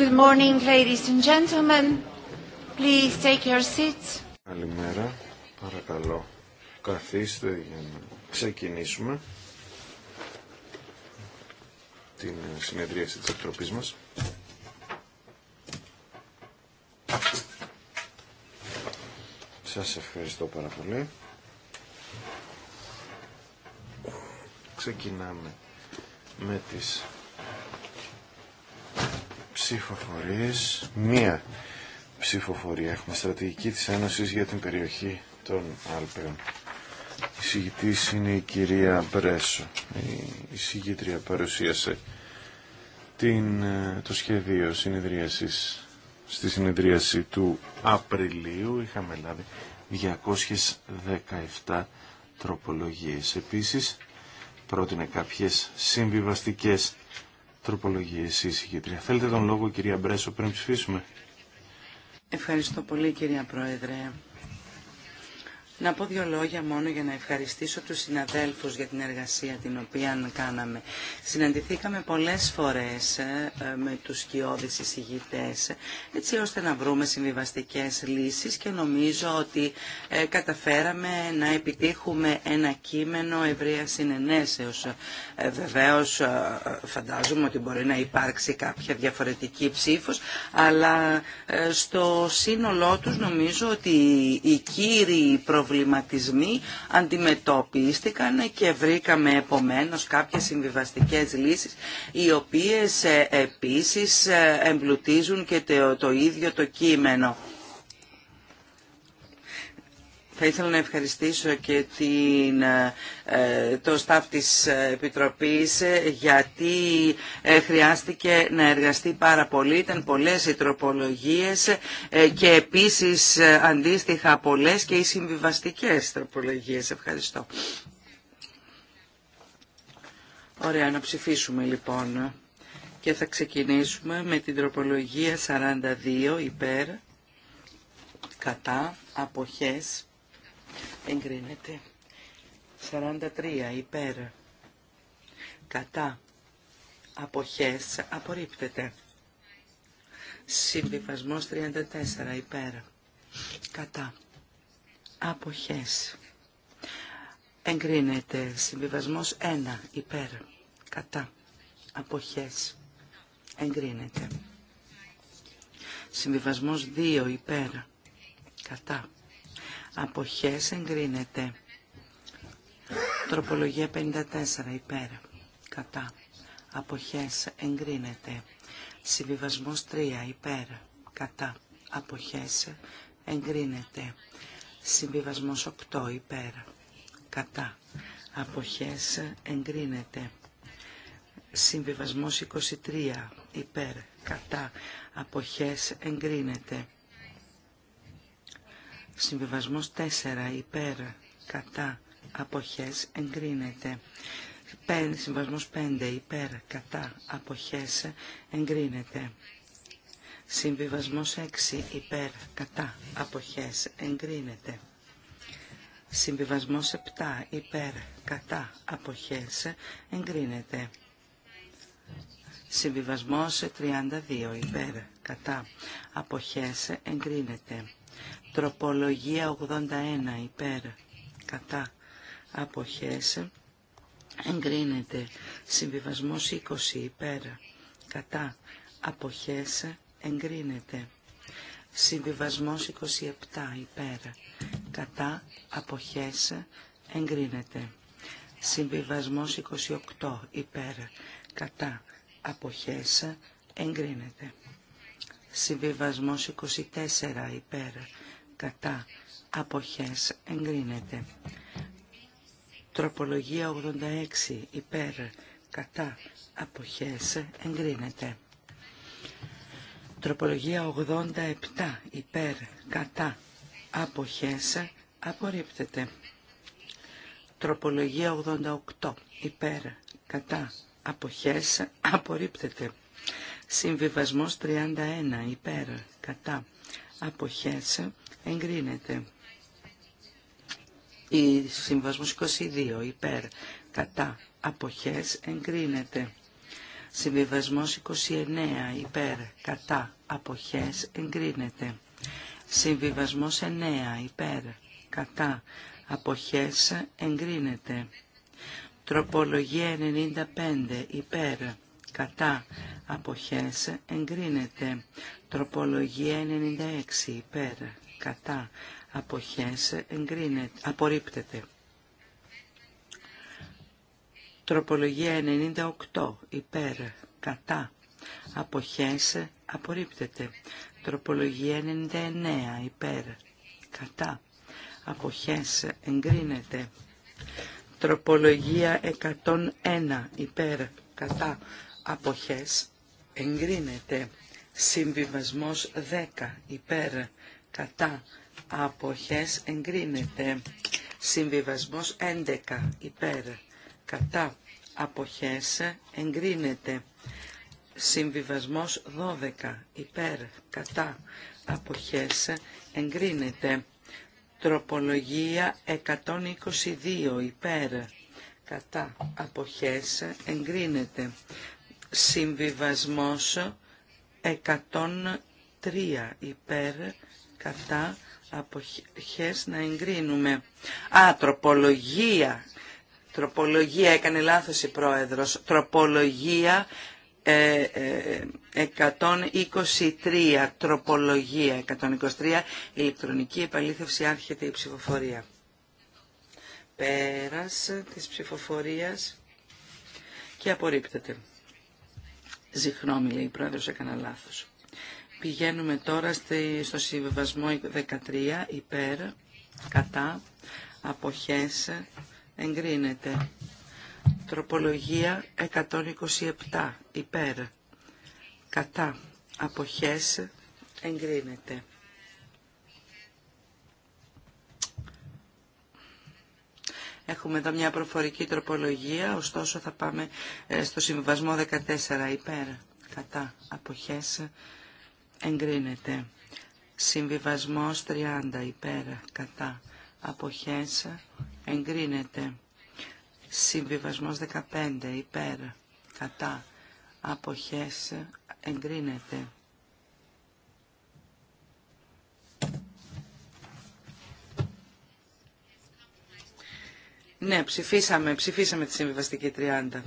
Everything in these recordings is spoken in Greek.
Good morning, ladies and gentlemen. Please take your seats. Καλημέρα. Παρακαλώ, καθίστε για να ξεκινήσουμε την ε, συνεδρίαση της Επιτροπής μας. Σας ευχαριστώ πάρα πολύ. Ξεκινάμε με τις ψηφοφορίες. Μία ψηφοφορία έχουμε στρατηγική της Ένωσης για την περιοχή των Άλπαιων. Η συγητής είναι η κυρία Μπρέσο. Η συγητρία παρουσίασε την, ε, το σχέδιο συνεδρίασης στη συνεδρίαση του Απριλίου. Είχαμε λάβει 217 τροπολογίες. Επίσης, πρότεινε κάποιες συμβιβαστικές εσείς η κυρία. Θέλετε τον λόγο κυρία Μπρέσο πριν ψηφίσουμε. Ευχαριστώ πολύ κυρία Πρόεδρε. Να πω δύο λόγια μόνο για να ευχαριστήσω τους συναδέλφους για την εργασία την οποία κάναμε. Συναντηθήκαμε πολλές φορές ε, ε, με τους σκιώδεις εισηγητές έτσι ώστε να βρούμε συμβιβαστικές λύσεις και νομίζω ότι ε, καταφέραμε να επιτύχουμε ένα κείμενο ευρεία συνενέσεως. Βεβαίως φαντάζομαι ότι μπορεί να υπάρξει κάποια διαφορετική ψήφος αλλά στο σύνολό τους νομίζω ότι οι κύριοι προβλήματα προβληματισμοί αντιμετωπίστηκαν και βρήκαμε επομένως κάποιες συμβιβαστικές λύσεις οι οποίες ε, επίσης ε, εμπλουτίζουν και το ίδιο το κείμενο. Θα ήθελα να ευχαριστήσω και την, ε, το staff της Επιτροπής ε, γιατί ε, χρειάστηκε να εργαστεί πάρα πολύ. Ήταν πολλές οι τροπολογίες και επίσης αντίστοιχα πολλές και οι συμβιβαστικές τροπολογίες. Ευχαριστώ. Ωραία, να ψηφίσουμε λοιπόν. Και θα ξεκινήσουμε με την τροπολογία 42 υπέρ, κατά, αποχές, εγκρίνεται. 43 υπέρ κατά αποχές απορρίπτεται. Συμβιβασμός 34 υπέρ κατά αποχές εγκρίνεται. Συμβιβασμός 1 υπέρ κατά αποχές εγκρίνεται. Συμβιβασμός 2 υπέρ κατά αποχές εγκρίνεται. Τροπολογία 54 υπέρ κατά αποχές εγκρίνεται. Συμβιβασμός 3 υπέρ κατά αποχές εγκρίνεται. Συμβιβασμός 8 υπέρ κατά αποχές εγκρίνεται. Συμβιβασμός 23 υπέρ κατά αποχές εγκρίνεται. Συμβιβασμός 4 υπέρ κατά αποχές εγκρίνεται. Συμβασμός 5 υπέρ κατά αποχές εγκρίνεται. Συμβιβασμός 6 υπέρ κατά αποχές εγκρίνεται. Συμβιβασμός 7 υπέρ κατά αποχές εγκρίνεται. Συμβιβασμός 32 υπέρ κατά αποχές εγκρίνεται. Τροπολογία 81 υπέρ κατά αποχές εγκρίνεται. Συμβιβασμός 20 υπέρ κατά αποχές εγκρίνεται. Συμβιβασμός 27 υπέρ κατά αποχές εγκρίνεται. Συμβιβασμός 28 υπέρ κατά αποχές εγκρίνεται. Συμβιβασμός 24 υπέρ κατά αποχές εγκρίνεται. Τροπολογία 86 υπέρ κατά αποχές εγκρίνεται. Τροπολογία 87 υπέρ κατά αποχές απορρίπτεται. Τροπολογία 88 υπέρ κατά αποχές απορρίπτεται. Συμβιβασμός 31 υπέρ κατά αποχές εγκρίνεται. Η συμβασμός 22 υπέρ κατά αποχές εγκρίνεται. Συμβιβασμός 29 υπέρ κατά αποχές εγκρίνεται. Συμβιβασμός 9 υπέρ κατά αποχές εγκρίνεται. Τροπολογία 95 υπέρ κατά αποχές εγκρίνεται. Τροπολογία 96 υπέρ κατά αποχές εγκρίνεται, απορρίπτεται. Τροπολογία 98 υπέρ κατά αποχές απορρίπτεται. Τροπολογία 99 υπέρ κατά αποχές εγκρίνεται. Τροπολογία 101 υπέρ κατά αποχές εγκρίνεται. Συμβιβασμός 10 υπέρ κατά αποχές εγκρίνεται. Συμβιβασμός 11 υπέρ κατά αποχές εγκρίνεται. Συμβιβασμός 12 υπέρ κατά αποχές εγκρίνεται. Τροπολογία 122 υπέρ κατά αποχές εγκρίνεται. Συμβιβασμός 103 υπέρ κατά αποχές να εγκρίνουμε. Α, τροπολογία. Τροπολογία, έκανε λάθος η πρόεδρος. Τροπολογία ε, ε, 123. Τροπολογία 123. Ηλεκτρονική επαλήθευση άρχεται η ψηφοφορία. Πέρασε της ψηφοφορίας και απορρίπτεται. Ζυχνόμη, λέει η πρόεδρος, έκανα λάθος. Πηγαίνουμε τώρα στο συμβιβασμό 13 υπέρ, κατά, αποχές, εγκρίνεται. Τροπολογία 127 υπέρ, κατά, αποχές, εγκρίνεται. Έχουμε εδώ μια προφορική τροπολογία, ωστόσο θα πάμε ε, στο συμβιβασμό 14 υπέρ, κατά, αποχές, εγκρίνεται εγκρίνεται. Συμβιβασμός 30 υπέρ κατά αποχές εγκρίνεται. Συμβιβασμός 15 υπέρ κατά αποχές εγκρίνεται. Ναι, ψηφίσαμε, ψηφίσαμε τη συμβιβαστική 30.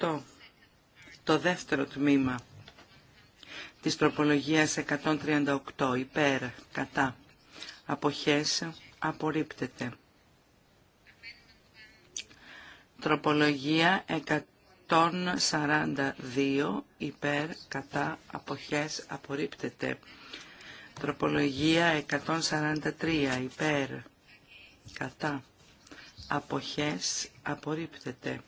138 το δεύτερο τμήμα της τροπολογίας 138 υπέρ κατά αποχές απορρίπτεται. Τροπολογία 142 υπέρ κατά αποχές απορρίπτεται. Τροπολογία 143 υπέρ κατά αποχές απορρίπτεται.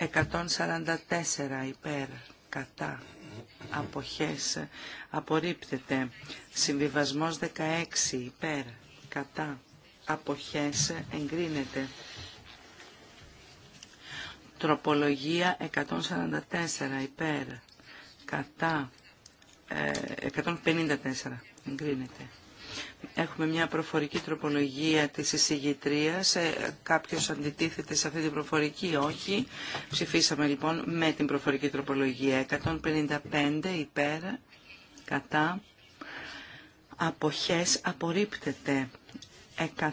144 υπέρ κατά αποχές απορρίπτεται. Συμβιβασμός 16 υπέρ κατά αποχές εγκρίνεται. Τροπολογία 144 υπέρ κατά 154 ε, εγκρίνεται. Έχουμε μια προφορική τροπολογία της εισηγητρίας. Ε, κάποιος αντιτίθεται σε αυτή την προφορική, όχι. Ψηφίσαμε λοιπόν με την προφορική τροπολογία. 155 υπέρ, κατά, αποχές απορρίπτεται.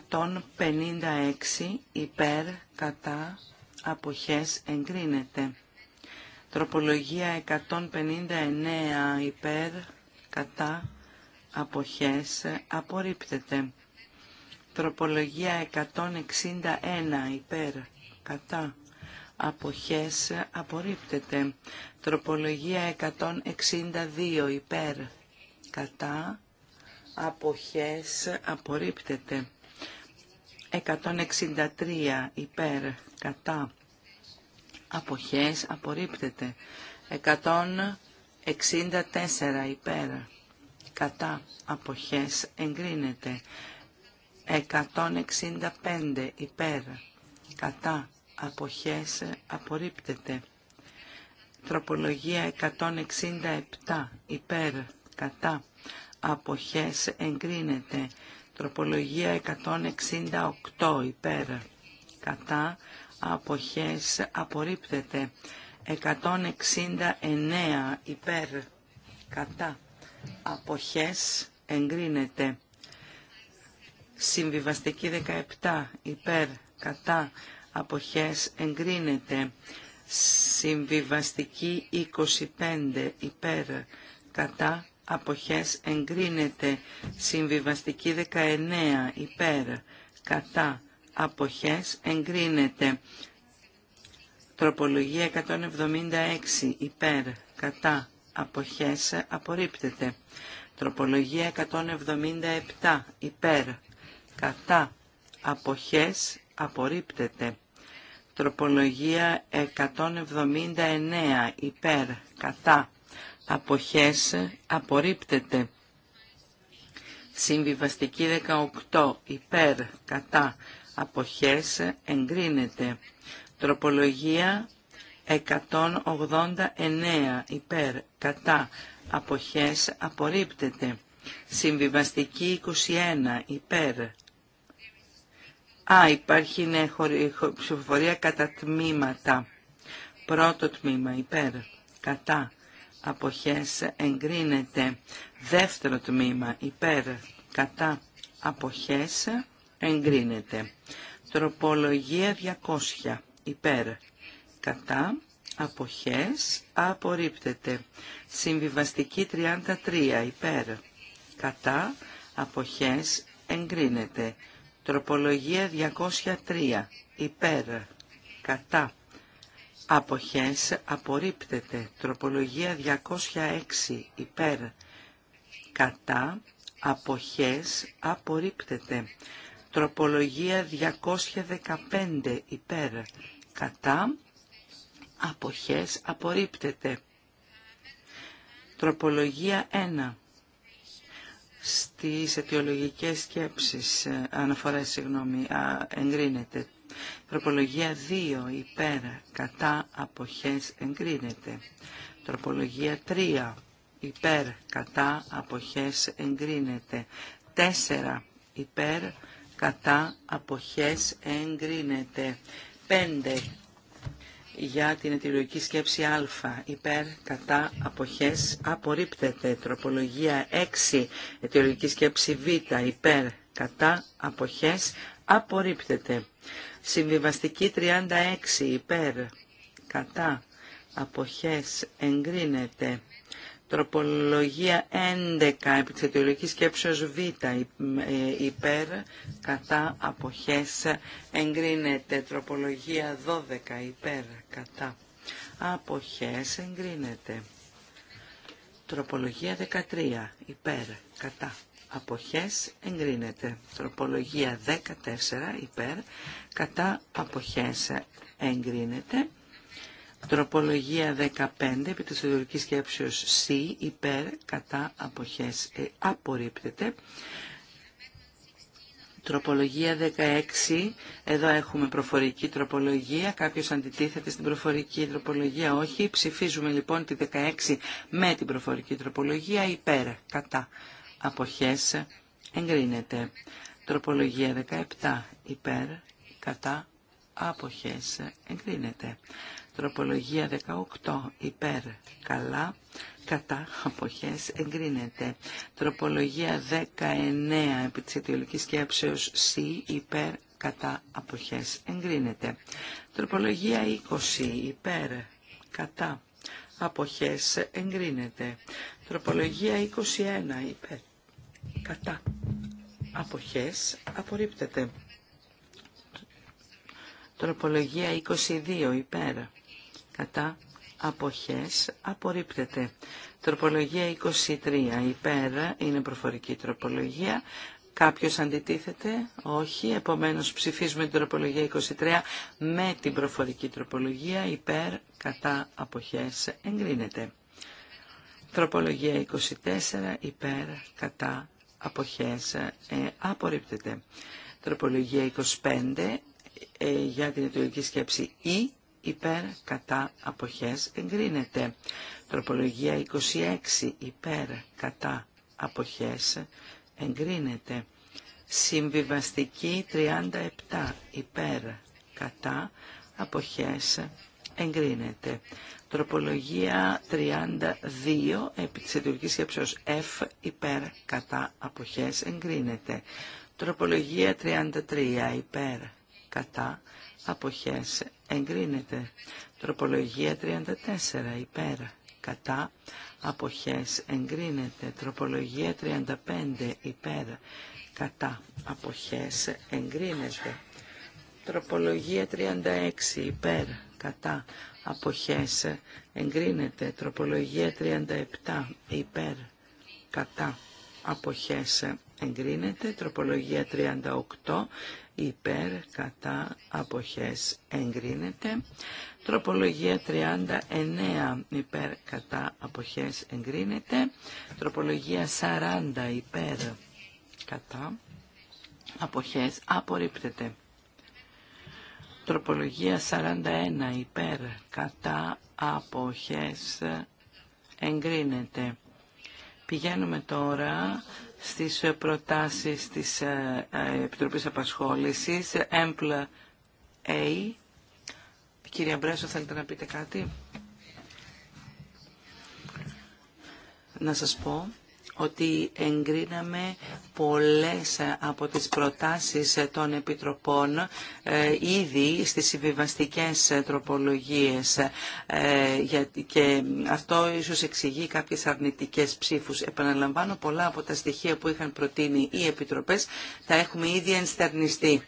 156 υπέρ, κατά, αποχές εγκρίνεται. Τροπολογία 159 υπέρ, κατά, αποχές απορρίπτεται. Τροπολογία 161 υπέρ κατά αποχές απορρίπτεται. Τροπολογία 162 υπέρ κατά αποχές απορρίπτεται. 163 υπέρ κατά αποχές απορρίπτεται. 164 υπέρ κατά αποχές εγκρίνεται 165 υπέρ κατά αποχές απορρίπτεται τροπολογία 167 υπέρ κατά αποχές εγκρίνεται τροπολογία 168 υπέρ κατά αποχές απορρίπτεται 169 υπέρ κατά αποχές εγκρίνεται. Συμβιβαστική 17 υπέρ κατά αποχές εγκρίνεται. Συμβιβαστική 25 υπέρ κατά αποχές εγκρίνεται. Συμβιβαστική 19 υπέρ κατά αποχές εγκρίνεται. Τροπολογία 176 υπέρ κατά αποχές απορρίπτεται. Τροπολογία 177 υπέρ κατά αποχές απορρίπτεται. Τροπολογία 179 υπέρ κατά αποχές απορρίπτεται. Συμβιβαστική 18 υπέρ κατά αποχές εγκρίνεται. Τροπολογία 189 υπέρ κατά αποχές απορρίπτεται. Συμβιβαστική 21 υπέρ. Α, υπάρχει ναι, ψηφοφορία κατά τμήματα. Πρώτο τμήμα υπέρ κατά αποχές εγκρίνεται. Δεύτερο τμήμα υπέρ κατά αποχές εγκρίνεται. Τροπολογία 200 υπέρ κατά, αποχές, απορρίπτεται. Συμβιβαστική 33, υπέρ, κατά, αποχές, εγκρίνεται. Τροπολογία 203, υπέρ, κατά, αποχές, απορρίπτεται. Τροπολογία 206, υπέρ, κατά, αποχές, απορρίπτεται. Τροπολογία 215 υπέρ κατά, αποχές απορρίπτεται. Τροπολογία 1 στις αιτιολογικές σκέψεις, ε, αναφορές, συγγνώμη, εγκρίνεται. Τροπολογία 2, υπέρ, κατά, αποχές, εγκρίνεται. Τροπολογία 3, υπέρ, κατά, αποχές, εγκρίνεται. 4, υπέρ, κατά, αποχές, εγκρίνεται. 5, για την αιτιολογική σκέψη α. Υπέρ, κατά, αποχές, απορρίπτεται. Τροπολογία 6, αιτιολογική σκέψη β. Υπέρ, κατά, αποχές, απορρίπτεται. Συμβιβαστική 36, υπέρ, κατά, αποχές, εγκρίνεται. Τροπολογία 11, σκέψη σκέψεως Β, ε, υπέρ, κατά, αποχές, εγκρίνεται. Τροπολογία 12, υπέρ, κατά, αποχές, εγκρίνεται. Τροπολογία 13, υπέρ, κατά, αποχές, εγκρίνεται. Τροπολογία 14, υπέρ, κατά, αποχές, εγκρίνεται. Τροπολογία 15 επί της ιδεολογικής σκέψεως C υπέρ κατά αποχές ε, απορρίπτεται. Τροπολογία 16. Εδώ έχουμε προφορική τροπολογία. Κάποιος αντιτίθεται στην προφορική τροπολογία. Όχι. Ψηφίζουμε λοιπόν τη 16 με την προφορική τροπολογία υπέρ κατά αποχές εγκρίνεται. Τροπολογία 17 υπέρ κατά αποχές εγκρίνεται. Τροπολογία 18 υπέρ καλά, κατά αποχές εγκρίνεται. Τροπολογία 19 επί της αιτιολικής σκέψεως C υπέρ κατά αποχές εγκρίνεται. Τροπολογία 20 υπέρ κατά αποχές εγκρίνεται. Τροπολογία 21 υπέρ κατά αποχές απορρίπτεται. Τροπολογία 22 υπέρ κατά αποχές απορρίπτεται. Τροπολογία 23 υπέρ είναι προφορική τροπολογία. Κάποιος αντιτίθεται, όχι, επομένως ψηφίζουμε την τροπολογία 23 με την προφορική τροπολογία υπέρ κατά αποχές εγκρίνεται. Τροπολογία 24 υπέρ κατά αποχές ε, απορρίπτεται. Τροπολογία 25 ε, για την ιδιωτική σκέψη ή υπέρ κατά αποχές εγκρίνεται. Τροπολογία 26 υπέρ κατά αποχές εγκρίνεται. Συμβιβαστική 37 υπέρ κατά αποχές εγκρίνεται. Τροπολογία 32 επί της αιτιολογικής σκέψεως F υπέρ κατά αποχές εγκρίνεται. Τροπολογία 33 υπέρ κατά αποχές εγκρίνεται. Τροπολογία 34 υπέρ κατά αποχές εγκρίνεται. Τροπολογία 35 υπέρ κατά αποχές εγκρίνεται. Τροπολογία 36 υπέρ κατά αποχές εγκρίνεται. Τροπολογία 37 υπέρ κατά αποχές εγκρίνεται. Τροπολογία 38 υπέρ κατά αποχές εγκρίνεται. Τροπολογία 39 υπέρ κατά αποχές εγκρίνεται. Τροπολογία 40 υπέρ κατά αποχές απορρίπτεται. Τροπολογία 41 υπέρ κατά αποχές εγκρίνεται. Πηγαίνουμε τώρα στις ε, προτάσεις της ε, ε, Επιτροπής Απασχόλησης, ΕΜΠΛΑ A. Κυρία Μπρέσο, θέλετε να πείτε κάτι. Να σας πω ότι εγκρίναμε πολλές από τις προτάσεις των Επιτροπών ε, ήδη στις συμβιβαστικές τροπολογίες ε, και αυτό ίσως εξηγεί κάποιες αρνητικές ψήφους. Επαναλαμβάνω πολλά από τα στοιχεία που είχαν προτείνει οι Επιτροπές τα έχουμε ήδη ενστερνιστεί.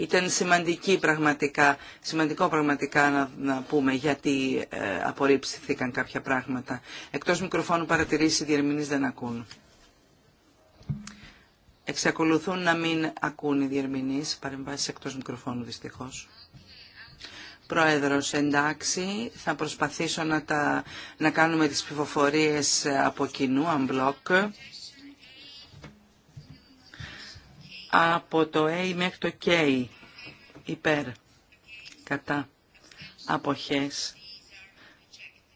Ήταν σημαντική πραγματικά, σημαντικό πραγματικά να, πούμε γιατί ε, απορρίψηθηκαν κάποια πράγματα. Εκτός μικροφώνου παρατηρήσει οι διερμηνείς δεν ακούν. Εξακολουθούν να μην ακούν οι διερμηνείς, παρεμβάσεις εκτός μικροφώνου δυστυχώς. Πρόεδρος, εντάξει, θα προσπαθήσω να, τα, να κάνουμε τις ψηφοφορίες από κοινού, unblock. από το A μέχρι το K υπέρ κατά αποχές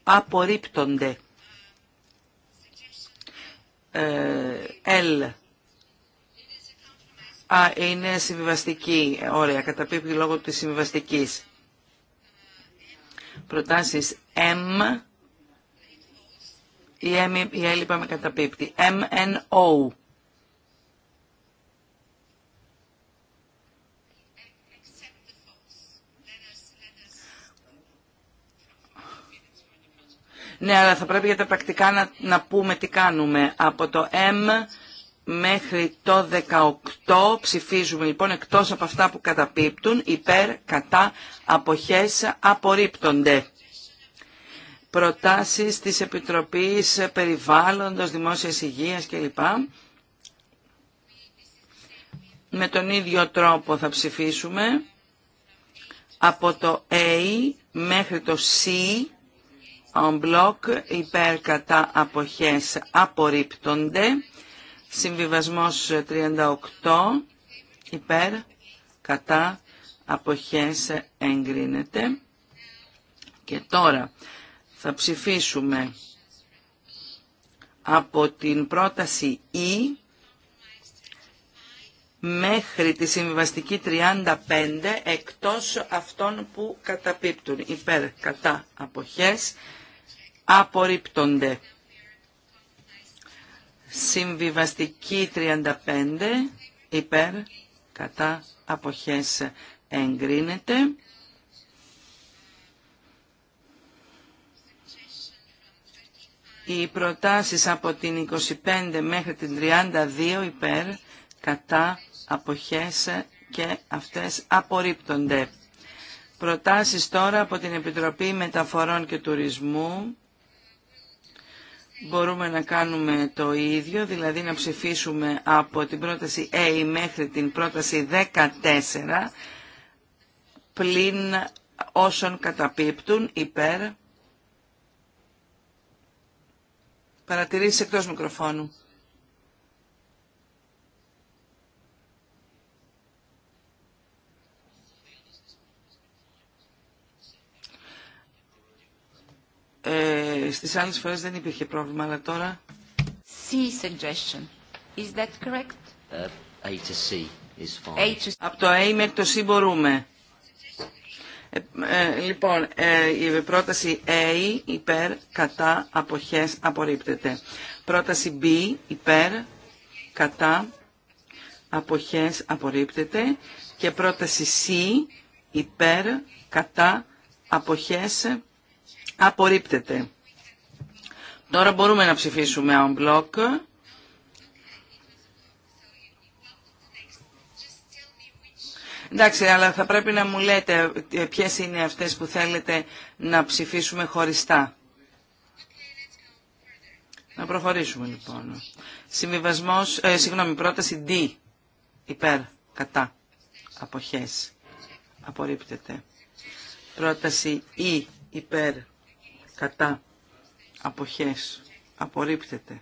απορρίπτονται ε, L Α, είναι συμβιβαστική. Ωραία, καταπίπτει λόγω της συμβιβαστικής. Προτάσεις M, η M, η L είπαμε καταπίπτει. M, N, O. Ναι, αλλά θα πρέπει για τα πρακτικά να, να πούμε τι κάνουμε. Από το M μέχρι το 18 ψηφίζουμε λοιπόν εκτός από αυτά που καταπίπτουν υπέρ, κατά, αποχές απορρίπτονται. Προτάσεις της Επιτροπής Περιβάλλοντος, Δημόσιας Υγείας κλπ. Με τον ίδιο τρόπο θα ψηφίσουμε από το A μέχρι το C en μπλοκ υπέρ κατά αποχές απορρίπτονται. Συμβιβασμός 38 υπέρ κατά αποχές εγκρίνεται. Και τώρα θα ψηφίσουμε από την πρόταση E μέχρι τη συμβιβαστική 35 εκτός αυτών που καταπίπτουν υπέρ κατά αποχές απορρίπτονται. Συμβιβαστική 35 υπέρ κατά αποχές εγκρίνεται. Οι προτάσεις από την 25 μέχρι την 32 υπέρ κατά αποχές και αυτές απορρίπτονται. Προτάσεις τώρα από την Επιτροπή Μεταφορών και Τουρισμού μπορούμε να κάνουμε το ίδιο, δηλαδή να ψηφίσουμε από την πρόταση A μέχρι την πρόταση 14 πλην όσων καταπίπτουν υπέρ παρατηρήσεις εκτός μικροφώνου. Ε, στις άλλες φορές δεν υπήρχε πρόβλημα, αλλά τώρα... C suggestion. Is that correct? Ε, A to C is fine. Από το A μέχρι το C μπορούμε. Ε, ε, λοιπόν, ε, η πρόταση A υπέρ, κατά, αποχές, απορρίπτεται. Πρόταση B υπέρ, κατά, αποχές, απορρίπτεται. Και πρόταση C υπέρ, κατά, αποχές, απορρίπτεται Απορρίπτεται. Τώρα μπορούμε να ψηφίσουμε on block. Εντάξει, αλλά θα πρέπει να μου λέτε ποιες είναι αυτές που θέλετε να ψηφίσουμε χωριστά. Να προχωρήσουμε λοιπόν. Συμβιβασμός, ε, συγγνώμη, πρόταση D. Υπέρ, κατά, αποχές. Απορρίπτεται. Πρόταση E. Υπέρ, κατά, αποχές, απορρίπτεται.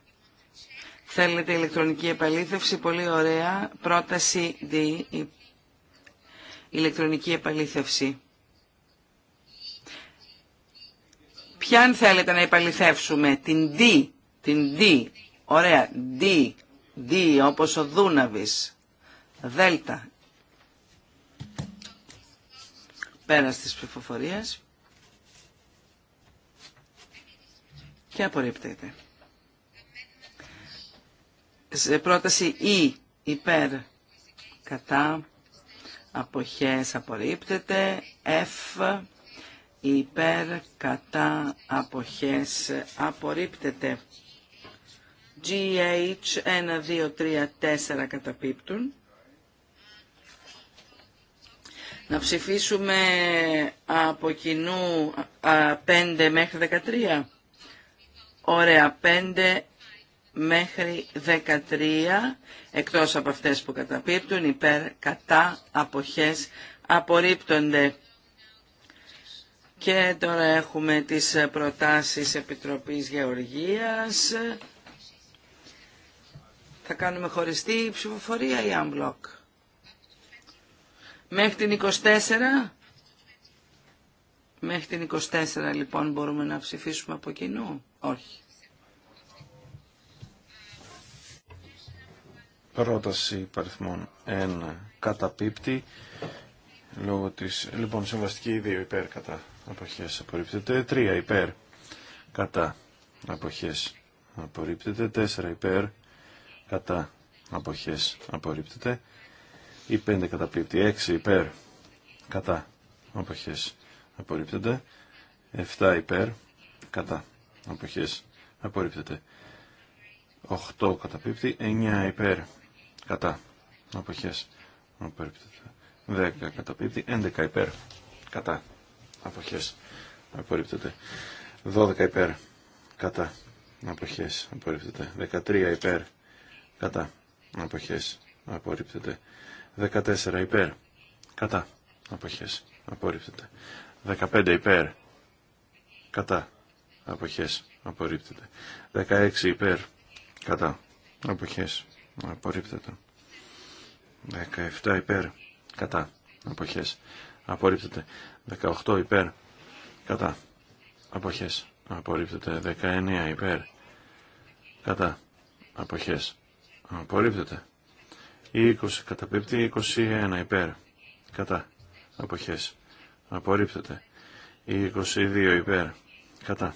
Θέλετε ηλεκτρονική επαλήθευση, πολύ ωραία. Πρόταση D, ηλεκτρονική επαλήθευση. Ποιαν θέλετε να επαληθεύσουμε, την D, την D, ωραία, D, D όπως ο Δούναβης, Δέλτα. Πέρας της ψηφοφορίας. και απορρίπτεται. Σε πρόταση Ή e, υπέρ κατά αποχές απορρίπτεται. F υπέρ κατά αποχές απορρίπτεται. GH 1, 2, 3, 4 καταπίπτουν. Να ψηφίσουμε από κοινού 5 μέχρι 13. Ωραία, 5 μέχρι 13, εκτός από αυτές που καταπίπτουν, υπέρ, κατά, αποχές, απορρίπτονται. Και τώρα έχουμε τις προτάσεις Επιτροπής Γεωργίας. Θα κάνουμε χωριστή ψηφοφορία ή unblock. Μέχρι την 24 Μέχρι την 24 λοιπόν μπορούμε να ψηφίσουμε από κοινού. Όχι. Πρόταση παριθμών 1 καταπίπτει λόγω της... Λοιπόν, συμβαστική 2 υπέρ κατά αποχές απορρίπτεται. 3 υπέρ κατά αποχές απορρίπτεται. 4 υπέρ κατά αποχές απορρίπτεται. Η 5 καταπίπτει. 6 υπέρ κατά αποχές απορρίπτεται. 7 υπέρ, κατά αποχές απορρίπτεται. 8 καταπίπτει, 9 υπέρ, κατά αποχές απορρίπτεται. 10 καταπίπτει, 11 υπέρ, κατά αποχές απορρίπτεται. 12 υπέρ, κατά αποχές απορρίπτεται. 13 υπέρ, κατά αποχές απορρίπτεται. 14 υπέρ, κατά αποχές απορρίπτεται. 15 υπέρ. Κατά. Αποχές. Απορρίπτεται. 16 υπέρ. Κατά. Αποχές. Απορρίπτεται. 17 υπέρ. Κατά. Αποχές. Απορρίπτεται. 18 υπέρ. Κατά. Αποχές. Απορρίπτεται. 19 υπέρ. Κατά. Αποχές. Απορρίπτεται. 20 καταπίπτει. 21 υπέρ. Κατά. Αποχές απορρίπτεται. Η 22 υπέρ, κατά,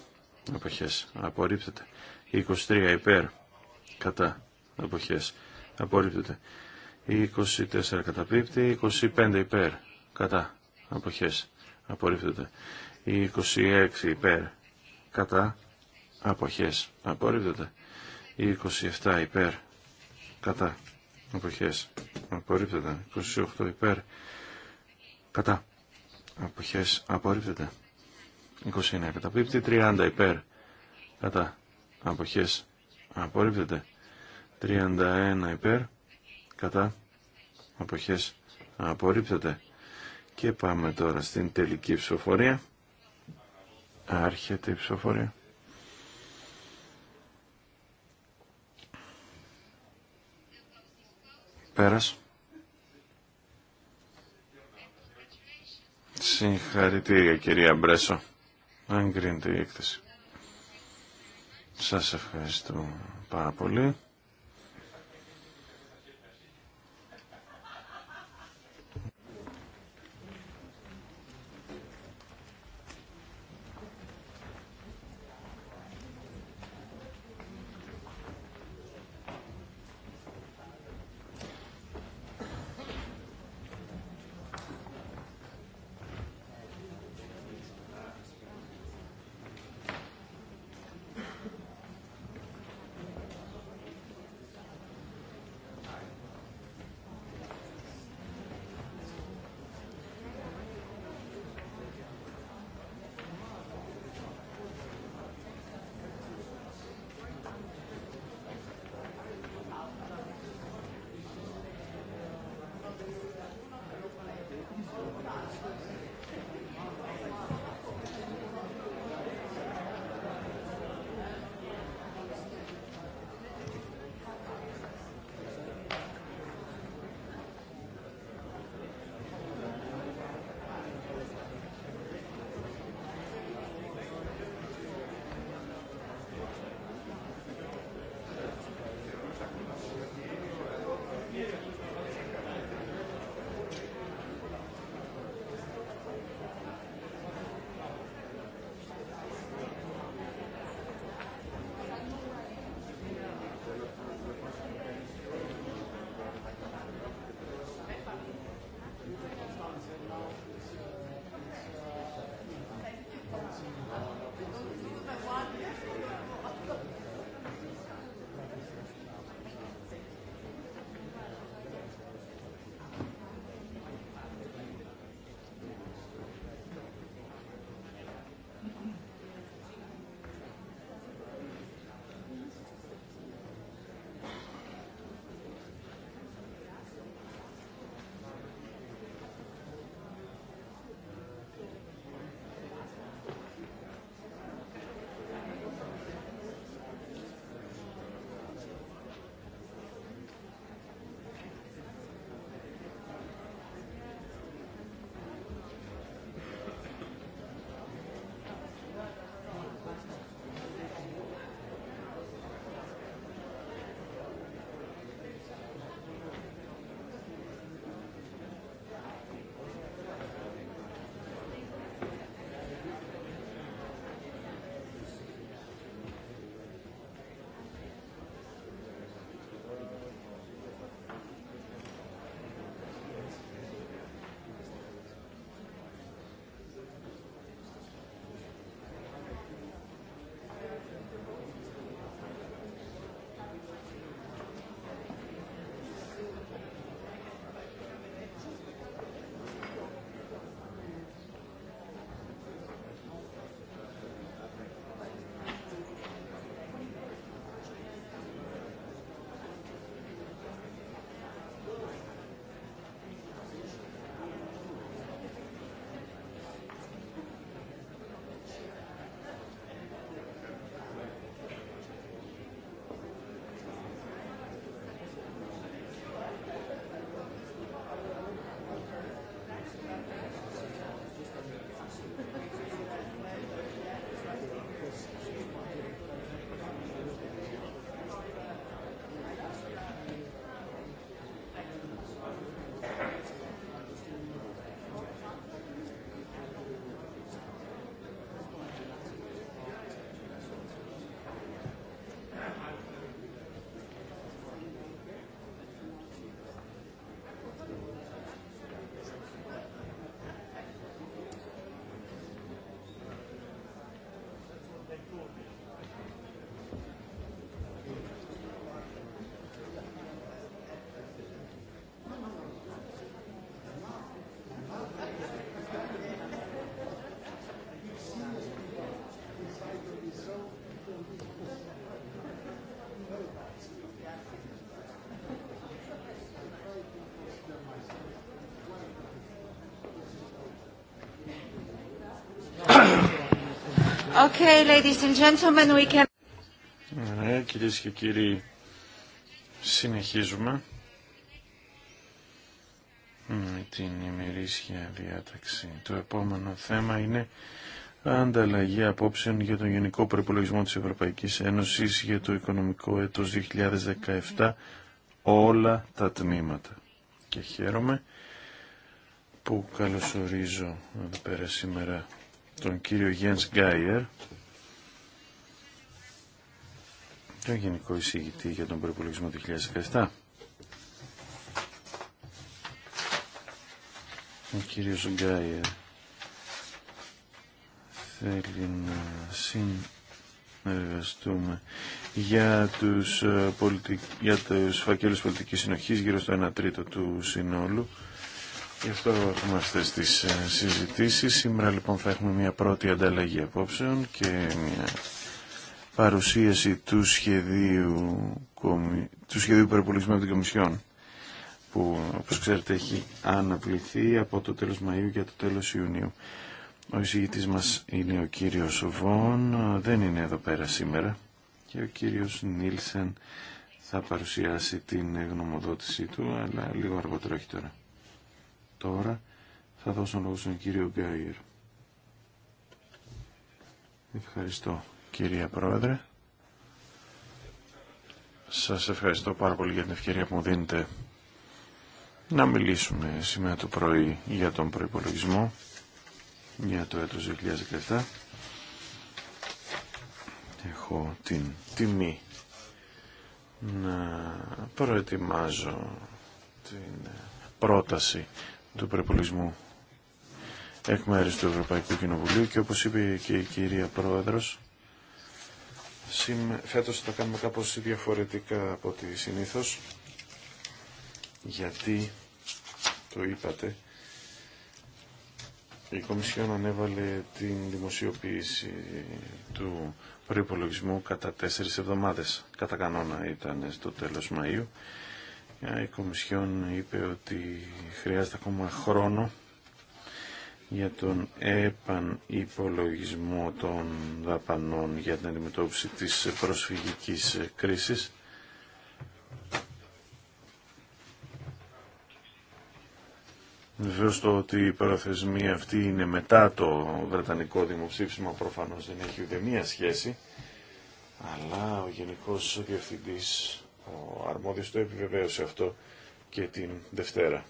αποχές, απορρίπτεται. Η 23 υπέρ, κατά, αποχές, απορρίπτεται. Η 24 καταπίπτει, η 25 υπέρ, κατά, αποχές, απορρίπτεται. Η 26 υπέρ, κατά, αποχές, απορρίπτεται. Η 27 υπέρ, κατά, αποχές, απορρίπτεται. 28 υπέρ, κατά, αποχές απορρίπτεται 29 καταπίπτει 30 υπέρ κατά αποχές απορρίπτεται 31 υπέρ κατά αποχές απορρίπτεται και πάμε τώρα στην τελική ψηφοφορία άρχεται η ψηφοφορία πέρας Συγχαρητήρια κυρία Μπρέσο. Αν κρίνεται η έκθεση. Σας ευχαριστώ πάρα πολύ. Okay, ladies and gentlemen, we can... Ωραία, ναι, κυρίες και κύριοι, συνεχίζουμε με την ημερήσια διάταξη. Το επόμενο θέμα είναι ανταλλαγή απόψεων για τον Γενικό Προπολογισμό της Ευρωπαϊκής Ένωσης για το οικονομικό έτος 2017 όλα τα τμήματα. Και χαίρομαι που καλωσορίζω εδώ πέρα σήμερα τον κύριο Γιάνς Γκάιερ, τον Γενικό Εισηγητή για τον Προπολογισμό του 2017. Ο κύριος Γκάιερ θέλει να συνεργαστούμε για τους, ε, πολιτικ... για τους φακέλους πολιτικής συνοχής γύρω στο 1 τρίτο του συνόλου Γι' αυτό είμαστε στις ε, συζητήσει Σήμερα λοιπόν θα έχουμε μια πρώτη ανταλλαγή απόψεων και μια παρουσίαση του σχεδίου, του σχεδίου περιπολισμού των Κομισιόν που όπως ξέρετε έχει αναπληθεί από το τέλος Μαΐου για το τέλος Ιουνίου. Ο εισηγητής μας είναι ο κύριος Βόν, δεν είναι εδώ πέρα σήμερα και ο κύριος Νίλσεν θα παρουσιάσει την γνωμοδότησή του, αλλά λίγο αργότερα όχι τώρα. Τώρα θα δώσω λόγο στον κύριο Γκάιερ. Ευχαριστώ κυρία Πρόεδρε. Σας ευχαριστώ πάρα πολύ για την ευκαιρία που μου δίνετε να μιλήσουμε σήμερα το πρωί για τον προϋπολογισμό για το έτος 2017. Έχω την τιμή να προετοιμάζω την πρόταση του προπολισμού εκ μέρους του Ευρωπαϊκού Κοινοβουλίου και όπως είπε και η κυρία Πρόεδρος φέτος θα τα κάνουμε κάπως διαφορετικά από ό,τι συνήθως γιατί το είπατε η Κομισιόν ανέβαλε την δημοσιοποίηση του προϋπολογισμού κατά τέσσερις εβδομάδες. Κατά κανόνα ήταν στο τέλος Μαΐου η Κομισιόν είπε ότι χρειάζεται ακόμα χρόνο για τον επανυπολογισμό των δαπανών για την αντιμετώπιση της προσφυγικής κρίσης. Βεβαίω το ότι η προθεσμία αυτή είναι μετά το Βρετανικό δημοψήφισμα προφανώς δεν έχει ούτε μία σχέση, αλλά ο Γενικός Διευθυντής ο αρμόδιος το επιβεβαίωσε αυτό και την Δευτέρα,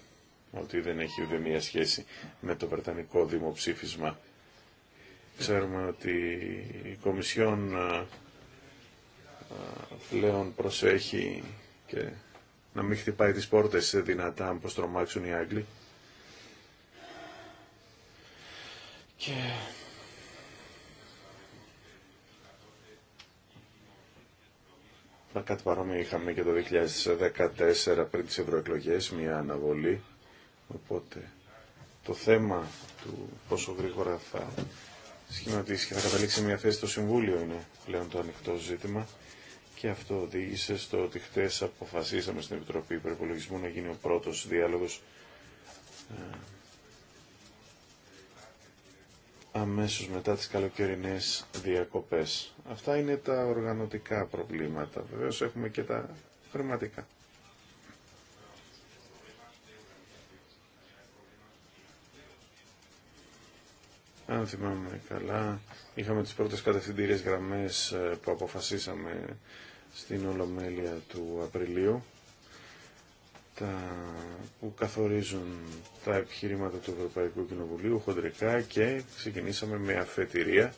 ότι δεν έχει ούτε μία σχέση με το Βρετανικό δημοψήφισμα. Ξέρουμε ότι η Κομισιόν πλέον προσέχει και να μην χτυπάει τις πόρτες δυνατά πως τρομάξουν οι Άγγλοι. Και Κάτι παρόμοιο είχαμε και το 2014 πριν τις ευρωεκλογέ, μια αναβολή. Οπότε το θέμα του πόσο γρήγορα θα σχηματίσει και θα καταλήξει μια θέση στο Συμβούλιο είναι πλέον το ανοιχτό ζήτημα. Και αυτό οδήγησε στο ότι χθε αποφασίσαμε στην Επιτροπή Υπερπολογισμού να γίνει ο πρώτος διάλογος ε, αμέσως μετά τις καλοκαιρινές διακοπές. Αυτά είναι τα οργανωτικά προβλήματα. Βεβαίως έχουμε και τα χρηματικά. Αν θυμάμαι καλά, είχαμε τις πρώτες κατευθυντήριες γραμμές ε, που αποφασίσαμε στην Ολομέλεια του Απριλίου τα που καθορίζουν τα επιχειρήματα του Ευρωπαϊκού Κοινοβουλίου χοντρικά και ξεκινήσαμε με αφετηρία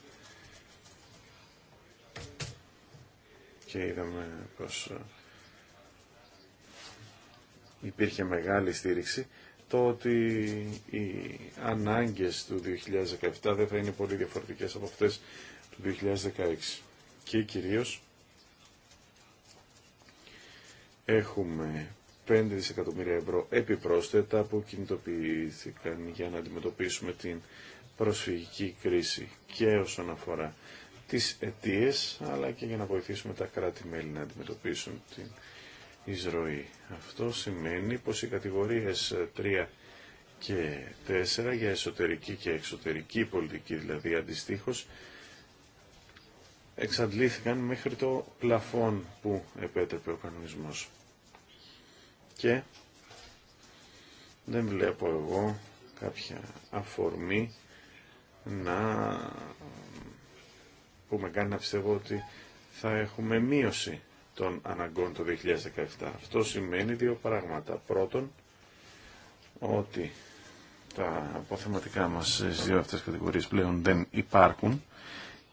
και είδαμε πως ε, υπήρχε μεγάλη στήριξη το ότι οι ανάγκες του 2017 δεν θα είναι πολύ διαφορετικές από αυτές του 2016 και κυρίως έχουμε 5 δισεκατομμύρια ευρώ επιπρόσθετα που κινητοποιήθηκαν για να αντιμετωπίσουμε την προσφυγική κρίση και όσον αφορά τις αιτίε, αλλά και για να βοηθήσουμε τα κράτη-μέλη να αντιμετωπίσουν την εισρωή. Αυτό σημαίνει πως οι κατηγορίες 3 και 4 για εσωτερική και εξωτερική πολιτική, δηλαδή αντιστοίχως, εξαντλήθηκαν μέχρι το πλαφόν που επέτρεπε ο κανονισμός και δεν βλέπω εγώ κάποια αφορμή να που με κάνει να πιστεύω ότι θα έχουμε μείωση των αναγκών το 2017. Αυτό σημαίνει δύο πράγματα. Πρώτον, ότι τα αποθεματικά μας στις δύο αυτές κατηγορίες πλέον δεν υπάρχουν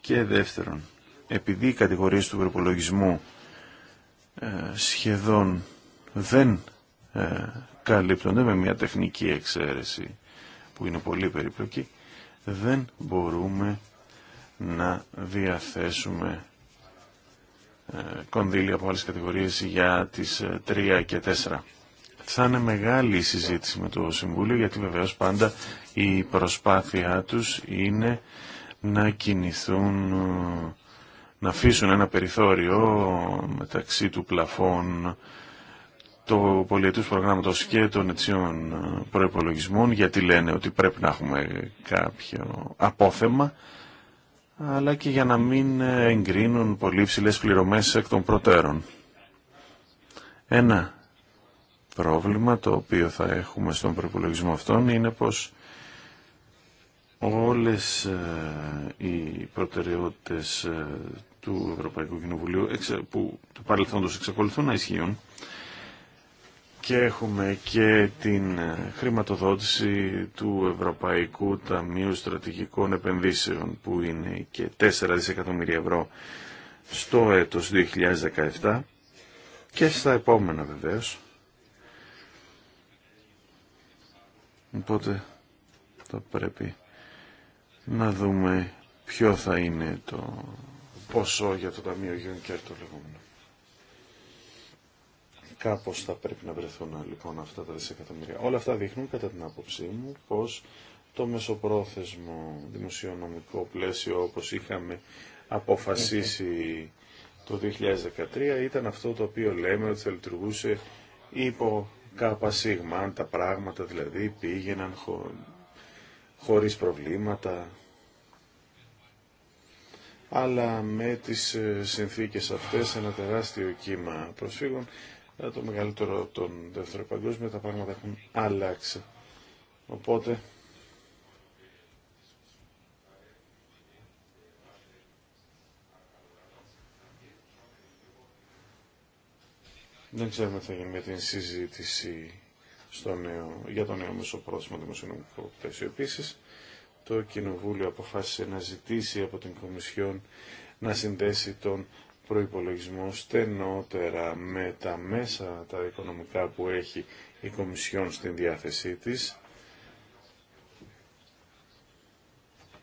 και δεύτερον, επειδή οι κατηγορίες του προπολογισμού ε, σχεδόν δεν ε, καλύπτονται με μια τεχνική εξαίρεση που είναι πολύ περίπλοκη, δεν μπορούμε να διαθέσουμε ε, κονδύλια από άλλες κατηγορίες για τις 3 ε, και 4. Θα είναι μεγάλη η συζήτηση με το Συμβούλιο γιατί βεβαίως πάντα η προσπάθειά τους είναι να κινηθούν, να αφήσουν ένα περιθώριο μεταξύ του πλαφών το πολιετού προγράμματο και των ετσίων ε, προπολογισμών, γιατί λένε ότι πρέπει να έχουμε κάποιο απόθεμα, αλλά και για να μην ε, εγκρίνουν πολύ ψηλέ πληρωμέ εκ των προτέρων. Ένα πρόβλημα το οποίο θα έχουμε στον προπολογισμό αυτόν είναι πως όλες ε, οι προτεραιότητες του Ευρωπαϊκού Κοινοβουλίου που του παρελθόντος εξακολουθούν να ισχύουν και έχουμε και την ε, χρηματοδότηση του Ευρωπαϊκού Ταμείου Στρατηγικών Επενδύσεων που είναι και 4 δισεκατομμύρια ευρώ στο έτος 2017 και στα επόμενα βεβαίως. Οπότε θα πρέπει να δούμε ποιο θα είναι το ποσό για το Ταμείο Γιούνκερ το λεγόμενο κάπως θα πρέπει να βρεθούν λοιπόν αυτά τα δισεκατομμύρια. Όλα αυτά δείχνουν κατά την άποψή μου πως το μεσοπρόθεσμο δημοσιονομικό πλαίσιο όπως είχαμε αποφασίσει το 2013 ήταν αυτό το οποίο λέμε ότι θα λειτουργούσε υπό κάπα σίγμα, αν τα πράγματα δηλαδή πήγαιναν χω... χωρίς προβλήματα. Αλλά με τις ε, συνθήκες αυτές ένα τεράστιο κύμα προσφύγων ε, το μεγαλύτερο από τον δεύτερο παγκόσμιο, τα πράγματα έχουν αλλάξει. Οπότε... Δεν ξέρουμε τι θα γίνει με την συζήτηση στο νέο, για το νέο μεσοπρόθεσμο δημοσιονομικό πλαίσιο. Επίση, το Κοινοβούλιο αποφάσισε να ζητήσει από την Κομισιόν να συνδέσει τον Προπολογισμό στενότερα με τα μέσα τα οικονομικά που έχει η Κομισιόν στην διάθεσή της.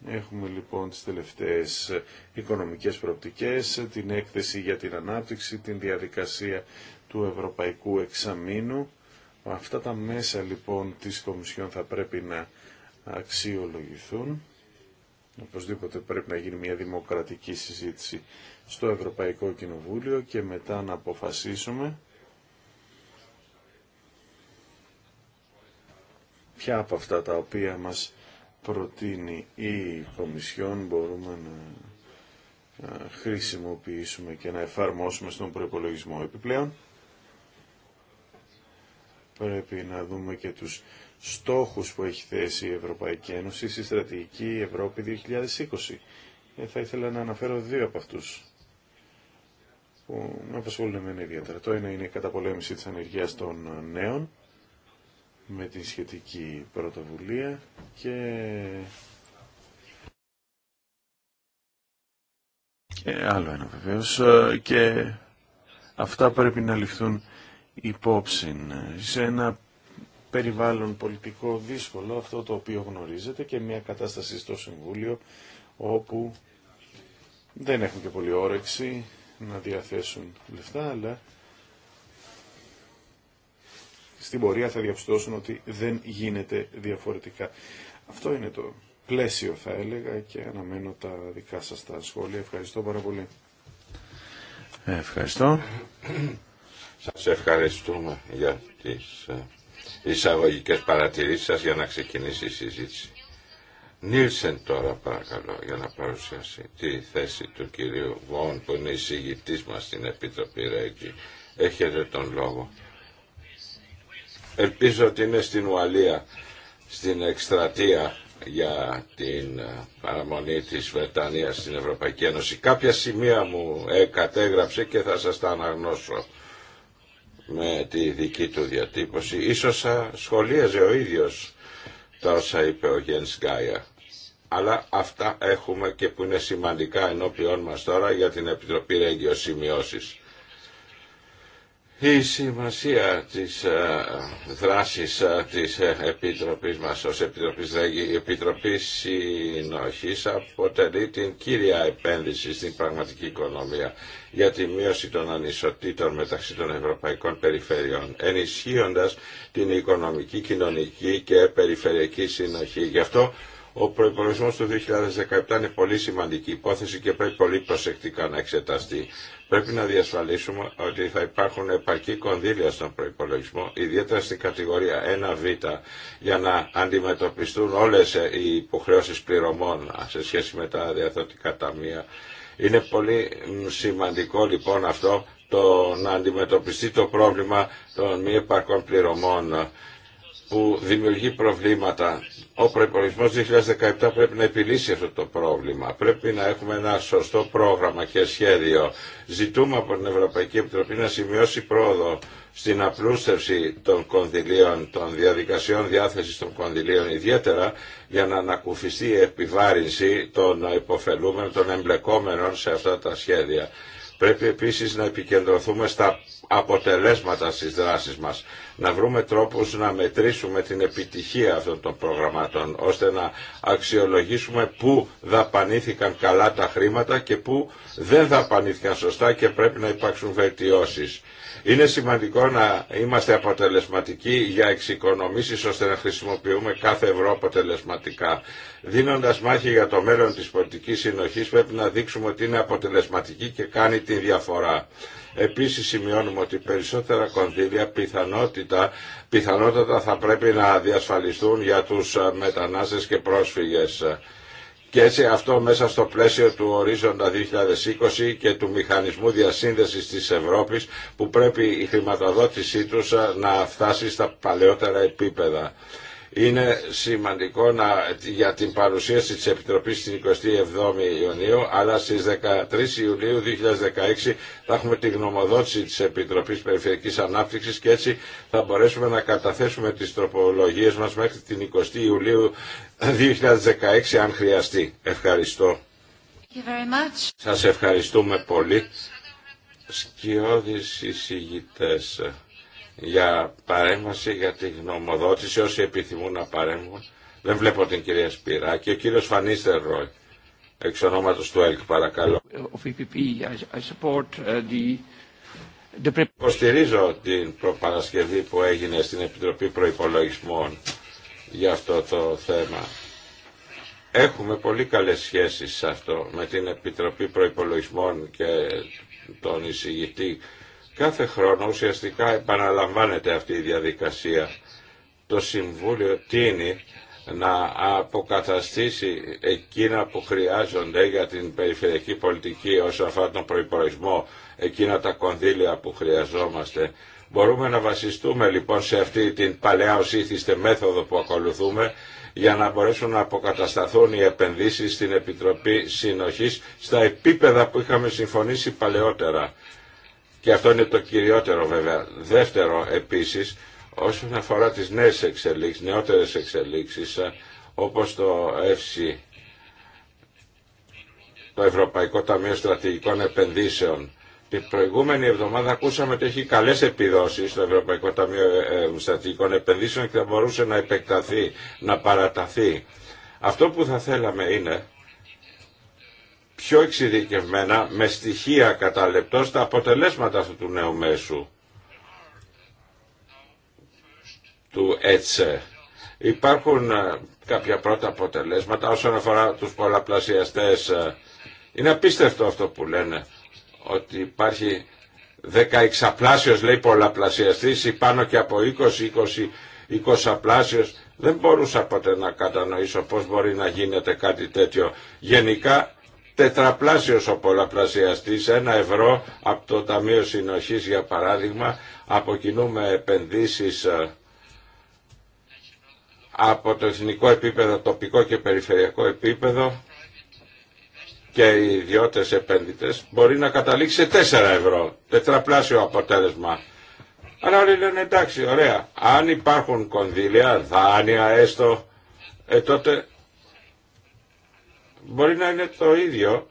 Έχουμε λοιπόν τις τελευταίες οικονομικές προοπτικές, την έκθεση για την ανάπτυξη, την διαδικασία του Ευρωπαϊκού Εξαμήνου. Αυτά τα μέσα λοιπόν της Κομισιόν θα πρέπει να αξιολογηθούν. Οπωσδήποτε πρέπει να γίνει μια δημοκρατική συζήτηση στο Ευρωπαϊκό Κοινοβούλιο και μετά να αποφασίσουμε ποια από αυτά τα οποία μας προτείνει η Κομισιόν μπορούμε να χρησιμοποιήσουμε και να εφαρμόσουμε στον προπολογισμό επιπλέον. Πρέπει να δούμε και τους στόχους που έχει θέσει η Ευρωπαϊκή Ένωση στη στρατηγική Ευρώπη 2020. Ε, θα ήθελα να αναφέρω δύο από αυτούς που με απασχολούν εμένα ιδιαίτερα. Το ένα είναι η καταπολέμηση της ανεργίας των νέων με τη σχετική πρωτοβουλία και, ε, άλλο ένα βεβαίως ε, και αυτά πρέπει να ληφθούν υπόψη σε ένα περιβάλλον πολιτικό δύσκολο, αυτό το οποίο γνωρίζετε και μια κατάσταση στο Συμβούλιο όπου δεν έχουν και πολύ όρεξη να διαθέσουν λεφτά, αλλά στην πορεία θα διαπιστώσουν ότι δεν γίνεται διαφορετικά. Αυτό είναι το πλαίσιο θα έλεγα και αναμένω τα δικά σας τα σχόλια. Ευχαριστώ πάρα πολύ. Ευχαριστώ. Σας ευχαριστούμε για τις ε, εισαγωγικές παρατηρήσεις σας για να ξεκινήσει η συζήτηση. Νίλσεν τώρα παρακαλώ για να παρουσιάσει τη θέση του κυρίου Βόν που είναι εισηγητής μας στην Επιτροπή Ρέγγι. Έχετε τον λόγο. Ελπίζω ότι είναι στην Ουαλία, στην εκστρατεία για την παραμονή της Βρετανίας στην Ευρωπαϊκή Ένωση. Κάποια σημεία μου ε, κατέγραψε και θα σας τα αναγνώσω με τη δική του διατύπωση. Ίσως σχολίαζε ο ίδιος τα όσα είπε ο Γκάια. Αλλά αυτά έχουμε και που είναι σημαντικά ενώπιόν μας τώρα για την Επιτροπή Ρέγγιο η σημασία της ε, δράσης ε, της ε, Επιτροπής μας ως Επιτροπής η Επιτροπή Συνοχής αποτελεί την κύρια επένδυση στην πραγματική οικονομία για τη μείωση των ανισοτήτων μεταξύ των ευρωπαϊκών περιφερειών, ενισχύοντας την οικονομική, κοινωνική και περιφερειακή συνοχή. Γι' αυτό ο προπολογισμό του 2017 είναι πολύ σημαντική υπόθεση και πρέπει πολύ προσεκτικά να εξεταστεί. Πρέπει να διασφαλίσουμε ότι θα υπάρχουν επαρκή κονδύλια στον προπολογισμό, ιδιαίτερα στην κατηγορία 1β, για να αντιμετωπιστούν όλες οι υποχρεώσει πληρωμών σε σχέση με τα διαδοτικά ταμεία. Είναι πολύ σημαντικό λοιπόν αυτό το να αντιμετωπιστεί το πρόβλημα των μη επαρκών πληρωμών που δημιουργεί προβλήματα. Ο προπολογισμό 2017 πρέπει να επιλύσει αυτό το πρόβλημα. Πρέπει να έχουμε ένα σωστό πρόγραμμα και σχέδιο. Ζητούμε από την Ευρωπαϊκή Επιτροπή να σημειώσει πρόοδο στην απλούστευση των κονδυλίων, των διαδικασιών διάθεση των κονδυλίων, ιδιαίτερα για να ανακουφιστεί η επιβάρυνση των υποφελούμενων, των εμπλεκόμενων σε αυτά τα σχέδια. Πρέπει επίσης να επικεντρωθούμε στα αποτελέσματα στις δράσεις μας να βρούμε τρόπους να μετρήσουμε την επιτυχία αυτών των προγραμμάτων ώστε να αξιολογήσουμε πού δαπανήθηκαν καλά τα χρήματα και πού δεν δαπανήθηκαν σωστά και πρέπει να υπάρξουν βελτιώσεις. Είναι σημαντικό να είμαστε αποτελεσματικοί για εξοικονομήσεις ώστε να χρησιμοποιούμε κάθε ευρώ αποτελεσματικά. Δίνοντας μάχη για το μέλλον της πολιτικής συνοχής πρέπει να δείξουμε ότι είναι αποτελεσματική και κάνει τη διαφορά. Επίσης σημειώνουμε ότι περισσότερα κονδύλια πιθανότητα, πιθανότατα θα πρέπει να διασφαλιστούν για τους ε, μετανάστες και πρόσφυγες. Και έτσι αυτό μέσα στο πλαίσιο του ορίζοντα 2020 και του μηχανισμού διασύνδεσης της Ευρώπης που πρέπει η χρηματοδότησή τους ε, να φτάσει στα παλαιότερα επίπεδα. Είναι σημαντικό να, για την παρουσίαση της Επιτροπής στην 27η Ιουνίου, αλλά στις 13 Ιουλίου 2016 θα έχουμε τη γνωμοδότηση της Επιτροπής Περιφερειακής Ανάπτυξης και έτσι θα μπορέσουμε να καταθέσουμε τις τροπολογίες μας μέχρι την 20 Ιουλίου 2016 αν χρειαστεί. Ευχαριστώ. Σας ευχαριστούμε πολύ. Σκιώδης εισηγητές για παρέμβαση, για τη γνωμοδότηση, όσοι επιθυμούν να παρέμβουν. Δεν βλέπω την κυρία και Ο κύριος Φανίστερ Ρόι, εξ ονόματος του ΕΛΚ, παρακαλώ. Υποστηρίζω την προπαρασκευή που έγινε στην Επιτροπή Προϋπολογισμών για αυτό το θέμα. Έχουμε πολύ καλές σχέσεις σε αυτό με την Επιτροπή Προϋπολογισμών και τον εισηγητή Κάθε χρόνο ουσιαστικά επαναλαμβάνεται αυτή η διαδικασία. Το Συμβούλιο τίνει να αποκαταστήσει εκείνα που χρειάζονται για την περιφερειακή πολιτική όσο αφορά τον προϋπολογισμό, εκείνα τα κονδύλια που χρειαζόμαστε. Μπορούμε να βασιστούμε λοιπόν σε αυτή την παλαιά οσήθιστε μέθοδο που ακολουθούμε για να μπορέσουν να αποκατασταθούν οι επενδύσεις στην Επιτροπή Συνοχής στα επίπεδα που είχαμε συμφωνήσει παλαιότερα. Και αυτό είναι το κυριότερο βέβαια. Δεύτερο επίσης, όσον αφορά τις νέες εξελίξεις, νεότερες εξελίξεις, ε, όπως το ΕΦΣΙ, το Ευρωπαϊκό Ταμείο Στρατηγικών Επενδύσεων. Την προηγούμενη εβδομάδα ακούσαμε ότι έχει καλές επιδόσεις στο Ευρωπαϊκό Ταμείο ε, Στρατηγικών Επενδύσεων και θα μπορούσε να επεκταθεί, να παραταθεί. Αυτό που θα θέλαμε είναι πιο εξειδικευμένα με στοιχεία κατά λεπτό στα αποτελέσματα αυτού του νέου μέσου του ΕΤΣΕ. Υπάρχουν ε, κάποια πρώτα αποτελέσματα όσον αφορά τους πολλαπλασιαστές. Ε, είναι απίστευτο αυτό που λένε ότι υπάρχει 16 απλάσιος λέει πολλαπλασιαστής ή πάνω και από 20, 20, 20 Δεν μπορούσα ποτέ να κατανοήσω πώς μπορεί να γίνεται κάτι τέτοιο. Γενικά τετραπλάσιος ο πολλαπλασιαστής, ένα ευρώ από το Ταμείο Συνοχής για παράδειγμα, αποκινούμε επενδύσεις ε, από το εθνικό επίπεδο, τοπικό και περιφερειακό επίπεδο και οι ιδιώτες επενδυτές μπορεί να καταλήξει σε 4 ευρώ, τετραπλάσιο αποτέλεσμα. Αλλά όλοι λένε εντάξει, ωραία, αν υπάρχουν κονδύλια, δάνεια έστω, ε, τότε μπορεί να είναι το ίδιο,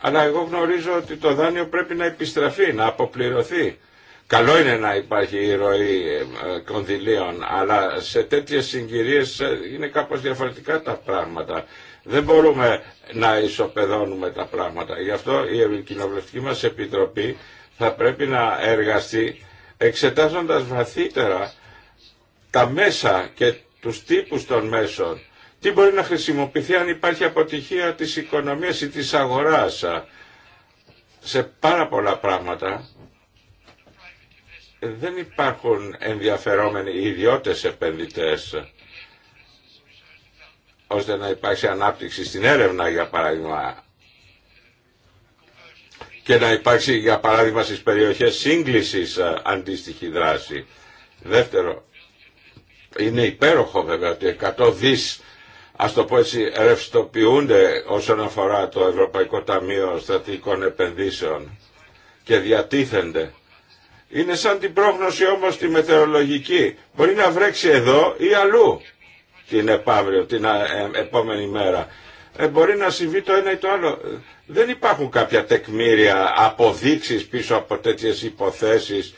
αλλά εγώ γνωρίζω ότι το δάνειο πρέπει να επιστραφεί, να αποπληρωθεί. Καλό είναι να υπάρχει η ροή ε, κονδυλίων, αλλά σε τέτοιες συγκυρίες ε, είναι κάπως διαφορετικά τα πράγματα. Δεν μπορούμε να ισοπεδώνουμε τα πράγματα. Γι' αυτό η Ευρωκοινοβουλευτική μας Επιτροπή θα πρέπει να εργαστεί εξετάζοντας βαθύτερα τα μέσα και τους τύπους των μέσων τι μπορεί να χρησιμοποιηθεί αν υπάρχει αποτυχία της οικονομίας ή της αγοράς σε πάρα πολλά πράγματα δεν υπάρχουν ενδιαφερόμενοι ιδιώτες επενδυτές ώστε να υπάρξει ανάπτυξη στην έρευνα για παράδειγμα και να υπάρξει για παράδειγμα στις περιοχές σύγκλησης αντίστοιχη δράση. Δεύτερο, είναι υπέροχο βέβαια ότι 100 δις ας το πω έτσι, ρευστοποιούνται όσον αφορά το Ευρωπαϊκό Ταμείο Στατικών Επενδύσεων και διατίθενται. Είναι σαν την πρόγνωση όμως τη μετεωρολογική. Μπορεί να βρέξει εδώ ή αλλού την επαύριο, την ε, επόμενη μέρα. Ε, μπορεί να συμβεί το ένα ή το άλλο. Δεν υπάρχουν κάποια τεκμήρια, αποδείξεις πίσω από τέτοιες υποθέσεις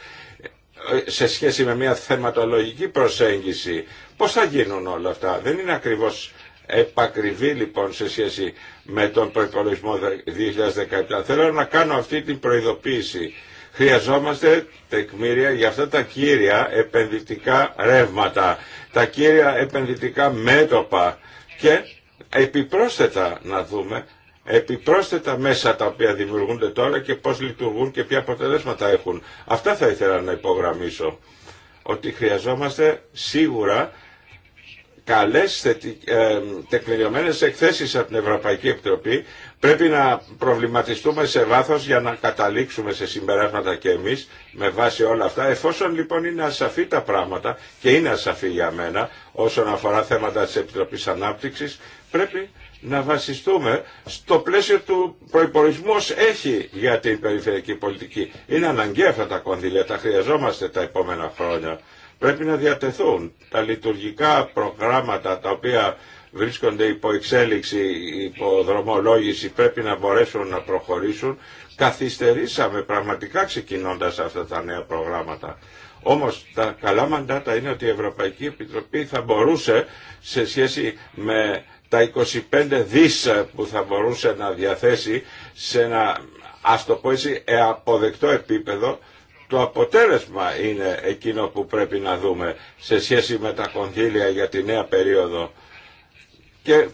ε, σε σχέση με μια θεματολογική προσέγγιση. Πώς θα γίνουν όλα αυτά. Δεν είναι ακριβώς επακριβή λοιπόν σε σχέση με τον προπολογισμό 2017. Θέλω να κάνω αυτή την προειδοποίηση. Χρειαζόμαστε τεκμήρια για αυτά τα κύρια επενδυτικά ρεύματα, τα κύρια επενδυτικά μέτωπα και επιπρόσθετα να δούμε επιπρόσθετα μέσα τα οποία δημιουργούνται τώρα και πώς λειτουργούν και ποια αποτελέσματα έχουν. Αυτά θα ήθελα να υπογραμμίσω. Ότι χρειαζόμαστε σίγουρα καλές ε, τεκμηριωμένες εκθέσεις από την Ευρωπαϊκή Επιτροπή πρέπει να προβληματιστούμε σε βάθος για να καταλήξουμε σε συμπεράσματα και εμείς με βάση όλα αυτά. Εφόσον λοιπόν είναι ασαφή τα πράγματα και είναι ασαφή για μένα όσον αφορά θέματα της Επιτροπής Ανάπτυξης πρέπει να βασιστούμε στο πλαίσιο του προπολογισμού έχει για την περιφερειακή πολιτική. Είναι αναγκαία αυτά τα κονδύλια, τα χρειαζόμαστε τα επόμενα χρόνια πρέπει να διατεθούν. Τα λειτουργικά προγράμματα τα οποία βρίσκονται υπό εξέλιξη, υπό δρομολόγηση, πρέπει να μπορέσουν να προχωρήσουν. Καθυστερήσαμε πραγματικά ξεκινώντας αυτά τα νέα προγράμματα. Όμως τα καλά μαντάτα είναι ότι η Ευρωπαϊκή Επιτροπή θα μπορούσε σε σχέση με τα 25 δις που θα μπορούσε να διαθέσει σε ένα ας το πω έτσι αποδεκτό επίπεδο το αποτέλεσμα είναι εκείνο που πρέπει να δούμε σε σχέση με τα κονδύλια για τη νέα περίοδο. Και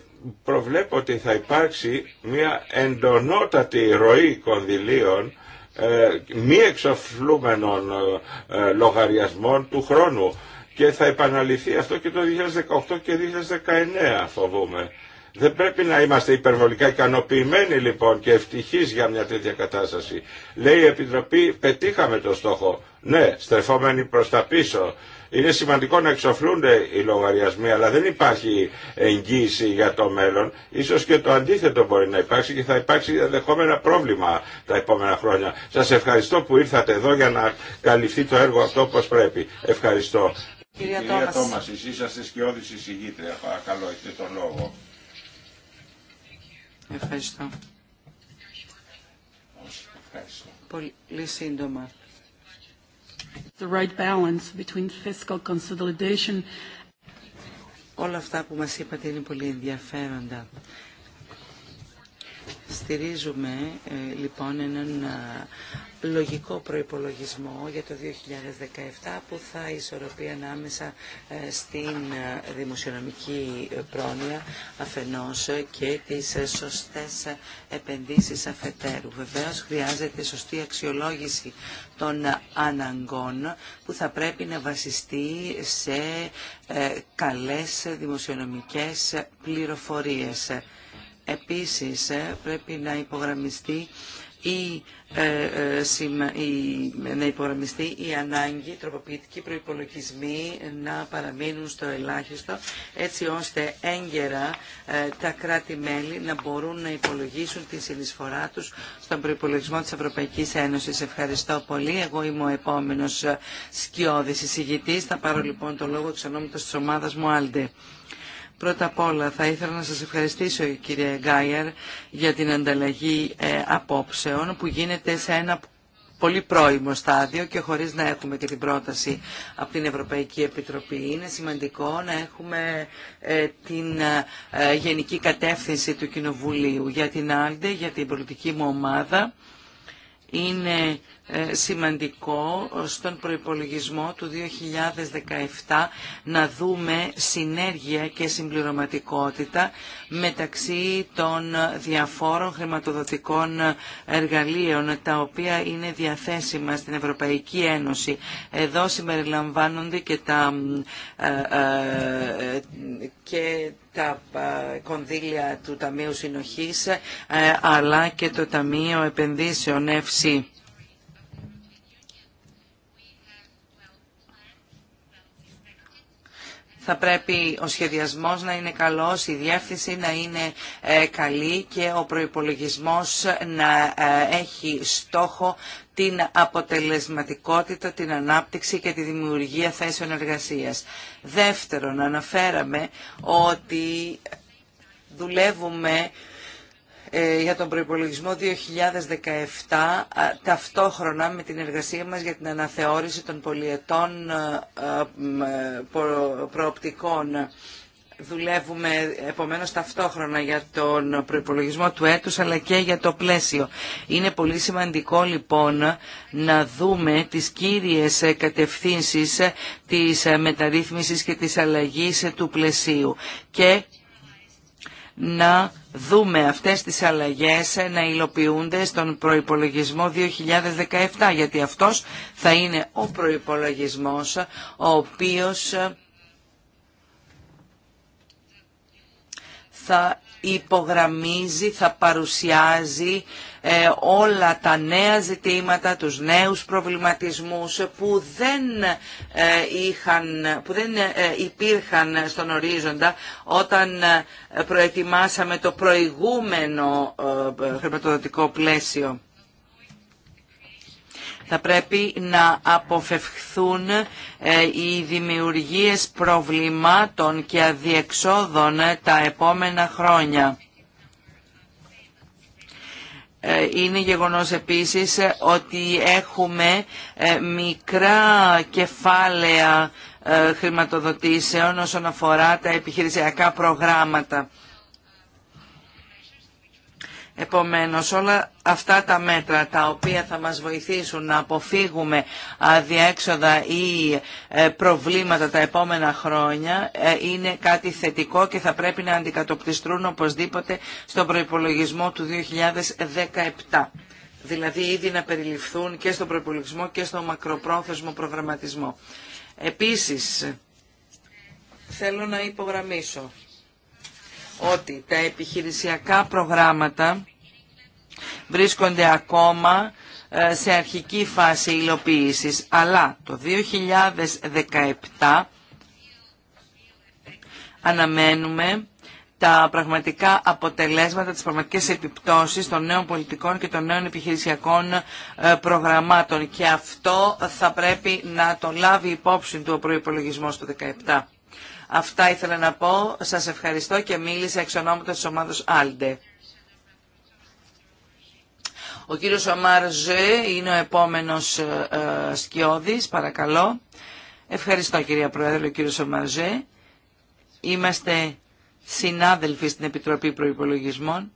προβλέπω ότι θα υπάρξει μια εντονότατη ροή κονδυλίων ε, μη εξοφλούμενων ε, λογαριασμών του χρόνου και θα επαναληφθεί αυτό και το 2018 και 2019 φοβούμε. Δεν πρέπει να είμαστε υπερβολικά ικανοποιημένοι λοιπόν και ευτυχεί για μια τέτοια κατάσταση. Λέει η Επιτροπή πετύχαμε το στόχο. Ναι, στρεφόμενοι προ τα πίσω. Είναι σημαντικό να εξοφλούνται οι λογαριασμοί, αλλά δεν υπάρχει εγγύηση για το μέλλον. Ίσως και το αντίθετο μπορεί να υπάρξει και θα υπάρξει ενδεχόμενα πρόβλημα τα επόμενα χρόνια. Σα ευχαριστώ που ήρθατε εδώ για να καλυφθεί το έργο αυτό όπω πρέπει. Ευχαριστώ. Κυρία, Κυρία είσαστε σκιώδη εισηγήτρια. Παρακαλώ, έχετε τον λόγο. Ευχαριστώ. Πολύ σύντομα. The right balance between fiscal consolidation. Όλα αυτά που μας είπατε είναι πολύ ενδιαφέροντα. Στηρίζουμε ε, λοιπόν έναν ε, λογικό προϋπολογισμό για το 2017 που θα ισορροπεί ανάμεσα ε, στην δημοσιονομική πρόνοια αφενός και τις σωστές επενδύσεις αφετέρου. Βεβαίως χρειάζεται σωστή αξιολόγηση των αναγκών που θα πρέπει να βασιστεί σε καλές δημοσιονομικές πληροφορίες. Επίσης ε, πρέπει να υπογραμμιστεί ή ε, ε, να υπογραμμιστεί η ανάγκη τροποποιητικοί προϋπολογισμοί να παραμείνουν στο ελάχιστο έτσι ώστε έγκαιρα τα κράτη-μέλη να μπορούν να υπολογίσουν τη συνεισφορά τους στον προϋπολογισμό της Ευρωπαϊκής Ένωσης. Ευχαριστώ πολύ. Εγώ είμαι ο επόμενος σκιώδης εισηγητής. Θα πάρω λοιπόν το λόγο εξ της ομάδας μου Άλντε. Πρώτα απ' όλα θα ήθελα να σας ευχαριστήσω κύριε Γκάιερ για την ανταλλαγή ε, απόψεων που γίνεται σε ένα πολύ πρόημο στάδιο και χωρίς να έχουμε και την πρόταση από την Ευρωπαϊκή Επιτροπή. Είναι σημαντικό να έχουμε ε, την ε, γενική κατεύθυνση του Κοινοβουλίου για την Άλντε, για την πολιτική μου ομάδα. Είναι ε, σημαντικό στον προϋπολογισμό του 2017 να δούμε συνέργεια και συμπληρωματικότητα μεταξύ των διαφόρων χρηματοδοτικών εργαλείων τα οποία είναι διαθέσιμα στην Ευρωπαϊκή Ένωση. Εδώ συμπεριλαμβάνονται και τα, ε, ε, και τα κονδύλια του Ταμείου Συνοχής αλλά και το Ταμείο Επενδύσεων ΕΦΣΥ. θα πρέπει ο σχεδιασμός να είναι καλός, η διεύθυνση να είναι ε, καλή και ο προϋπολογισμός να ε, έχει στόχο την αποτελεσματικότητα, την ανάπτυξη και τη δημιουργία θέσεων εργασίας. Δεύτερον, αναφέραμε ότι δουλεύουμε ε, για τον προϋπολογισμό 2017 ταυτόχρονα με την εργασία μας για την αναθεώρηση των πολιετών ε, ε, προοπτικών. Δουλεύουμε επομένως ταυτόχρονα για τον προϋπολογισμό του έτους αλλά και για το πλαίσιο. Είναι πολύ σημαντικό λοιπόν να δούμε τις κύριες κατευθύνσεις της μεταρρύθμισης και της αλλαγής του πλαισίου και να δούμε αυτές τις αλλαγές να υλοποιούνται στον προϋπολογισμό 2017, γιατί αυτός θα είναι ο προϋπολογισμός ο οποίος θα υπογραμμίζει, θα παρουσιάζει ε, όλα τα νέα ζητήματα, τους νέους προβληματισμούς που δεν, ε, είχαν, που δεν ε, υπήρχαν στον ορίζοντα όταν προετοιμάσαμε το προηγούμενο χρηματοδοτικό πλαίσιο. Θα πρέπει να αποφευχθούν ε, οι δημιουργίες προβλημάτων και αδιεξόδων τα επόμενα χρόνια. Ε, είναι γεγονός επίσης ότι έχουμε ε, μικρά κεφάλαια χρηματοδοτήσεων όσον αφορά τα επιχειρησιακά προγράμματα. Επομένως όλα αυτά τα μέτρα τα οποία θα μας βοηθήσουν να αποφύγουμε αδιέξοδα ή ε, προβλήματα τα επόμενα χρόνια ε, είναι κάτι θετικό και θα πρέπει να αντικατοπτριστούν οπωσδήποτε στον προϋπολογισμό του 2017 δηλαδή ήδη να περιληφθούν και στον προπολογισμό και στο μακροπρόθεσμο προγραμματισμό. Επίσης, θέλω να υπογραμμίσω ότι τα επιχειρησιακά προγράμματα βρίσκονται ακόμα ε, σε αρχική φάση υλοποίησης, αλλά το 2017 αναμένουμε τα πραγματικά αποτελέσματα, τις πραγματικές επιπτώσεις των νέων πολιτικών και των νέων επιχειρησιακών ε, προγραμμάτων. Και αυτό θα πρέπει να το λάβει υπόψη του ο προϋπολογισμός του 2017. Αυτά ήθελα να πω. Σας ευχαριστώ και μίλησα εξ ονόματος της ομάδος Άλντε. Ο κύριος Ομάρ Ζε είναι ο επόμενος ε, ε, σκιώδης, παρακαλώ. Ευχαριστώ κυρία Πρόεδρε, ο κύριος Ομάρ Ζε. Είμαστε συνάδελφοι στην Επιτροπή Προϋπολογισμών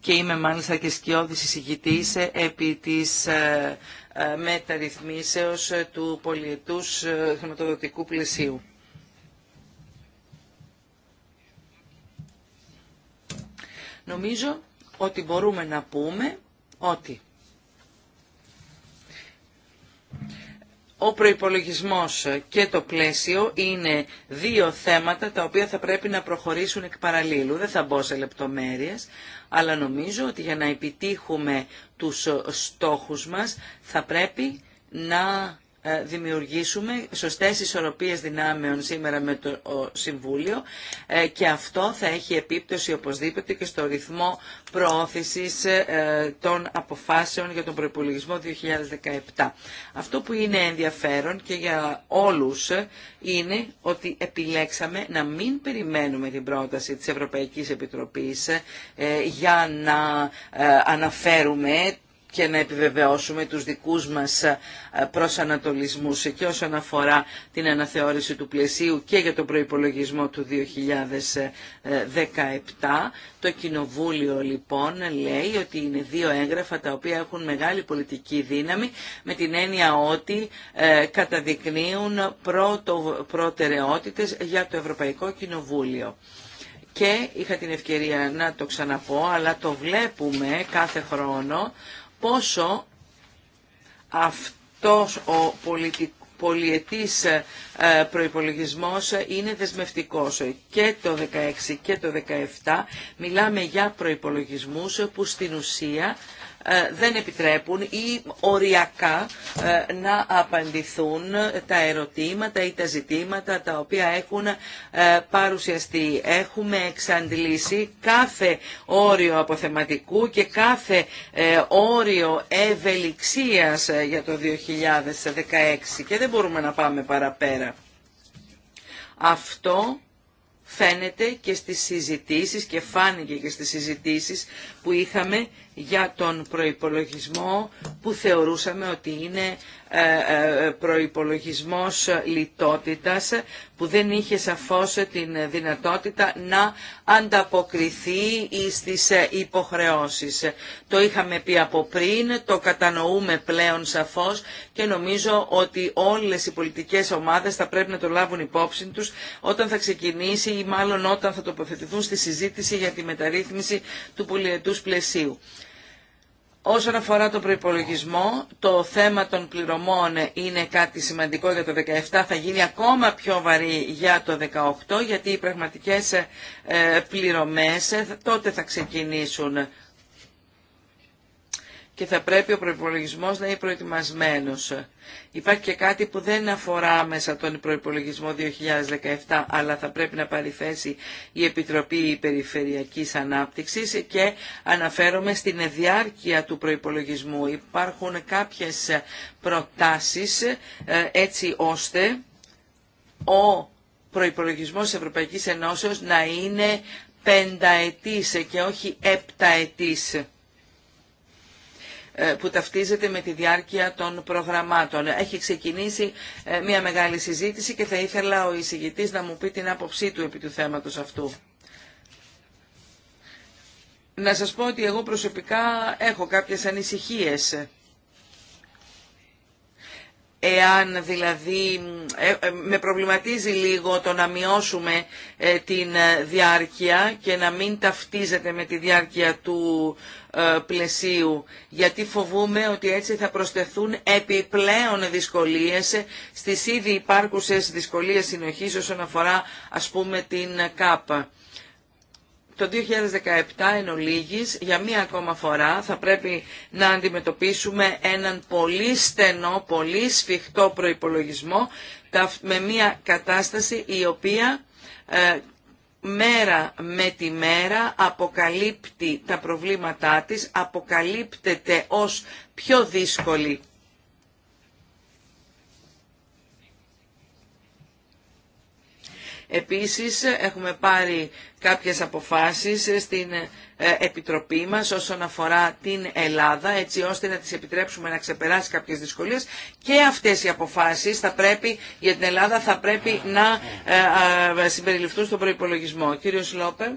και είμαι μάλιστα και σκιώδης εισηγητής επί της ε, ε μεταρρυθμίσεως του πολιετούς ε, χρηματοδοτικού πλαισίου. Νομίζω ότι μπορούμε να πούμε ότι ο προϋπολογισμός και το πλαίσιο είναι δύο θέματα τα οποία θα πρέπει να προχωρήσουν εκ παραλίλου. Δεν θα μπω σε λεπτομέρειες, αλλά νομίζω ότι για να επιτύχουμε τους στόχους μας θα πρέπει να ε, δημιουργήσουμε σωστές ισορροπίες δυνάμεων σήμερα με το Συμβούλιο ε, και αυτό θα έχει επίπτωση οπωσδήποτε και στο ρυθμό προώθησης ε, των αποφάσεων για τον προϋπολογισμό 2017. Αυτό που είναι ενδιαφέρον και για όλους είναι ότι επιλέξαμε να μην περιμένουμε την πρόταση της Ευρωπαϊκής Επιτροπής για να αναφέρουμε και να επιβεβαιώσουμε τους δικούς μας ε, προσανατολισμούς και όσον αφορά την αναθεώρηση του πλαισίου και για τον προϋπολογισμό του 2017. Το Κοινοβούλιο λοιπόν λέει ότι είναι δύο έγγραφα τα οποία έχουν μεγάλη πολιτική δύναμη με την έννοια ότι ε, καταδεικνύουν πρώτο, για το Ευρωπαϊκό Κοινοβούλιο και είχα την ευκαιρία να το ξαναπώ, αλλά το βλέπουμε κάθε χρόνο πόσο αυτός ο πολιτικός πολιετής ε, προϋπολογισμός είναι δεσμευτικός και το 16 και το 17 μιλάμε για προϋπολογισμούς που στην ουσία ε, δεν επιτρέπουν ή οριακά ε, να απαντηθούν τα ερωτήματα ή τα ζητήματα τα οποία έχουν ε, παρουσιαστεί. Έχουμε εξαντλήσει κάθε όριο αποθεματικού και κάθε όριο ευελιξίας για το 2016 και δεν μπορούμε να πάμε παραπέρα. Αυτό φαίνεται και στις συζητήσεις και φάνηκε και στις συζητήσεις που είχαμε για τον προϋπολογισμό που θεωρούσαμε ότι είναι ε, ε, προϋπολογισμός λιτότητας που δεν είχε σαφώς την δυνατότητα να ανταποκριθεί στις υποχρεώσεις. Το είχαμε πει από πριν, το κατανοούμε πλέον σαφώς και νομίζω ότι όλες οι πολιτικές ομάδες θα πρέπει να το λάβουν υπόψη τους όταν θα ξεκινήσει ή μάλλον όταν θα τοποθετηθούν στη συζήτηση για τη μεταρρύθμιση του πολιετούς πλαισίου. Όσον αφορά το προϋπολογισμό, το θέμα των πληρωμών είναι κάτι σημαντικό για το 2017, θα γίνει ακόμα πιο βαρύ για το 2018, γιατί οι πραγματικές ε, πληρωμές ε, τότε θα ξεκινήσουν και θα πρέπει ο προπολογισμό να είναι προετοιμασμένο. Υπάρχει και κάτι που δεν αφορά μέσα τον προπολογισμό 2017, αλλά θα πρέπει να πάρει θέση η Επιτροπή Περιφερειακής Ανάπτυξης και αναφέρομαι στην διάρκεια του προπολογισμού. Υπάρχουν κάποιες προτάσεις ε, έτσι ώστε ο προϋπολογισμός της Ευρωπαϊκής Ενώσεω να είναι πενταετής και όχι επταετής. Ε, που ταυτίζεται με τη διάρκεια των προγραμμάτων. Έχει ξεκινήσει ε, μια μεγάλη συζήτηση και θα ήθελα ο εισηγητής να μου πει την άποψή του επί του θέματος αυτού. Να σας πω ότι εγώ προσωπικά έχω κάποιες ανησυχίες Εάν δηλαδή ε, ε, με προβληματίζει λίγο το να μειώσουμε ε, την διάρκεια και να μην ταυτίζεται με τη διάρκεια του πλαισίου, γιατί φοβούμε ότι έτσι θα προσθεθούν επιπλέον δυσκολίες στις ήδη υπάρχουσες δυσκολίες συνοχής όσον αφορά ας πούμε την ΚΑΠΑ. Το 2017 εν ολίγης, για μία ακόμα φορά θα πρέπει να αντιμετωπίσουμε έναν πολύ στενό, πολύ σφιχτό προϋπολογισμό με μία κατάσταση η οποία ε, μέρα με τη μέρα αποκαλύπτει τα προβλήματά της, αποκαλύπτεται ως πιο δύσκολη Επίσης έχουμε πάρει κάποιες αποφάσεις στην ε, Επιτροπή μας όσον αφορά την Ελλάδα έτσι ώστε να τις επιτρέψουμε να ξεπεράσει κάποιες δυσκολίες και αυτές οι αποφάσεις θα πρέπει, για την Ελλάδα θα πρέπει να ε, ε, συμπεριληφθούν στον προϋπολογισμό. Κύριος Λόπε.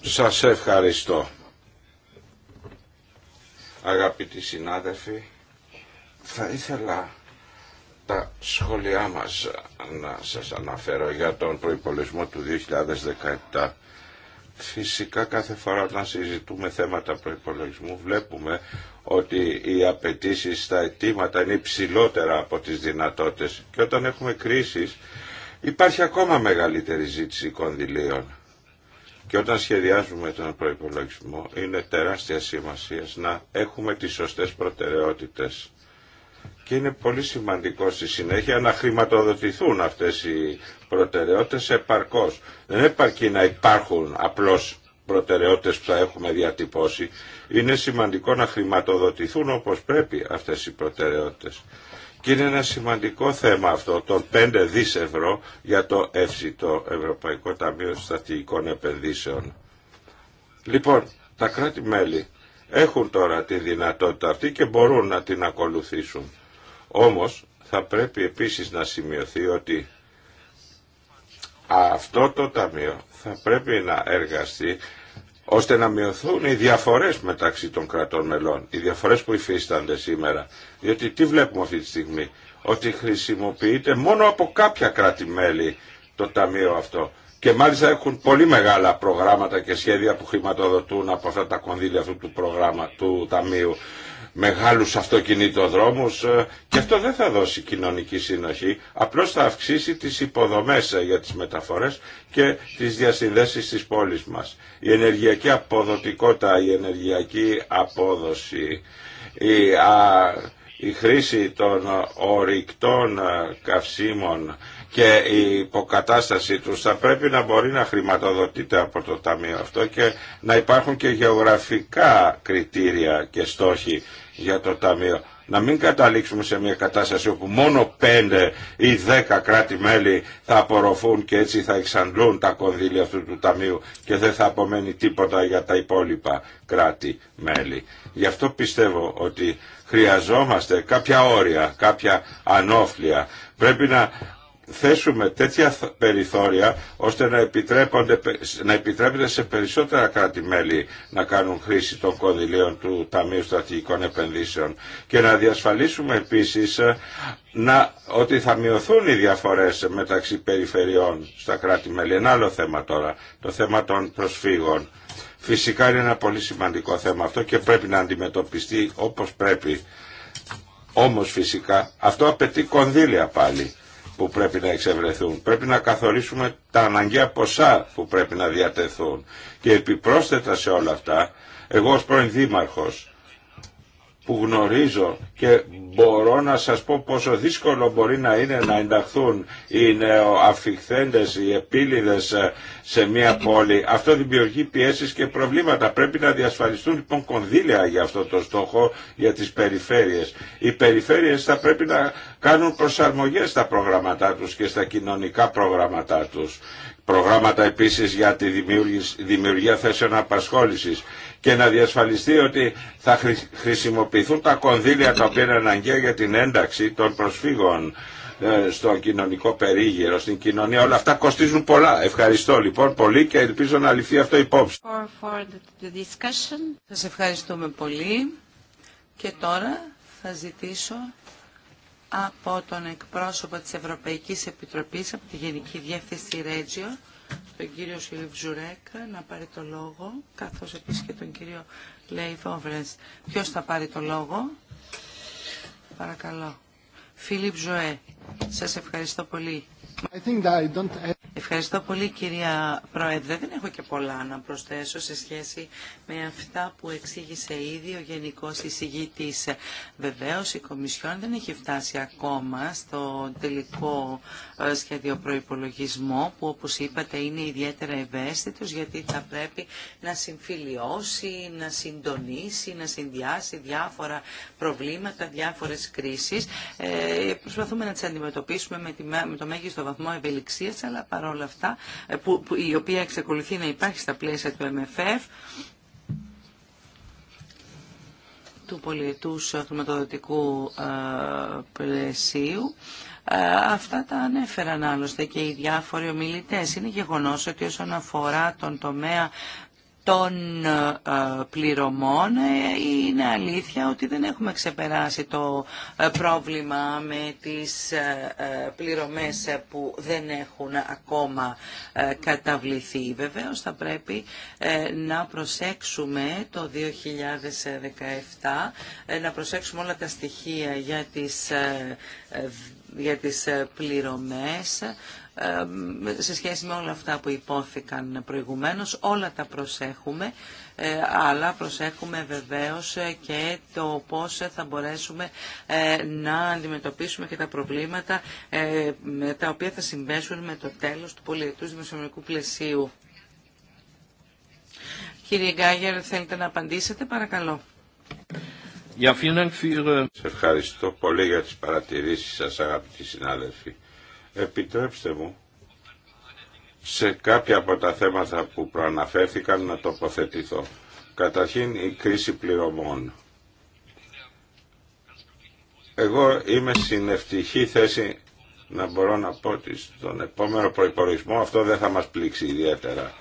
Σας ευχαριστώ. Αγαπητοί συνάδελφοι, θα ήθελα τα σχόλιά μας να σας αναφέρω για τον προϋπολογισμό του 2017. Φυσικά κάθε φορά όταν συζητούμε θέματα προϋπολογισμού βλέπουμε ότι οι απαιτήσει στα αιτήματα είναι υψηλότερα από τις δυνατότητες και όταν έχουμε κρίσεις υπάρχει ακόμα μεγαλύτερη ζήτηση κονδυλίων. Και όταν σχεδιάζουμε τον προϋπολογισμό είναι τεράστια σημασία να έχουμε τις σωστές προτεραιότητες και είναι πολύ σημαντικό στη συνέχεια να χρηματοδοτηθούν αυτές οι προτεραιότητες επαρκώς. Δεν επαρκεί να υπάρχουν απλώς προτεραιότητες που θα έχουμε διατυπώσει. Είναι σημαντικό να χρηματοδοτηθούν όπως πρέπει αυτές οι προτεραιότητες. Και είναι ένα σημαντικό θέμα αυτό των 5 δις ευρώ για το ΕΦΣΙ, το Ευρωπαϊκό Ταμείο Στατηγικών Επενδύσεων. Λοιπόν, τα κράτη-μέλη έχουν τώρα τη δυνατότητα αυτή και μπορούν να την ακολουθήσουν. Όμως θα πρέπει επίσης να σημειωθεί ότι αυτό το ταμείο θα πρέπει να εργαστεί ώστε να μειωθούν οι διαφορές μεταξύ των κρατών μελών, οι διαφορές που υφίστανται σήμερα. Διότι τι βλέπουμε αυτή τη στιγμή, ότι χρησιμοποιείται μόνο από κάποια κράτη-μέλη το ταμείο αυτό. Και μάλιστα έχουν πολύ μεγάλα προγράμματα και σχέδια που χρηματοδοτούν από αυτά τα κονδύλια αυτού του, του ταμείου μεγάλους αυτοκινητοδρόμους ε, και αυτό δεν θα δώσει κοινωνική συνοχή, απλώς θα αυξήσει τις υποδομές ε, για τις μεταφορές και τις διασυνδέσεις της πόλης μας. Η ενεργειακή αποδοτικότητα, η ενεργειακή απόδοση, η, η χρήση των ορυκτών ε, καυσίμων, και η υποκατάσταση τους θα πρέπει να μπορεί να χρηματοδοτείται από το Ταμείο αυτό και να υπάρχουν και γεωγραφικά κριτήρια και στόχοι για το Ταμείο. Να μην καταλήξουμε σε μια κατάσταση όπου μόνο μόνο ή 10 κράτη-μέλη θα απορροφούν και έτσι θα εξαντλούν τα κονδύλια αυτού του Ταμείου και δεν θα απομένει τίποτα για τα υπόλοιπα κράτη-μέλη. Γι' αυτό πιστεύω ότι χρειαζόμαστε κάποια όρια, κάποια ανόφλια. Πρέπει να θέσουμε τέτοια περιθώρια ώστε να, επιτρέπονται, να επιτρέπεται σε περισσότερα κράτη-μέλη να κάνουν χρήση των κονδυλίων του Ταμείου Στρατηγικών Επενδύσεων και να διασφαλίσουμε επίσης ε, να, ότι θα μειωθούν οι διαφορές μεταξύ περιφερειών στα κράτη-μέλη. Ένα άλλο θέμα τώρα, το θέμα των προσφύγων. Φυσικά είναι ένα πολύ σημαντικό θέμα αυτό και πρέπει να αντιμετωπιστεί όπως πρέπει. Όμως φυσικά αυτό απαιτεί κονδύλια πάλι που πρέπει να εξευρεθούν. Πρέπει να καθορίσουμε τα αναγκαία ποσά που πρέπει να διατεθούν. Και επιπρόσθετα σε όλα αυτά, εγώ ως πρώην δήμαρχος, που γνωρίζω και μπορώ να σας πω πόσο δύσκολο μπορεί να είναι να ενταχθούν οι νεοαφιχθέντες, οι επίλυδες ε, σε μια πόλη. Αυτό δημιουργεί πιέσεις και προβλήματα. Πρέπει να διασφαλιστούν λοιπόν κονδύλια για αυτό το στόχο, για τις περιφέρειες. Οι περιφέρειες θα πρέπει να κάνουν προσαρμογές στα προγράμματά τους και στα κοινωνικά προγράμματά τους προγράμματα επίσης για τη δημιουργία θέσεων απασχόλησης και να διασφαλιστεί ότι θα χρησιμοποιηθούν τα κονδύλια τα οποία είναι αναγκαία για την ένταξη των προσφύγων ε, στο κοινωνικό περίγυρο, στην κοινωνία. Όλα αυτά κοστίζουν πολλά. Ευχαριστώ λοιπόν πολύ και ελπίζω να ληφθεί αυτό υπόψη. Σας ευχαριστούμε πολύ και τώρα θα ζητήσω από τον εκπρόσωπο της Ευρωπαϊκής Επιτροπής από τη Γενική Διεύθυνση Ρέτζιο, τον κύριο Σιλίβ να πάρει το λόγο, καθώς επίσης και τον κύριο Λέιβ Οβρες. Ποιος θα πάρει το λόγο? Παρακαλώ. Φίλιπ Ζωέ, σας ευχαριστώ πολύ. Ευχαριστώ πολύ κυρία Πρόεδρε. Δεν έχω και πολλά να προσθέσω σε σχέση με αυτά που εξήγησε ήδη ο Γενικός Εισηγήτης. Βεβαίως η Κομισιόν δεν έχει φτάσει ακόμα στο τελικό ε, σχέδιο προϋπολογισμό που όπως είπατε είναι ιδιαίτερα ευαίσθητος γιατί θα πρέπει να συμφιλιώσει, να συντονίσει, να συνδυάσει διάφορα προβλήματα, διάφορες κρίσεις. Ε, προσπαθούμε να τις αντιμετωπίσουμε με το μέγιστο βαθμό ευελιξία, αλλά παρόλα αυτά, ε, που, η οποία εξακολουθεί να υπάρχει στα πλαίσια του MFF, του πολιετούς χρηματοδοτικού ε, πλαισίου. Ε, αυτά τα ανέφεραν άλλωστε και οι διάφοροι ομιλητές. Είναι γεγονός ότι όσον αφορά τον τομέα των ε, πληρωμών ε, είναι αλήθεια ότι δεν έχουμε ξεπεράσει το ε, πρόβλημα με τις πληρωμές που δεν έχουν ακόμα καταβληθεί. Βεβαίως θα πρέπει να προσέξουμε το 2017, να προσέξουμε όλα τα στοιχεία για τις, για τις πληρωμές ε, σε σχέση με όλα αυτά που υπόθηκαν προηγουμένως. Όλα τα προσέχουμε, ε, αλλά προσέχουμε βεβαίως ε, και το πώς θα μπορέσουμε να αντιμετωπίσουμε και τα προβλήματα τα οποία θα συμπέσουν με το τέλος του πολιτικού δημοσιονομικού πλαισίου. Κύριε Γκάγερ, θέλετε να απαντήσετε, παρακαλώ. Σας ευχαριστώ πολύ για τις παρατηρήσεις σας, αγαπητοί συνάδελφοι. Επιτρέψτε μου σε κάποια από τα θέματα που προαναφέρθηκαν να τοποθετηθώ. Καταρχήν η κρίση πληρωμών. Εγώ είμαι στην ευτυχή θέση να μπορώ να πω ότι στον επόμενο προϋπορισμό αυτό δεν θα μας πλήξει ιδιαίτερα.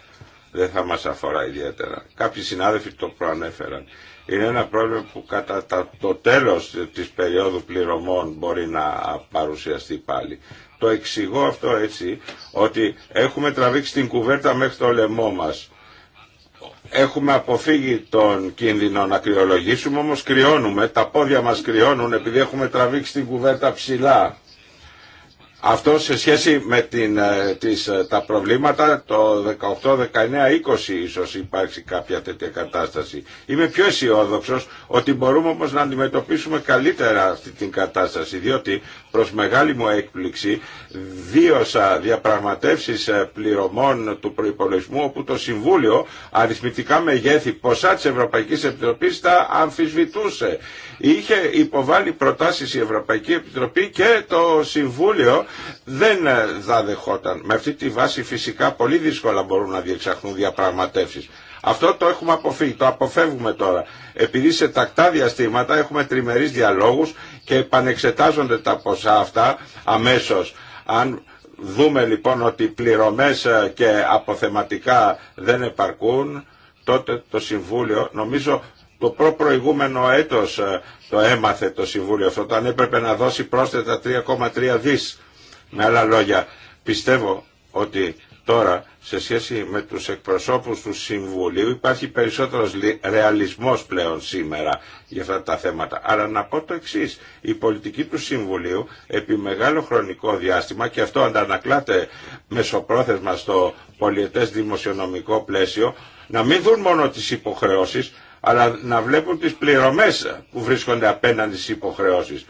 Δεν θα μας αφορά ιδιαίτερα. Κάποιοι συνάδελφοι το προανέφεραν. Είναι ένα πρόβλημα που κατά το τέλος της περίοδου πληρωμών μπορεί να παρουσιαστεί πάλι το εξηγώ αυτό έτσι, ότι έχουμε τραβήξει την κουβέρτα μέχρι το λαιμό μας. Έχουμε αποφύγει τον κίνδυνο να κρυολογήσουμε, όμως κρυώνουμε, τα πόδια μας κρυώνουν επειδή έχουμε τραβήξει την κουβέρτα ψηλά. Αυτό σε σχέση με την, ε, τις, ε, τα προβλήματα το 18, 19, 20 ίσως υπάρξει κάποια τέτοια κατάσταση. Είμαι πιο αισιόδοξο ότι μπορούμε όμως να αντιμετωπίσουμε καλύτερα αυτή την κατάσταση διότι προς μεγάλη μου έκπληξη δίωσα διαπραγματεύσεις ε, πληρωμών του προϋπολογισμού όπου το Συμβούλιο αριθμητικά μεγέθη ποσά τη Ευρωπαϊκής Επιτροπής τα αμφισβητούσε. Είχε υποβάλει προτάσεις η Ευρωπαϊκή Επιτροπή και το Συμβούλιο δεν ε, θα δεχόταν. Με αυτή τη βάση φυσικά πολύ δύσκολα μπορούν να διεξαχθούν διαπραγματεύσεις. Αυτό το έχουμε αποφύγει, το αποφεύγουμε τώρα. Επειδή σε τακτά διαστήματα έχουμε τριμερείς διαλόγους και επανεξετάζονται τα ποσά αυτά αμέσως. Αν δούμε λοιπόν ότι πληρωμές ε, και αποθεματικά δεν επαρκούν, τότε το Συμβούλιο, νομίζω το προπροηγούμενο έτος ε, το έμαθε το Συμβούλιο αυτό, όταν έπρεπε να δώσει πρόσθετα 3,3 δις με άλλα λόγια, πιστεύω ότι τώρα σε σχέση με τους εκπροσώπους του Συμβουλίου υπάρχει περισσότερος ρεαλισμός πλέον σήμερα για αυτά τα θέματα. Αλλά να πω το εξή η πολιτική του Συμβουλίου επί μεγάλο χρονικό διάστημα και αυτό αντανακλάται μεσοπρόθεσμα στο πολιετές δημοσιονομικό πλαίσιο, να μην δουν μόνο τις υποχρεώσεις, αλλά να βλέπουν τις πληρωμές που βρίσκονται απέναντι στις υποχρεώσεις.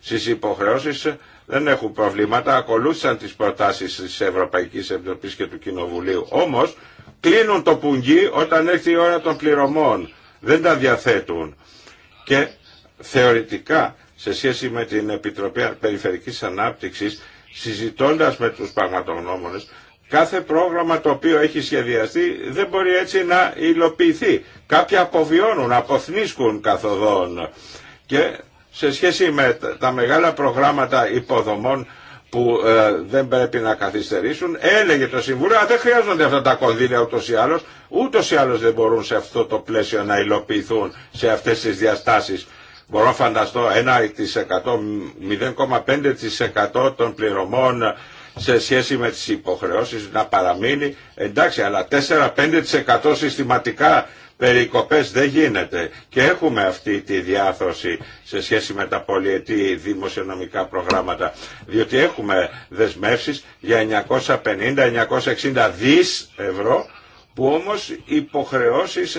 Στις υποχρεώσεις δεν έχουν προβλήματα, ακολούθησαν τις προτάσεις της Ευρωπαϊκής Επιτροπής και του Κοινοβουλίου. Όμως κλείνουν το πουγγί όταν έρθει η ώρα των πληρωμών. Δεν τα διαθέτουν. Και θεωρητικά σε σχέση με την Επιτροπή Περιφερικής Ανάπτυξης, συζητώντας με τους πραγματογνώμονες, κάθε πρόγραμμα το οποίο έχει σχεδιαστεί δεν μπορεί έτσι να υλοποιηθεί. Κάποια αποβιώνουν, αποθνίσκουν καθοδόν σε σχέση με τα μεγάλα προγράμματα υποδομών που ε, δεν πρέπει να καθυστερήσουν, έλεγε το Συμβούλιο, αλλά δεν χρειάζονται αυτά τα κονδύλια ούτως ή άλλως, ούτως ή άλλως δεν μπορούν σε αυτό το πλαίσιο να υλοποιηθούν σε αυτές τις διαστάσεις. Μπορώ να φανταστώ 1%, 0,5% των πληρωμών σε σχέση με τις υποχρεώσεις να παραμείνει. Εντάξει, αλλά 4-5% συστηματικά περικοπές δεν γίνεται και έχουμε αυτή τη διάθρωση σε σχέση με τα πολιετή δημοσιονομικά προγράμματα διότι έχουμε δεσμεύσεις για 950-960 δις ευρώ που όμως υποχρεώσεις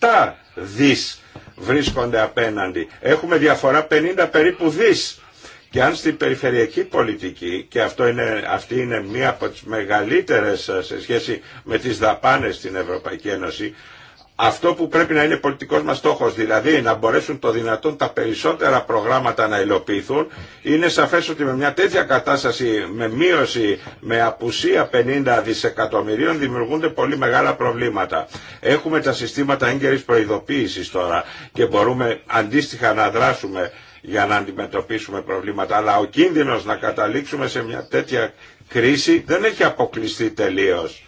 907 δις βρίσκονται απέναντι. Έχουμε διαφορά 50 περίπου δις. Και αν στην περιφερειακή πολιτική, και αυτό είναι, αυτή είναι μία από τις μεγαλύτερες ε, σε σχέση με τις δαπάνες στην Ευρωπαϊκή Ένωση, αυτό που πρέπει να είναι πολιτικός μας στόχος, δηλαδή να μπορέσουν το δυνατόν τα περισσότερα προγράμματα να υλοποιηθούν, είναι σαφές ότι με μια τέτοια κατάσταση, με μείωση, με απουσία 50 δισεκατομμυρίων, δημιουργούνται πολύ μεγάλα προβλήματα. Έχουμε τα συστήματα έγκαιρης προειδοποίησης τώρα και μπορούμε αντίστοιχα να δράσουμε για να αντιμετωπίσουμε προβλήματα, αλλά ο κίνδυνος να καταλήξουμε σε μια τέτοια κρίση δεν έχει αποκλειστεί τελείως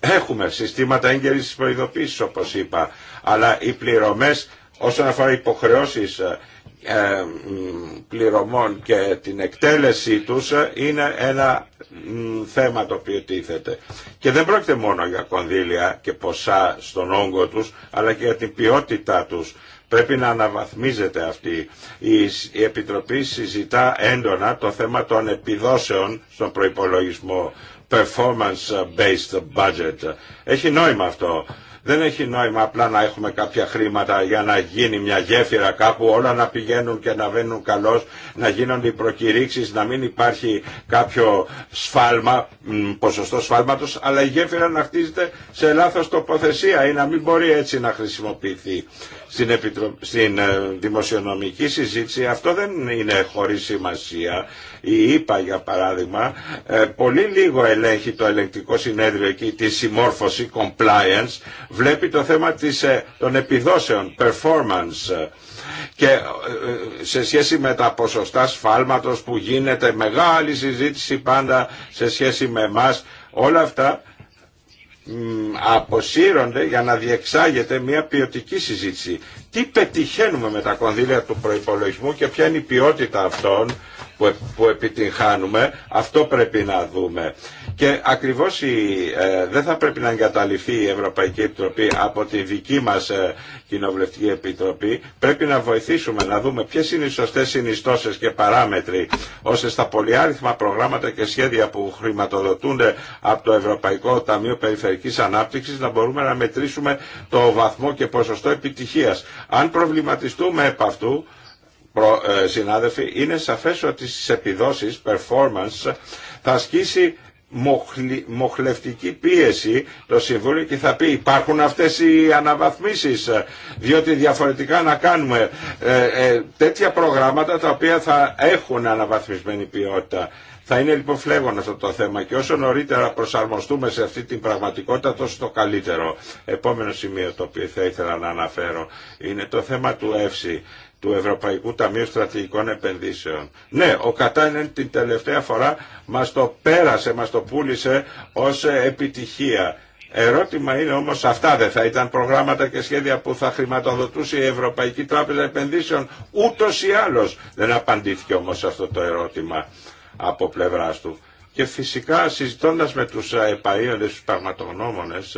Έχουμε συστήματα έγκαιρης προειδοποίησης όπως είπα, αλλά οι πληρωμές όσον αφορά υποχρεώσεις ε, πληρωμών και την εκτέλεσή τους ε, είναι ένα θέμα το οποίο τίθεται. Και δεν πρόκειται μόνο για κονδύλια και ποσά στον όγκο τους, αλλά και για την ποιότητά τους. Πρέπει να αναβαθμίζεται αυτή. Η Επιτροπή συζητά έντονα το θέμα των επιδόσεων στον προϋπολογισμό performance based budget. Έχει νόημα αυτό. Δεν έχει νόημα απλά να έχουμε κάποια χρήματα για να γίνει μια γέφυρα κάπου, όλα να πηγαίνουν και να βαίνουν καλώς, να γίνονται οι προκηρύξεις, να μην υπάρχει κάποιο σφάλμα, ποσοστό σφάλματος, αλλά η γέφυρα να χτίζεται σε λάθος τοποθεσία ή να μην μπορεί έτσι να χρησιμοποιηθεί. Στην, επιτρο... στην ε, δημοσιονομική συζήτηση αυτό δεν είναι χωρίς σημασία η ΕΠΑ για παράδειγμα ε, πολύ λίγο ελέγχει το ελεκτικό συνέδριο εκεί τη συμμόρφωση compliance βλέπει το θέμα της, ε, των επιδόσεων performance ε, και σε σχέση με τα ποσοστά σφάλματος που γίνεται μεγάλη συζήτηση πάντα σε σχέση με εμά, όλα αυτά αποσύρονται για να διεξάγεται μια ποιοτική συζήτηση. Τι πετυχαίνουμε με τα κονδύλια του προϋπολογισμού και ποια είναι η ποιότητα αυτών που επιτυγχάνουμε, αυτό πρέπει να δούμε. Και ακριβώς ε, δεν θα πρέπει να εγκαταλειφθεί η Ευρωπαϊκή Επιτροπή από τη δική μας ε, Κοινοβουλευτική Επιτροπή. Πρέπει να βοηθήσουμε να δούμε ποιες είναι οι σωστές συνιστώσεις και παράμετροι ώστε στα πολυάριθμα προγράμματα και σχέδια που χρηματοδοτούνται από το Ευρωπαϊκό Ταμείο Περιφερικής Ανάπτυξης να μπορούμε να μετρήσουμε το βαθμό και ποσοστό επιτυχίας. Αν προβληματιστούμε επ' αυτού, ε, συνάδελφοι, είναι σαφές ότι στις επιδόσεις, performance, θα ασκήσει μοχλευτική πίεση το Συμβούλιο και θα πει υπάρχουν αυτές οι αναβαθμίσεις ε, διότι διαφορετικά να κάνουμε ε, ε, τέτοια προγράμματα τα οποία θα έχουν αναβαθμισμένη ποιότητα. Θα είναι λοιπόν φλέγον αυτό το θέμα και όσο νωρίτερα προσαρμοστούμε σε αυτή την πραγματικότητα τόσο το καλύτερο. Επόμενο σημείο το οποίο θα ήθελα να αναφέρω είναι το θέμα του ΕΦΣΥ του Ευρωπαϊκού Ταμείου Στρατηγικών Επενδύσεων. Ναι, ο Κατάινεν την τελευταία φορά μας το πέρασε, μας το πούλησε ως επιτυχία. Ερώτημα είναι όμως αυτά δεν θα ήταν προγράμματα και σχέδια που θα χρηματοδοτούσε η Ευρωπαϊκή Τράπεζα Επενδύσεων ούτως ή άλλως. Δεν απαντήθηκε όμως αυτό το ερώτημα από πλευράς του. Και φυσικά συζητώντας με τους επαΐοντες, τους πραγματογνώμονες,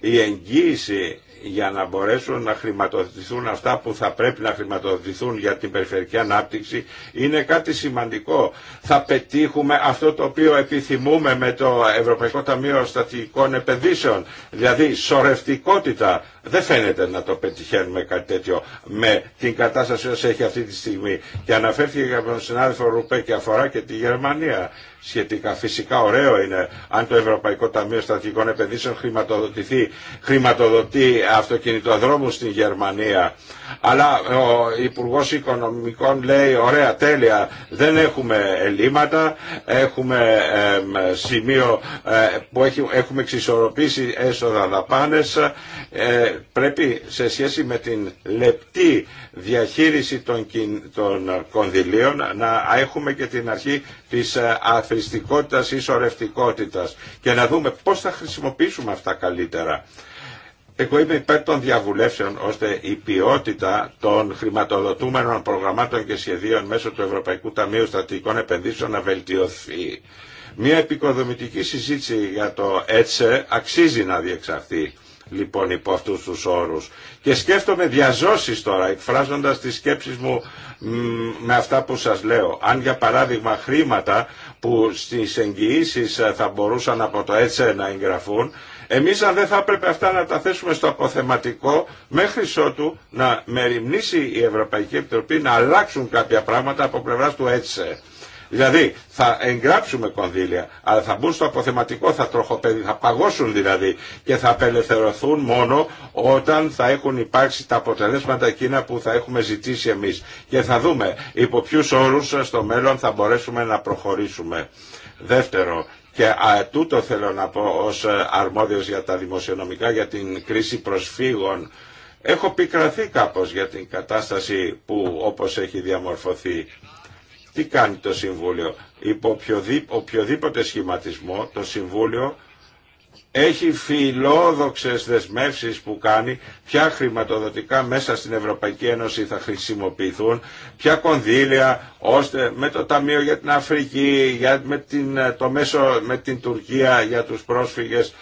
η εγγύηση για να μπορέσουν να χρηματοδοτηθούν αυτά που θα πρέπει να χρηματοδοτηθούν για την περιφερειακή ανάπτυξη είναι κάτι σημαντικό. Θα πετύχουμε αυτό το οποίο επιθυμούμε με το Ευρωπαϊκό Ταμείο Στατικών Επενδύσεων, δηλαδή σορευτικότητα δεν φαίνεται να το πετυχαίνουμε κάτι τέτοιο με την κατάσταση όσο έχει αυτή τη στιγμή. Και αναφέρθηκε από τον συνάδελφο Ρουπέ και αφορά και τη Γερμανία σχετικά. Φυσικά ωραίο είναι αν το Ευρωπαϊκό Ταμείο Στατικών Επενδύσεων χρηματοδοτηθεί, χρηματοδοτεί αυτοκινητοδρόμου στην Γερμανία. Αλλά ο Υπουργό Οικονομικών λέει ωραία τέλεια δεν έχουμε ελλείμματα, έχουμε σημείο ε, που έχουμε εξισορροπήσει έσοδα δαπάνε. Ε, πρέπει σε σχέση με την λεπτή διαχείριση των, των κονδυλίων να έχουμε και την αρχή της ε, αθρηστικότητας ή σωρευτικότητας και να δούμε πώς θα χρησιμοποιήσουμε αυτά καλύτερα. Εγώ είμαι υπέρ των διαβουλεύσεων ώστε η ποιότητα των χρηματοδοτούμενων προγραμμάτων και σχεδίων μέσω του Ευρωπαϊκού Ταμείου Στατικών Επενδύσεων να βελτιωθεί. Μια επικοδομητική συζήτηση για το ΕΤΣΕ αξίζει να διεξαχθεί λοιπόν υπό αυτούς τους όρους. Και σκέφτομαι διαζώσεις τώρα, εκφράζοντας τις σκέψεις μου με αυτά που σας λέω. Αν για παράδειγμα χρήματα που στις εγγυήσει θα μπορούσαν από το έτσι να εγγραφούν, εμείς αν δεν θα έπρεπε αυτά να τα θέσουμε στο αποθεματικό μέχρι ότου να μεριμνήσει η Ευρωπαϊκή Επιτροπή να αλλάξουν κάποια πράγματα από πλευράς του ΕΤΣΕ. Δηλαδή θα εγγράψουμε κονδύλια, αλλά θα μπουν στο αποθεματικό, θα τροχοπέδι, θα παγώσουν δηλαδή και θα απελευθερωθούν μόνο όταν θα έχουν υπάρξει τα αποτελέσματα εκείνα που θα έχουμε ζητήσει εμείς. Και θα δούμε υπό ποιους όρους στο μέλλον θα μπορέσουμε να προχωρήσουμε. Δεύτερο, και α, τούτο θέλω να πω ως ε, αρμόδιος για τα δημοσιονομικά, για την κρίση προσφύγων. Έχω πικραθεί κάπως για την κατάσταση που όπως έχει διαμορφωθεί τι κάνει το Συμβούλιο. Υπό οποιοδήποτε σχηματισμό το Συμβούλιο έχει φιλόδοξες δεσμεύσεις που κάνει, ποια χρηματοδοτικά μέσα στην Ευρωπαϊκή Ένωση θα χρησιμοποιηθούν, ποια κονδύλια, ώστε με το Ταμείο για την Αφρική, για, με, την, το μέσο, με την Τουρκία για τους πρόσφυγες,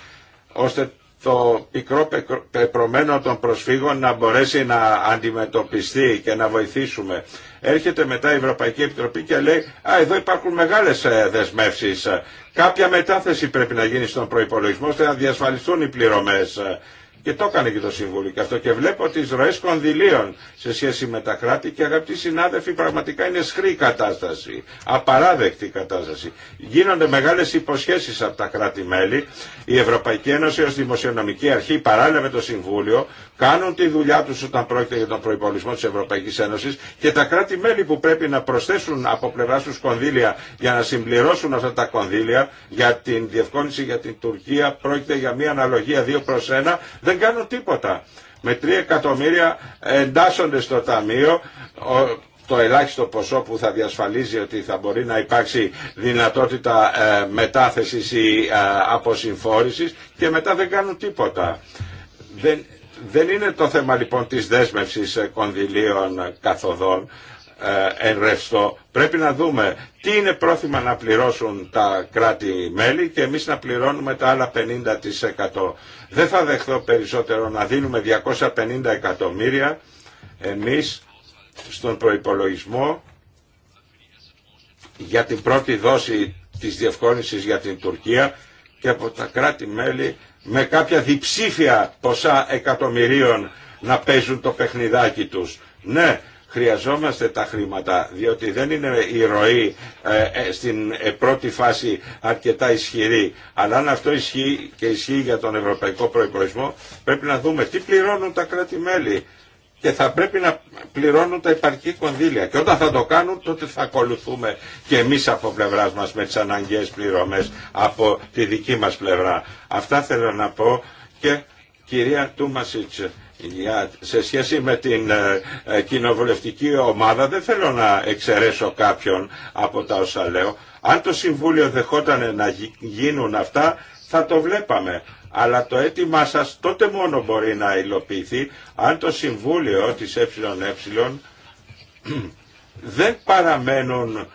ώστε το πικρό πεπρωμένο των προσφύγων να μπορέσει να αντιμετωπιστεί και να βοηθήσουμε. Έρχεται μετά η Ευρωπαϊκή Επιτροπή και λέει «Α, εδώ υπάρχουν μεγάλες ε, δεσμεύσεις. Κάποια μετάθεση πρέπει να γίνει στον προϋπολογισμό ώστε να διασφαλιστούν οι πληρωμές». Και το έκανε και το Συμβούλιο και αυτό. Και βλέπω τι ροέ κονδυλίων σε σχέση με τα κράτη και αγαπητοί συνάδελφοι, πραγματικά είναι σχρή κατάσταση. Απαράδεκτη κατάσταση. Γίνονται μεγάλε υποσχέσει από τα κράτη-μέλη. Η Ευρωπαϊκή Ένωση ω δημοσιονομική αρχή, παράλληλα με το Συμβούλιο, κάνουν τη δουλειά του όταν πρόκειται για τον προπολογισμό τη Ευρωπαϊκή Ένωση και τα κράτη-μέλη που πρέπει να προσθέσουν από πλευρά του κονδύλια για να συμπληρώσουν αυτά τα κονδύλια για την διευκόλυνση για την Τουρκία πρόκειται για μια αναλογία 2 προ 1 δεν κάνουν τίποτα. Με 3 εκατομμύρια εντάσσονται στο Ταμείο το ελάχιστο ποσό που θα διασφαλίζει ότι θα μπορεί να υπάρξει δυνατότητα ε, μετάθεσης ή ε, αποσυμφόρησης και μετά δεν κάνουν τίποτα. Δεν δεν είναι το θέμα λοιπόν της δέσμευσης κονδυλίων καθοδών ε, εν ρευστό. Πρέπει να δούμε τι είναι πρόθυμα να πληρώσουν τα κράτη-μέλη και εμείς να πληρώνουμε τα άλλα 50%. Δεν θα δεχθώ περισσότερο να δίνουμε 250 εκατομμύρια εμείς στον προϋπολογισμό για την πρώτη δόση της διευκόλυνσης για την Τουρκία και από τα κράτη-μέλη με κάποια διψήφια ποσά εκατομμυρίων να παίζουν το παιχνιδάκι τους. Ναι, χρειαζόμαστε τα χρήματα διότι δεν είναι η ροή ε, ε, στην ε, πρώτη φάση αρκετά ισχυρή αλλά αν αυτό ισχύει και ισχύει για τον ευρωπαϊκό προϋπολογισμό πρέπει να δούμε τι πληρώνουν τα κράτη-μέλη και θα πρέπει να πληρώνουν τα υπαρκή κονδύλια. Και όταν θα το κάνουν, τότε θα ακολουθούμε και εμείς από πλευρά μας με τις αναγκαίες πληρωμές από τη δική μας πλευρά. Αυτά θέλω να πω και κυρία Τούμασιτς, σε σχέση με την ε, ε, κοινοβουλευτική ομάδα δεν θέλω να εξαιρέσω κάποιον από τα όσα λέω. Αν το Συμβούλιο δεχόταν να γίνουν αυτά θα το βλέπαμε αλλά το αίτημά σας τότε μόνο μπορεί να υλοποιηθεί αν το Συμβούλιο της ΕΕ δεν παραμένουν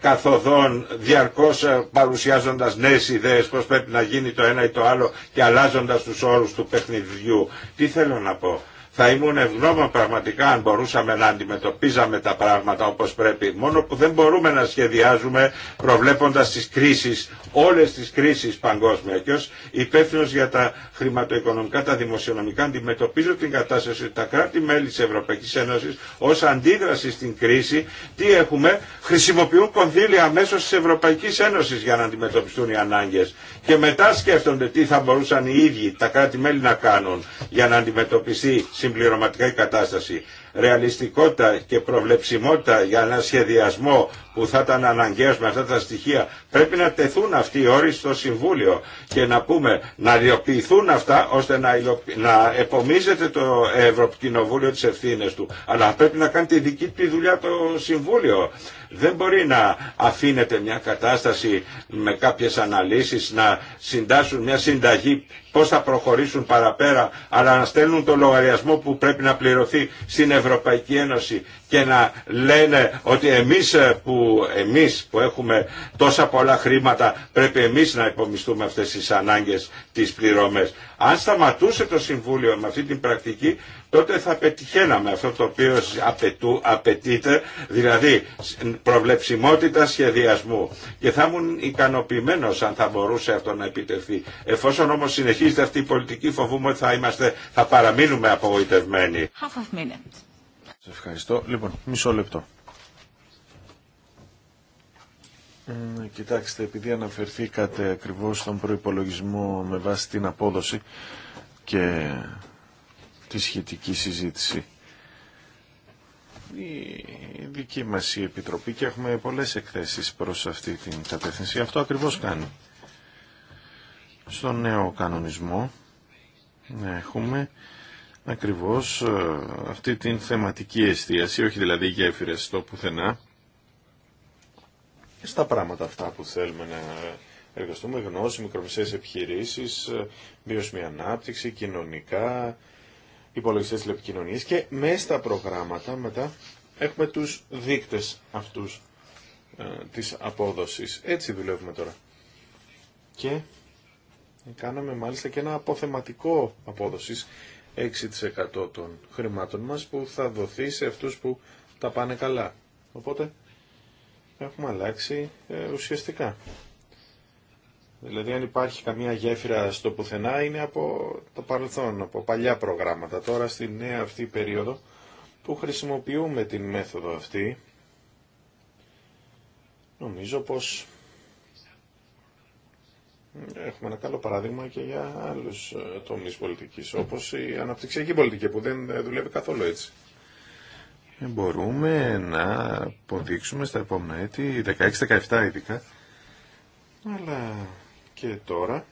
καθοδόν διαρκώς ε, παρουσιάζοντας νέες ιδέες πώς πρέπει να γίνει το ένα ή το άλλο και αλλάζοντας τους όρους του παιχνιδιού. Τι θέλω να πω. Θα ήμουν ευγνώμων πραγματικά αν μπορούσαμε να αντιμετωπίζαμε τα πράγματα όπως πρέπει. Μόνο που δεν μπορούμε να σχεδιάζουμε προβλέποντας τις κρίσεις, όλες τις κρίσεις παγκόσμια. Και ως υπεύθυνο για τα χρηματοοικονομικά, τα δημοσιονομικά, αντιμετωπίζω την κατάσταση ότι τα κράτη-μέλη της Ευρωπαϊκής Ένωσης ως αντίδραση στην κρίση, τι έχουμε, χρησιμοποιούν κονδύλια μέσω της Ευρωπαϊκής Ένωσης για να αντιμετωπιστούν οι ανάγκες. Και μετά σκέφτονται τι θα μπορούσαν οι ίδιοι τα κράτη-μέλη να κάνουν για να αντιμετωπιστεί συμπληρωματικά η κατάσταση ρεαλιστικότητα και προβλεψιμότητα για ένα σχεδιασμό που θα ήταν αναγκαίος με αυτά τα στοιχεία. Πρέπει να τεθούν αυτοί οι όροι στο Συμβούλιο και να πούμε να διοποιηθούν αυτά ώστε να, να επομίζεται το Ευρωκοινοβούλιο τις ευθύνε του. Αλλά πρέπει να κάνει τη δική του δουλειά το Συμβούλιο. Δεν μπορεί να αφήνεται μια κατάσταση με κάποιες αναλύσεις να συντάσσουν μια συνταγή πώς θα προχωρήσουν παραπέρα αλλά να στέλνουν το λογαριασμό που πρέπει να πληρωθεί στην Ευρωπαϊκή Ένωση και να λένε ότι εμείς ε, που, εμείς που έχουμε τόσα πολλά χρήματα πρέπει εμείς να υπομισθούμε αυτές τις ανάγκες, τις πληρωμές. Αν σταματούσε το Συμβούλιο με αυτή την πρακτική τότε θα πετυχαίναμε αυτό το οποίο απαιτού, απαιτείται, δηλαδή προβλεψιμότητα σχεδιασμού. Και θα ήμουν ικανοποιημένο αν θα μπορούσε αυτό να επιτευχθεί. Εφόσον όμως συνεχίζεται αυτή η πολιτική, φοβούμαι ότι θα, είμαστε, θα παραμείνουμε απογοητευμένοι. Σα ευχαριστώ. Λοιπόν, μισό λεπτό. Κοιτάξτε, επειδή αναφερθήκατε ακριβώς στον προϋπολογισμό με βάση την απόδοση και τη σχετική συζήτηση, η δική μας η Επιτροπή και έχουμε πολλές εκθέσεις προς αυτή την κατεύθυνση. Αυτό ακριβώς κάνει. Στον νέο κανονισμό έχουμε ακριβώς ε, αυτή την θεματική εστίαση, όχι δηλαδή γέφυρες στο πουθενά, στα πράγματα αυτά που θέλουμε να εργαστούμε, γνώση, μικρομεσαίες επιχειρήσεις, ε, βιώσιμη ανάπτυξη, κοινωνικά, υπολογιστές τηλεπικοινωνίε και μέσα στα προγράμματα μετά έχουμε τους δείκτες αυτούς ε, της απόδοσης. Έτσι δουλεύουμε τώρα. Και κάναμε μάλιστα και ένα αποθεματικό απόδοσης 6% των χρημάτων μας που θα δοθεί σε αυτούς που τα πάνε καλά. Οπότε έχουμε αλλάξει ε, ουσιαστικά. Δηλαδή αν υπάρχει καμία γέφυρα στο πουθενά είναι από το παρελθόν, από παλιά προγράμματα. Τώρα στη νέα αυτή περίοδο που χρησιμοποιούμε την μέθοδο αυτή νομίζω πως Έχουμε ένα καλό παράδειγμα και για άλλου ε, τομείς πολιτικής, όπω η αναπτυξιακή πολιτική που δεν δουλεύει καθόλου έτσι. Ε, μπορούμε να αποδείξουμε στα επόμενα έτη, 16-17 ειδικά, αλλά και τώρα,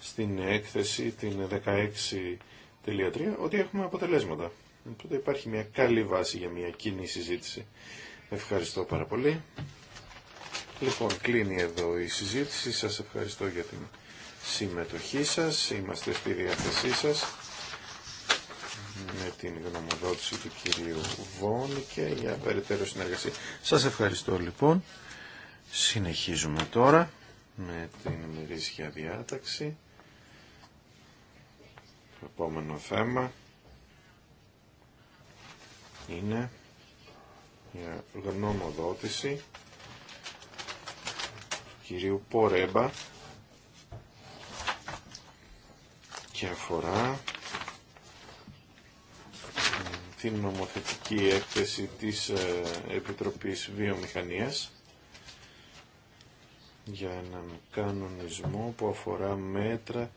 στην έκθεση την 16.3, ότι έχουμε αποτελέσματα. Οπότε υπάρχει μια καλή βάση για μια κοινή συζήτηση. Ευχαριστώ πάρα πολύ. Λοιπόν, κλείνει εδώ η συζήτηση. Σας ευχαριστώ για την συμμετοχή σας. Είμαστε στη διάθεσή σας με την γνωμοδότηση του κυρίου Βόνη και για περαιτέρω συνεργασία. Σας ευχαριστώ λοιπόν. Συνεχίζουμε τώρα με την μερίσια διάταξη. Το επόμενο θέμα είναι η γνωμοδότηση κυρίου Πορέμπα και αφορά την νομοθετική έκθεση της ε, Επιτροπής Βιομηχανίας για έναν κανονισμό που αφορά μέτρα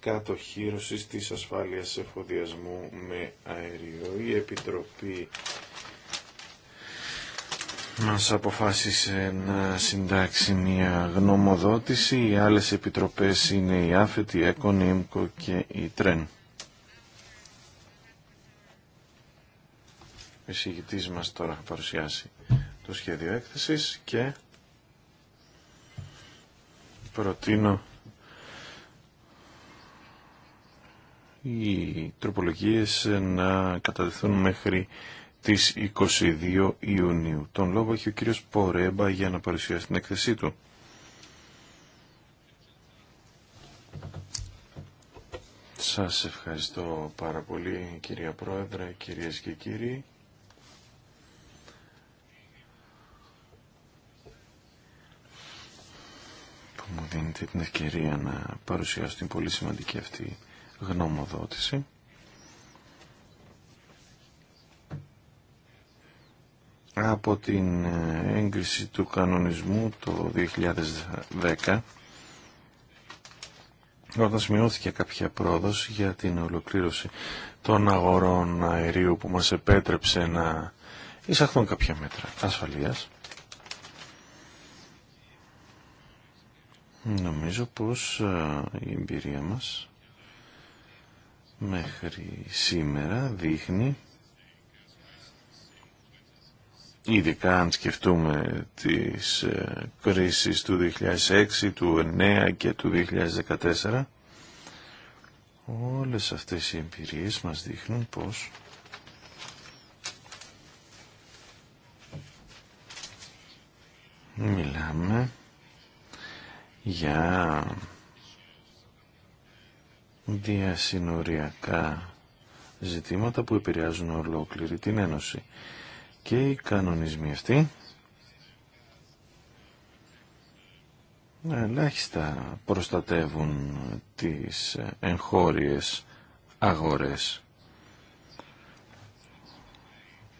κατοχύρωσης της ασφάλειας εφοδιασμού με αέριο. Η Επιτροπή μας αποφάσισε να συντάξει μια γνωμοδότηση. Οι άλλες επιτροπές είναι η ΑΦΕΤ, η ΕΚΟΝ, η ΕΜΚΟ και η ΤΡΕΝ. Ο εισηγητής μας τώρα θα παρουσιάσει το σχέδιο έκθεσης και προτείνω οι τροπολογίες να κατατεθούν μέχρι της 22 Ιουνίου. Τον λόγο έχει ο κύριος Πορέμπα για να παρουσιάσει την έκθεσή του. Σας ευχαριστώ πάρα πολύ κυρία Πρόεδρε, κυρίες και κύριοι. Που μου δίνετε την ευκαιρία να παρουσιάσω την πολύ σημαντική αυτή γνώμοδότηση. από την ε, έγκριση του κανονισμού το 2010 όταν σημειώθηκε κάποια πρόοδος για την ολοκλήρωση των αγορών αερίου που μας επέτρεψε να εισαχθούν κάποια μέτρα ασφαλείας. Νομίζω πως ε, η εμπειρία μας μέχρι σήμερα δείχνει Ειδικά αν σκεφτούμε τις ε, κρίσεις του 2006, του 2009 και του 2014, όλες αυτές οι εμπειρίες μας δείχνουν πως μιλάμε για διασυνοριακά ζητήματα που επηρεάζουν ολόκληρη την Ένωση και οι κανονισμοί αυτοί ελάχιστα προστατεύουν τις εγχώριες αγορές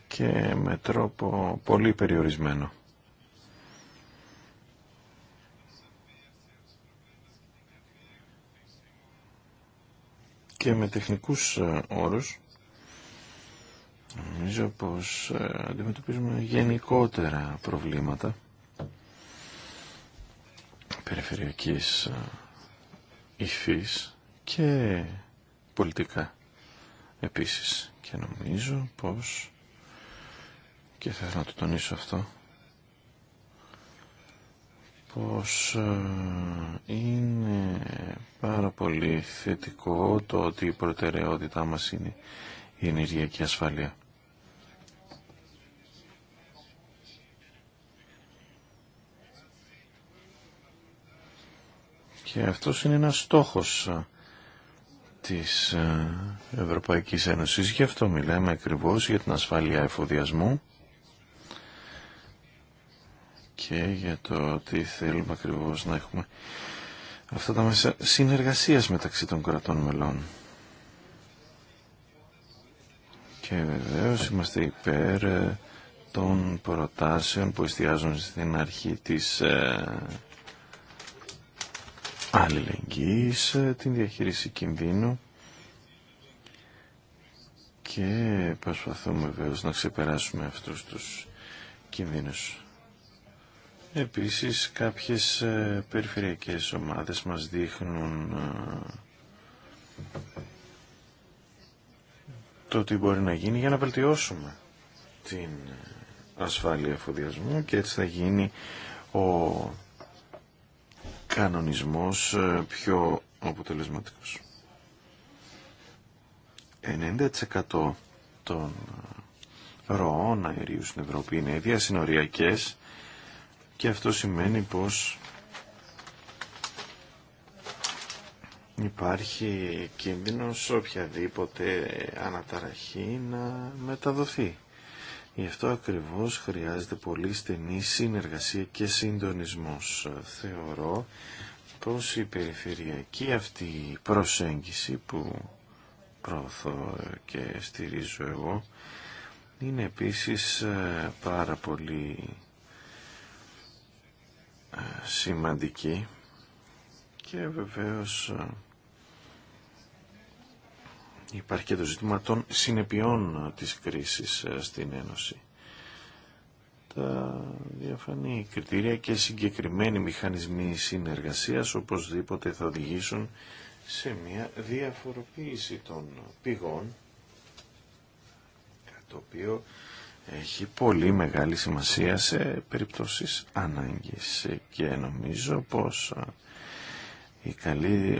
και με τρόπο πολύ περιορισμένο. Και με τεχνικούς όρους Νομίζω πως ε, αντιμετωπίζουμε γενικότερα προβλήματα περιφερειακής ε, υφής και πολιτικά επίσης. Και νομίζω πως, και θέλω να το τονίσω αυτό, πως ε, είναι πάρα πολύ θετικό το ότι η προτεραιότητά μας είναι η ενεργειακή ασφάλεια. Και αυτός είναι ένας στόχος ε, της ε, Ευρωπαϊκής Ένωσης. Γι' αυτό μιλάμε ακριβώς για την ασφάλεια εφοδιασμού και για το ότι θέλουμε ακριβώς να έχουμε αυτά τα μέσα συνεργασίας μεταξύ των κρατών μελών. Και βεβαίω είμαστε υπέρ ε, των προτάσεων που εστιάζουν στην αρχή της ε, αλληλεγγύης, ε, την διαχείριση κινδύνου και προσπαθούμε βεβαίω να ξεπεράσουμε αυτούς τους κινδύνους. Επίσης κάποιες περιφερειακές ομάδες μας δείχνουν το τι μπορεί να γίνει για να βελτιώσουμε την ασφάλεια εφοδιασμού και έτσι θα γίνει ο κανονισμός ε, πιο αποτελεσματικός. 90% των ε, ροών αερίου στην Ευρώπη είναι διασυνοριακές και αυτό σημαίνει πως Υπάρχει κίνδυνος οποιαδήποτε αναταραχή να μεταδοθεί. Γι' αυτό ακριβώς χρειάζεται πολύ στενή συνεργασία και συντονισμός. Θεωρώ πως η περιφερειακή αυτή προσέγγιση που προωθώ και στηρίζω εγώ είναι επίσης ε, πάρα πολύ ε, σημαντική και βεβαίως ε, Υπάρχει και το ζήτημα των συνεπειών της κρίσης ε, στην Ένωση. Τα διαφανή κριτήρια και συγκεκριμένοι μηχανισμοί συνεργασίας οπωσδήποτε θα οδηγήσουν σε μια διαφοροποίηση των πηγών το οποίο έχει πολύ μεγάλη σημασία σε περιπτώσεις ανάγκης και νομίζω πως ε,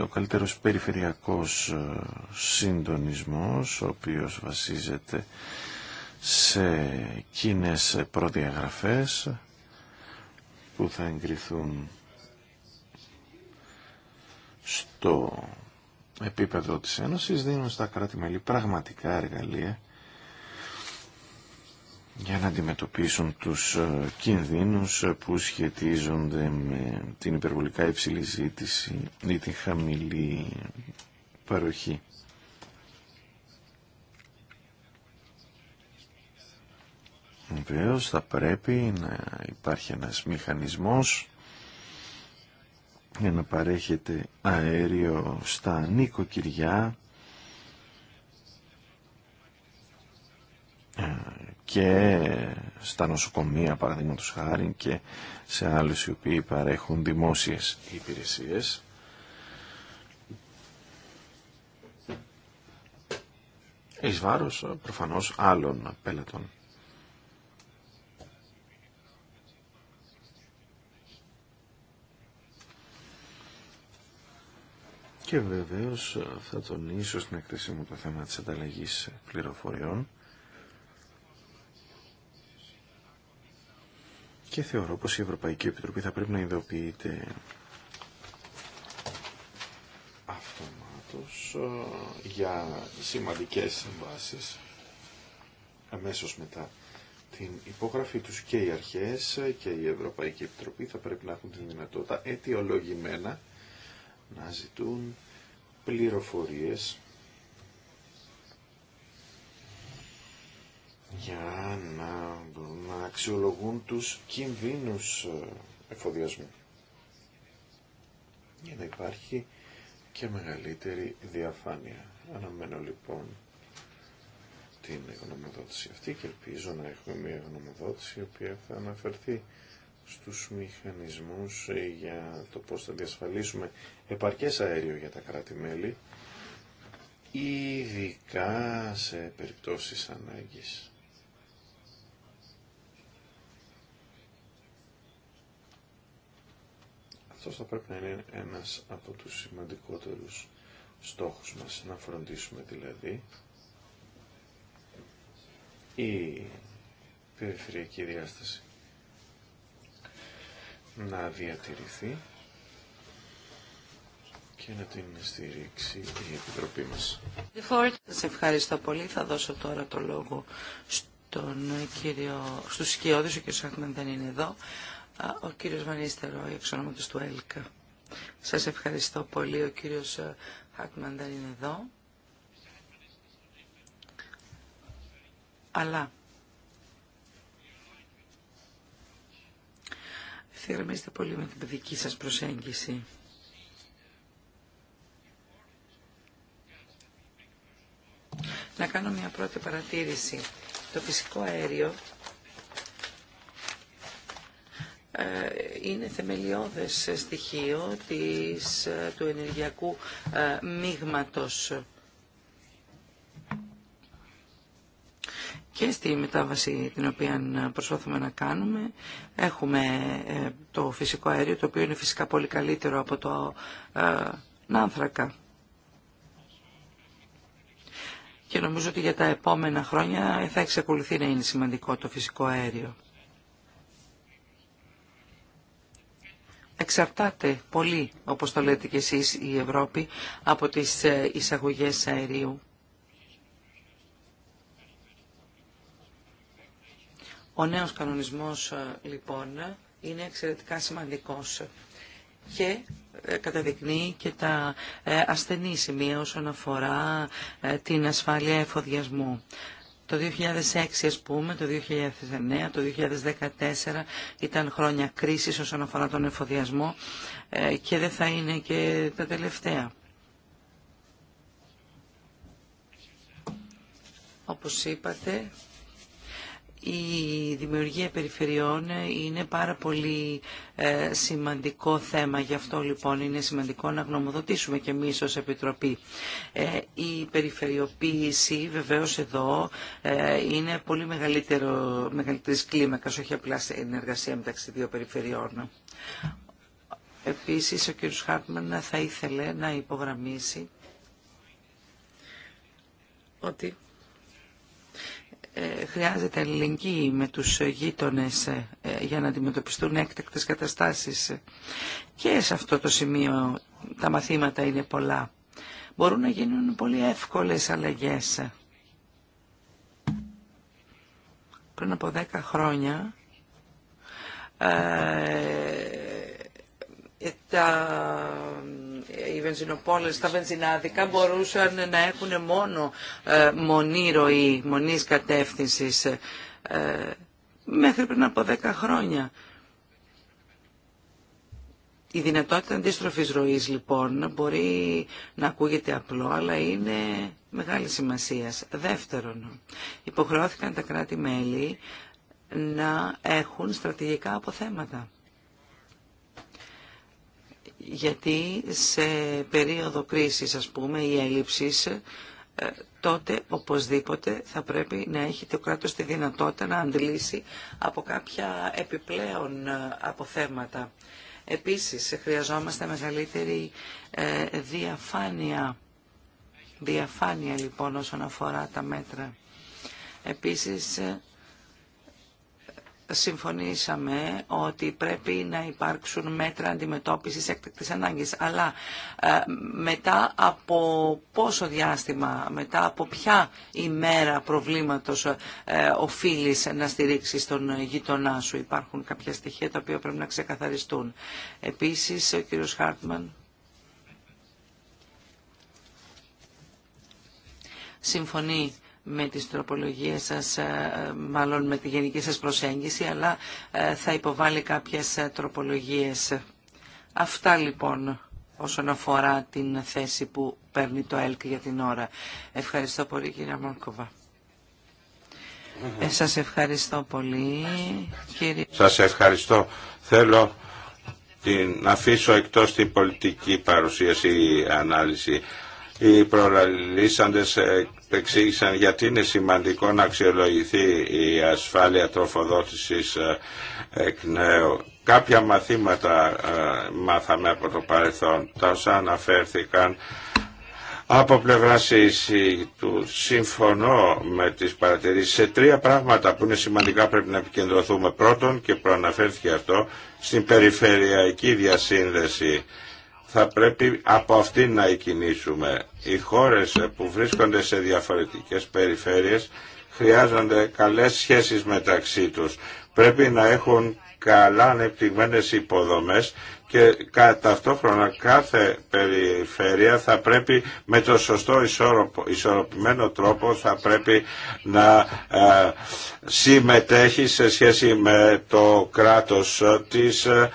ο καλύτερος περιφερειακός ε, συντονισμός, ο οποίος βασίζεται σε κοινέ προδιαγραφές που θα εγκριθούν στο επίπεδο της Ένωσης, δίνουν στα κράτη-μέλη πραγματικά εργαλεία για να αντιμετωπίσουν τους ε, κινδύνους ε, που σχετίζονται με την υπερβολικά υψηλή ζήτηση ή την χαμηλή παροχή. Βεβαίω θα πρέπει να υπάρχει ένας μηχανισμός για να παρέχεται αέριο στα νοικοκυριά ε, και στα νοσοκομεία παραδείγματο χάρη και σε άλλους οι οποίοι παρέχουν δημόσιες υπηρεσίες. Εις βάρος προφανώς άλλων πελατών. Και βεβαίως θα τονίσω στην εκθεσή μου το θέμα της ανταλλαγής πληροφοριών και θεωρώ πως η Ευρωπαϊκή Επιτροπή θα πρέπει να ειδοποιείται αυτομάτως ε, για σημαντικές συμβάσεις αμέσως μετά την υπόγραφή τους και οι αρχές και η Ευρωπαϊκή Επιτροπή θα πρέπει να έχουν τη δυνατότητα αιτιολογημένα να ζητούν πληροφορίες για να αξιολογούν τους κινδύνους ε, εφοδιασμού για να υπάρχει και μεγαλύτερη διαφάνεια. Αναμένω λοιπόν την γνωμοδότηση αυτή και ελπίζω να έχουμε μια γνωμοδότηση η οποία θα αναφερθεί στους μηχανισμούς ε, για το πώς θα διασφαλίσουμε επαρκές αέριο για τα κράτη-μέλη ειδικά σε περιπτώσεις ανάγκης. Αυτός θα πρέπει να είναι ένας από τους σημαντικότερους στόχους μας, να φροντίσουμε δηλαδή η περιφερειακή διάσταση να διατηρηθεί και να την στηρίξει η Επιτροπή μας. Σας ευχαριστώ πολύ. Θα δώσω τώρα το λόγο στον κύριο, στους ο κύριος Αχμαν είναι εδώ, ο κύριος Βανίστερο, εξ του ΕΛΚΑ. Σας ευχαριστώ πολύ. Ο κύριος ε, Χάκμαν δεν είναι εδώ. Αλλά πολύ με την παιδική σας προσέγγιση. Να κάνω μια πρώτη παρατήρηση. Το φυσικό αέριο Ε, είναι θεμελιώδες στοιχείο της, ε, του ενεργειακού ε, μείγματος. και στη μετάβαση την οποία προσπαθούμε να κάνουμε. Έχουμε το φυσικό αέριο, το οποίο είναι φυσικά πολύ καλύτερο από το άνθρακα. Και νομίζω ότι για τα επόμενα χρόνια θα εξακολουθεί να είναι σημαντικό το φυσικό αέριο. εξαρτάται πολύ, όπως το λέτε και εσείς, η Ευρώπη από τις ε, εισαγωγές αερίου. Ο νέος κανονισμός, ε, λοιπόν, είναι εξαιρετικά σημαντικός και ε, καταδεικνύει και τα ασθενή σημεία όσον αφορά την ασφάλεια εφοδιασμού. Το 2006 ας πούμε, το 2009, το 2014 ήταν χρόνια κρίσης όσον αφορά τον εφοδιασμό ε, και δεν θα είναι και τα τελευταία. Όπως είπατε, η δημιουργία περιφερειών είναι πάρα πολύ ε, σημαντικό θέμα. Γι' αυτό λοιπόν είναι σημαντικό να γνωμοδοτήσουμε και εμεί ως Επιτροπή. Ε, η περιφερειοποίηση βεβαίως εδώ ε, είναι πολύ μεγαλύτερο, μεγαλύτερης κλίμακας, όχι απλά ενεργασία μεταξύ δύο περιφερειών. Επίσης ο κ. Χάρτμαν θα ήθελε να υπογραμμίσει ότι ε, χρειάζεται αλληλεγγύη με τους γείτονες ε, για να αντιμετωπιστούν έκτακτες καταστάσεις. Και σε αυτό το σημείο τα μαθήματα είναι πολλά. Μπορούν να γίνουν πολύ εύκολες αλλαγές. Πριν από δέκα χρόνια ε, τα οι βενζινοπόλες στα βενζινάδικα μπορούσαν να έχουν μόνο ε, μονή ροή, μονής κατεύθυνσης ε, μέχρι πριν από 10 χρόνια. Η δυνατότητα αντίστροφης ροής λοιπόν μπορεί να ακούγεται απλό αλλά είναι μεγάλη σημασία. Δεύτερον, υποχρεώθηκαν τα κράτη-μέλη να έχουν στρατηγικά αποθέματα γιατί σε περίοδο κρίσης, ας πούμε, ή έλλειψης, ε, τότε οπωσδήποτε θα πρέπει να έχει το κράτος τη δυνατότητα να αντλήσει από κάποια επιπλέον ε, αποθέματα. Επίσης, χρειαζόμαστε μεγαλύτερη ε, διαφάνεια. Διαφάνεια, λοιπόν, όσον αφορά τα μέτρα. Επίσης, συμφωνήσαμε ότι πρέπει να υπάρξουν μέτρα αντιμετώπισης έκτακτης ανάγκης. Αλλά ε, μετά από πόσο διάστημα, μετά από ποια ημέρα προβλήματος ε, οφείλεις να στηρίξει τον γειτονά σου. Υπάρχουν κάποια στοιχεία τα οποία πρέπει να ξεκαθαριστούν. Επίσης, ο κύριος Χάρτμαν... Συμφωνεί με τις τροπολογίες σας, ε, μάλλον με τη γενική σας προσέγγιση, αλλά ε, θα υποβάλει κάποιες ε, τροπολογίες. Αυτά λοιπόν όσον αφορά την θέση που παίρνει το ΕΛΚ για την ώρα. Ευχαριστώ πολύ κύριε Μόρκοβα. Ε, σας ευχαριστώ πολύ. Κύριε... Σας ευχαριστώ. Θέλω την, να αφήσω εκτός την πολιτική παρουσίαση η ανάλυση οι προλαλήσαντες εξήγησαν γιατί είναι σημαντικό να αξιολογηθεί η ασφάλεια τροφοδότησης ε, εκ νέου. Κάποια μαθήματα ε, μάθαμε από το παρελθόν, τα όσα αναφέρθηκαν από πλευρά του συμφωνώ με τις παρατηρήσεις σε τρία πράγματα που είναι σημαντικά πρέπει να επικεντρωθούμε. Πρώτον, και προαναφέρθηκε αυτό, στην περιφερειακή διασύνδεση θα πρέπει από αυτήν να εκινήσουμε. Οι χώρες που βρίσκονται σε διαφορετικές περιφέρειες χρειάζονται καλές σχέσεις μεταξύ τους. Πρέπει να έχουν καλά ανεπτυγμένες υποδομές και ταυτόχρονα κάθε περιφέρεια θα πρέπει με το σωστό ισορροπημένο τρόπο θα πρέπει να ε, συμμετέχει σε σχέση με το κράτος της ε,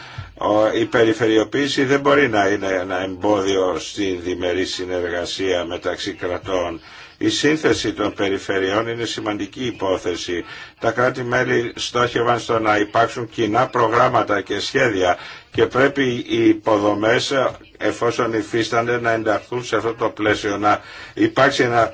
η περιφερειοποίηση δεν μπορεί να είναι ένα εμπόδιο στη διμερή συνεργασία μεταξύ κρατών η σύνθεση των περιφερειών είναι σημαντική υπόθεση. Τα κράτη-μέλη στόχευαν στο να υπάρξουν κοινά προγράμματα και σχέδια και πρέπει οι υποδομές εφόσον υφίστανται να ενταχθούν σε αυτό το πλαίσιο, να υπάρξει ένα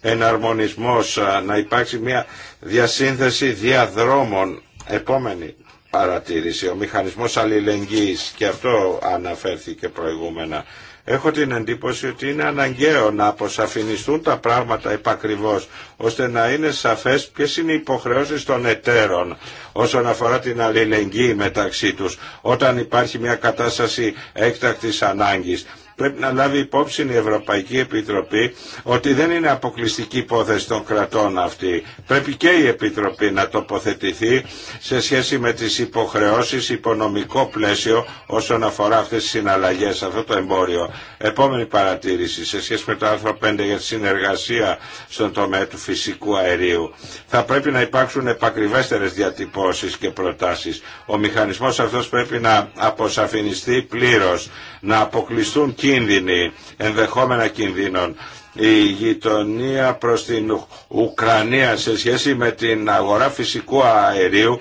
εναρμονισμός, να υπάρξει μια διασύνθεση διαδρόμων. Επόμενη παρατήρηση, ο μηχανισμός αλληλεγγύης και αυτό αναφέρθηκε προηγούμενα. Έχω την εντύπωση ότι είναι αναγκαίο να αποσαφινιστούν τα πράγματα επακριβώς, ώστε να είναι σαφές ποιες είναι οι υποχρεώσεις των εταίρων όσον αφορά την αλληλεγγύη μεταξύ τους, όταν υπάρχει μια κατάσταση έκτακτης ανάγκης πρέπει να λάβει υπόψη η Ευρωπαϊκή Επιτροπή ότι δεν είναι αποκλειστική υπόθεση των κρατών αυτή. Πρέπει και η Επιτροπή να τοποθετηθεί σε σχέση με τις υποχρεώσεις υπονομικό πλαίσιο όσον αφορά αυτές τις συναλλαγές, αυτό το εμπόριο. Επόμενη παρατήρηση σε σχέση με το άρθρο 5 για τη συνεργασία στον τομέα του φυσικού αερίου. Θα πρέπει να υπάρξουν επακριβέστερες διατυπώσεις και προτάσεις. Ο μηχανισμός αυτός πρέπει να αποσαφινιστεί πλήρως να αποκλειστούν κίνδυνοι, ενδεχόμενα κινδύνων. Η γειτονία προς την Ουκρανία σε σχέση με την αγορά φυσικού αερίου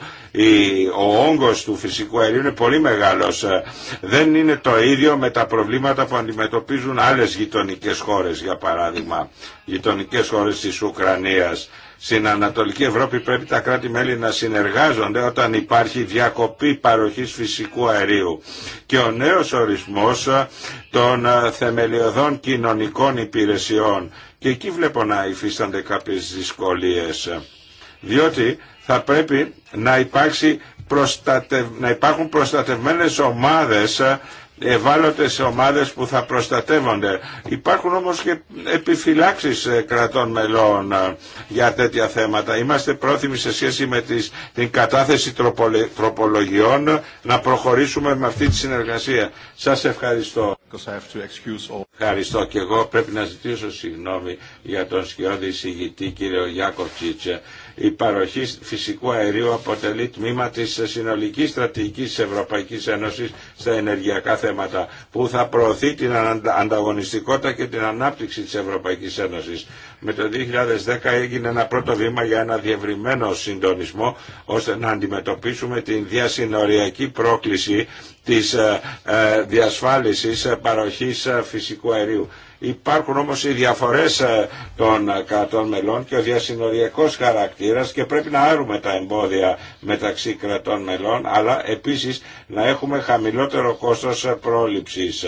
ο όγκος του φυσικού αερίου είναι πολύ μεγάλος. Ε, δεν είναι το ίδιο με τα προβλήματα που αντιμετωπίζουν άλλες γειτονικές χώρες, για παράδειγμα, γειτονικές χώρες της Ουκρανίας. Στην Ανατολική Ευρώπη πρέπει τα κράτη-μέλη να συνεργάζονται όταν υπάρχει διακοπή παροχής φυσικού αερίου. Και ο νέος ορισμός ε, των ε, θεμελιωδών κοινωνικών υπηρεσιών. Και εκεί βλέπω να υφίστανται κάποιες δυσκολίες. Διότι θα πρέπει να, υπάρξει να υπάρχουν προστατευμένες ομάδες ευάλωτες ομάδες που θα προστατεύονται. Υπάρχουν όμως και επιφυλάξεις ε, κρατών μελών ε, για τέτοια θέματα. Είμαστε πρόθυμοι σε σχέση με τις, την κατάθεση τροπολογιών να προχωρήσουμε με αυτή τη συνεργασία. Σας ευχαριστώ. Ευχαριστώ και εγώ πρέπει να ζητήσω συγγνώμη για τον σκιώδη εισηγητή κύριο Γιάκο η παροχή φυσικού αερίου αποτελεί τμήμα της συνολικής στρατηγικής της Ευρωπαϊκής Ένωσης στα ενεργειακά θέματα που θα προωθεί την ανταγωνιστικότητα και την ανάπτυξη της Ευρωπαϊκής Ένωσης. Με το 2010 έγινε ένα πρώτο βήμα για ένα διευρυμένο συντονισμό ώστε να αντιμετωπίσουμε την διασυνοριακή πρόκληση της ε, ε, διασφάλισης παροχής ε, φυσικού αερίου. Υπάρχουν όμως οι διαφορές ε, των κρατών μελών και ο διασυνοριακός χαρακτήρας και πρέπει να άρουμε τα εμπόδια μεταξύ κρατών μελών αλλά επίσης να έχουμε χαμηλότερο κόστος πρόληψης.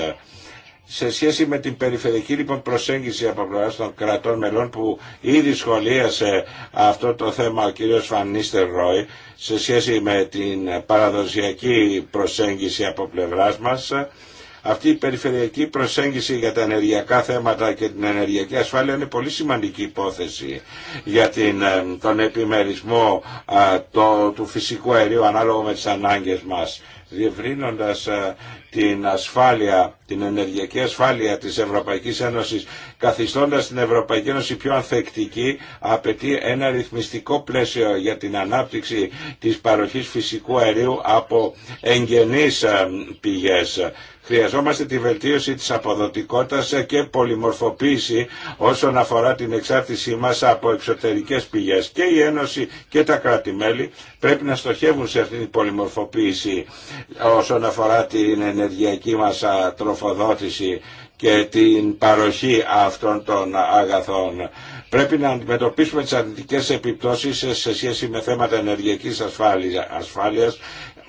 Σε σχέση με την περιφερειακή λοιπόν προσέγγιση από πλευρά των κρατών μελών που ήδη σχολίασε αυτό το θέμα ο κύριος Φανίστερ Ρόι σε σχέση με την παραδοσιακή προσέγγιση από πλευρά μας αυτή η περιφερειακή προσέγγιση για τα ενεργειακά θέματα και την ενεργειακή ασφάλεια είναι πολύ σημαντική υπόθεση για την, ε, τον επιμερισμό ε, του φυσικού αερίου ανάλογα με τις ανάγκες μας διευρύνοντας ε, την ασφάλεια, την ενεργειακή ασφάλεια της Ευρωπαϊκής Ένωσης, καθιστώντας την Ευρωπαϊκή Ένωση πιο ανθεκτική, απαιτεί ένα ρυθμιστικό πλαίσιο για την ανάπτυξη της παροχής φυσικού αερίου από εγγενείς πηγές Χρειαζόμαστε τη βελτίωση της αποδοτικότητας και πολυμορφοποίηση όσον αφορά την εξάρτησή μας από εξωτερικές πηγές. Και η Ένωση και τα κράτη-μέλη πρέπει να στοχεύουν σε αυτήν την πολυμορφοποίηση όσον αφορά την ενεργειακή μας τροφοδότηση και την παροχή αυτών των αγαθών. Πρέπει να αντιμετωπίσουμε τις αρνητικές επιπτώσεις σε σχέση με θέματα ενεργειακής ασφάλειας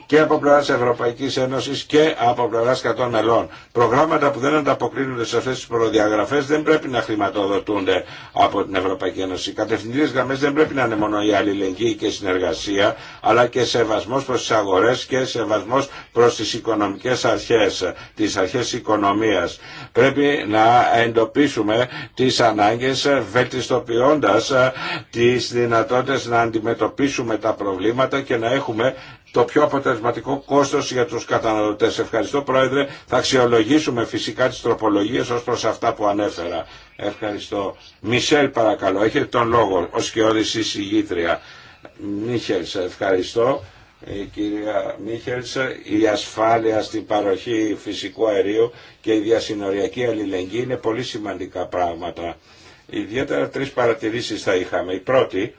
και από πλευρά Ευρωπαϊκή Ένωση και από πλευρά κατών μελών. Προγράμματα που δεν ανταποκρίνονται σε αυτέ τι προδιαγραφέ δεν πρέπει να χρηματοδοτούνται από την Ευρωπαϊκή Ένωση. Οι κατευθυντήριε γραμμέ δεν πρέπει να είναι μόνο η αλληλεγγύη και η συνεργασία, αλλά και σεβασμό προ τι αγορέ και σεβασμό προ τι οικονομικέ αρχέ, τι αρχέ οικονομία. Πρέπει να εντοπίσουμε τι ανάγκε βελτιστοποιώντα ε, τι δυνατότητε να αντιμετωπίσουμε τα προβλήματα και να έχουμε το πιο αποτελεσματικό κόστος για τους καταναλωτές. Ευχαριστώ Πρόεδρε. Θα αξιολογήσουμε φυσικά τις τροπολογίες ως προς αυτά που ανέφερα. Ευχαριστώ. Μισελ παρακαλώ. Έχετε τον λόγο ως και Μίχελ, Μίχελς ευχαριστώ. Η ε, κυρία Μίχελς, η ασφάλεια στην παροχή φυσικού αερίου και η διασυνοριακή αλληλεγγύη είναι πολύ σημαντικά πράγματα. Ιδιαίτερα τρεις παρατηρήσεις θα είχαμε. Η πρώτη,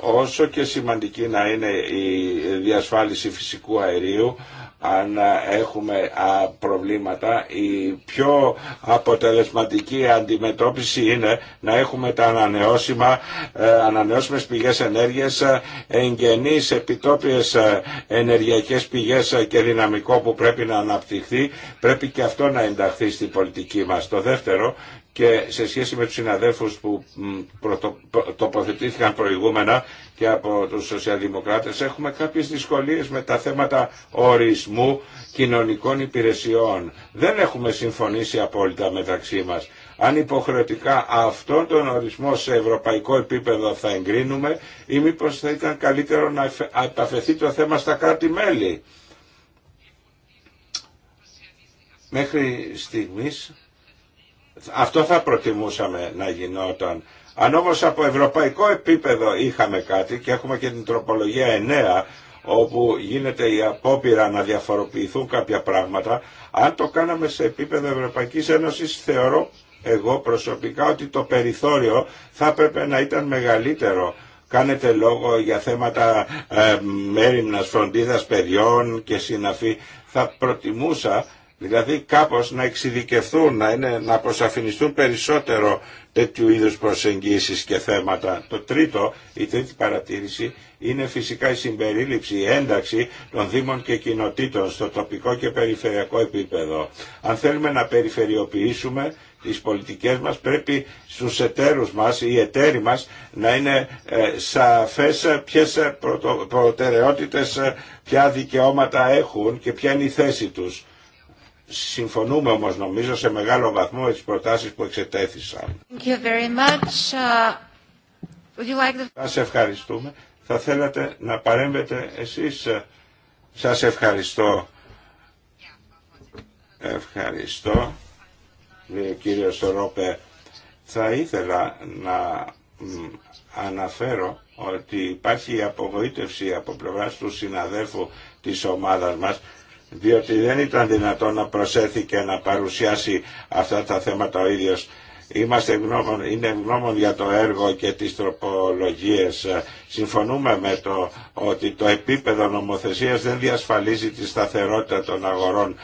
όσο και σημαντική να είναι η διασφάλιση φυσικού αερίου, αν έχουμε προβλήματα, η πιο αποτελεσματική αντιμετώπιση είναι να έχουμε τα ανανεώσιμα, ε, ανανεώσιμες πηγές ενέργειας, ε, εγγενείς επιτόπιες ε, ενεργειακές πηγές και δυναμικό που πρέπει να αναπτυχθεί, πρέπει και αυτό να ενταχθεί στην πολιτική μας. Το δεύτερο και σε σχέση με τους συναδέλφους που τοποθετήθηκαν προηγούμενα και από τους σοσιαλδημοκράτες έχουμε κάποιες δυσκολίες με τα θέματα ορισμού κοινωνικών υπηρεσιών. Δεν έχουμε συμφωνήσει απόλυτα μεταξύ μας. Αν υποχρεωτικά αυτόν τον ορισμό σε ευρωπαϊκό επίπεδο θα εγκρίνουμε ή μήπως θα ήταν καλύτερο να επαφεθεί το θέμα στα κράτη-μέλη. Μέχρι στιγμής αυτό θα προτιμούσαμε να γινόταν. Αν όμως από ευρωπαϊκό επίπεδο είχαμε κάτι και έχουμε και την τροπολογία 9 όπου γίνεται η απόπειρα να διαφοροποιηθούν κάποια πράγματα, αν το κάναμε σε επίπεδο Ευρωπαϊκής Ένωσης θεωρώ εγώ προσωπικά ότι το περιθώριο θα έπρεπε να ήταν μεγαλύτερο. Κάνετε λόγο για θέματα ε, μέρημνας φροντίδας παιδιών και συναφή. Θα προτιμούσα Δηλαδή κάπως να εξειδικευθούν, να, είναι, να αποσαφινιστούν περισσότερο τέτοιου είδους προσεγγίσεις και θέματα. Το τρίτο, η τρίτη παρατήρηση είναι φυσικά η συμπερίληψη, η ένταξη των Δήμων και κοινοτήτων στο τοπικό και περιφερειακό επίπεδο. Αν θέλουμε να περιφερειοποιήσουμε τις πολιτικές μας πρέπει στους εταίρους μας, οι εταίροι μας να είναι ε, σαφές ε, ποιες ε, προτεραιότητες, ποια δικαιώματα έχουν και ποια είναι η θέση τους. Συμφωνούμε όμως νομίζω σε μεγάλο βαθμό με τις προτάσεις που εξετέθησαν. Thank uh, Σας ευχαριστούμε. Θα θέλατε να παρέμβετε εσείς. Σας ευχαριστώ. Ευχαριστώ. κύριε ο Θα ήθελα να αναφέρω ότι υπάρχει απογοήτευση από πλευράς του συναδέλφου της ομάδας μας διότι δεν ήταν δυνατόν να προσέχει και να παρουσιάσει αυτά τα θέματα ο ίδιος. Είμαστε είναι γνώμων για το έργο και τις τροπολογίες Συμφωνούμε με το ότι το επίπεδο νομοθεσίας δεν διασφαλίζει τη σταθερότητα των αγορών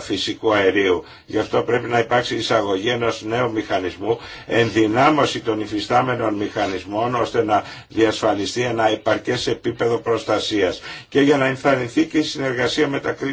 φυσικού αερίου. Γι' αυτό πρέπει να υπάρξει εισαγωγή ενός νέου μηχανισμού, ενδυνάμωση των υφιστάμενων μηχανισμών ώστε να διασφαλιστεί ένα επαρκές επίπεδο προστασίας και για να ενθαρρυνθεί και η συνεργασία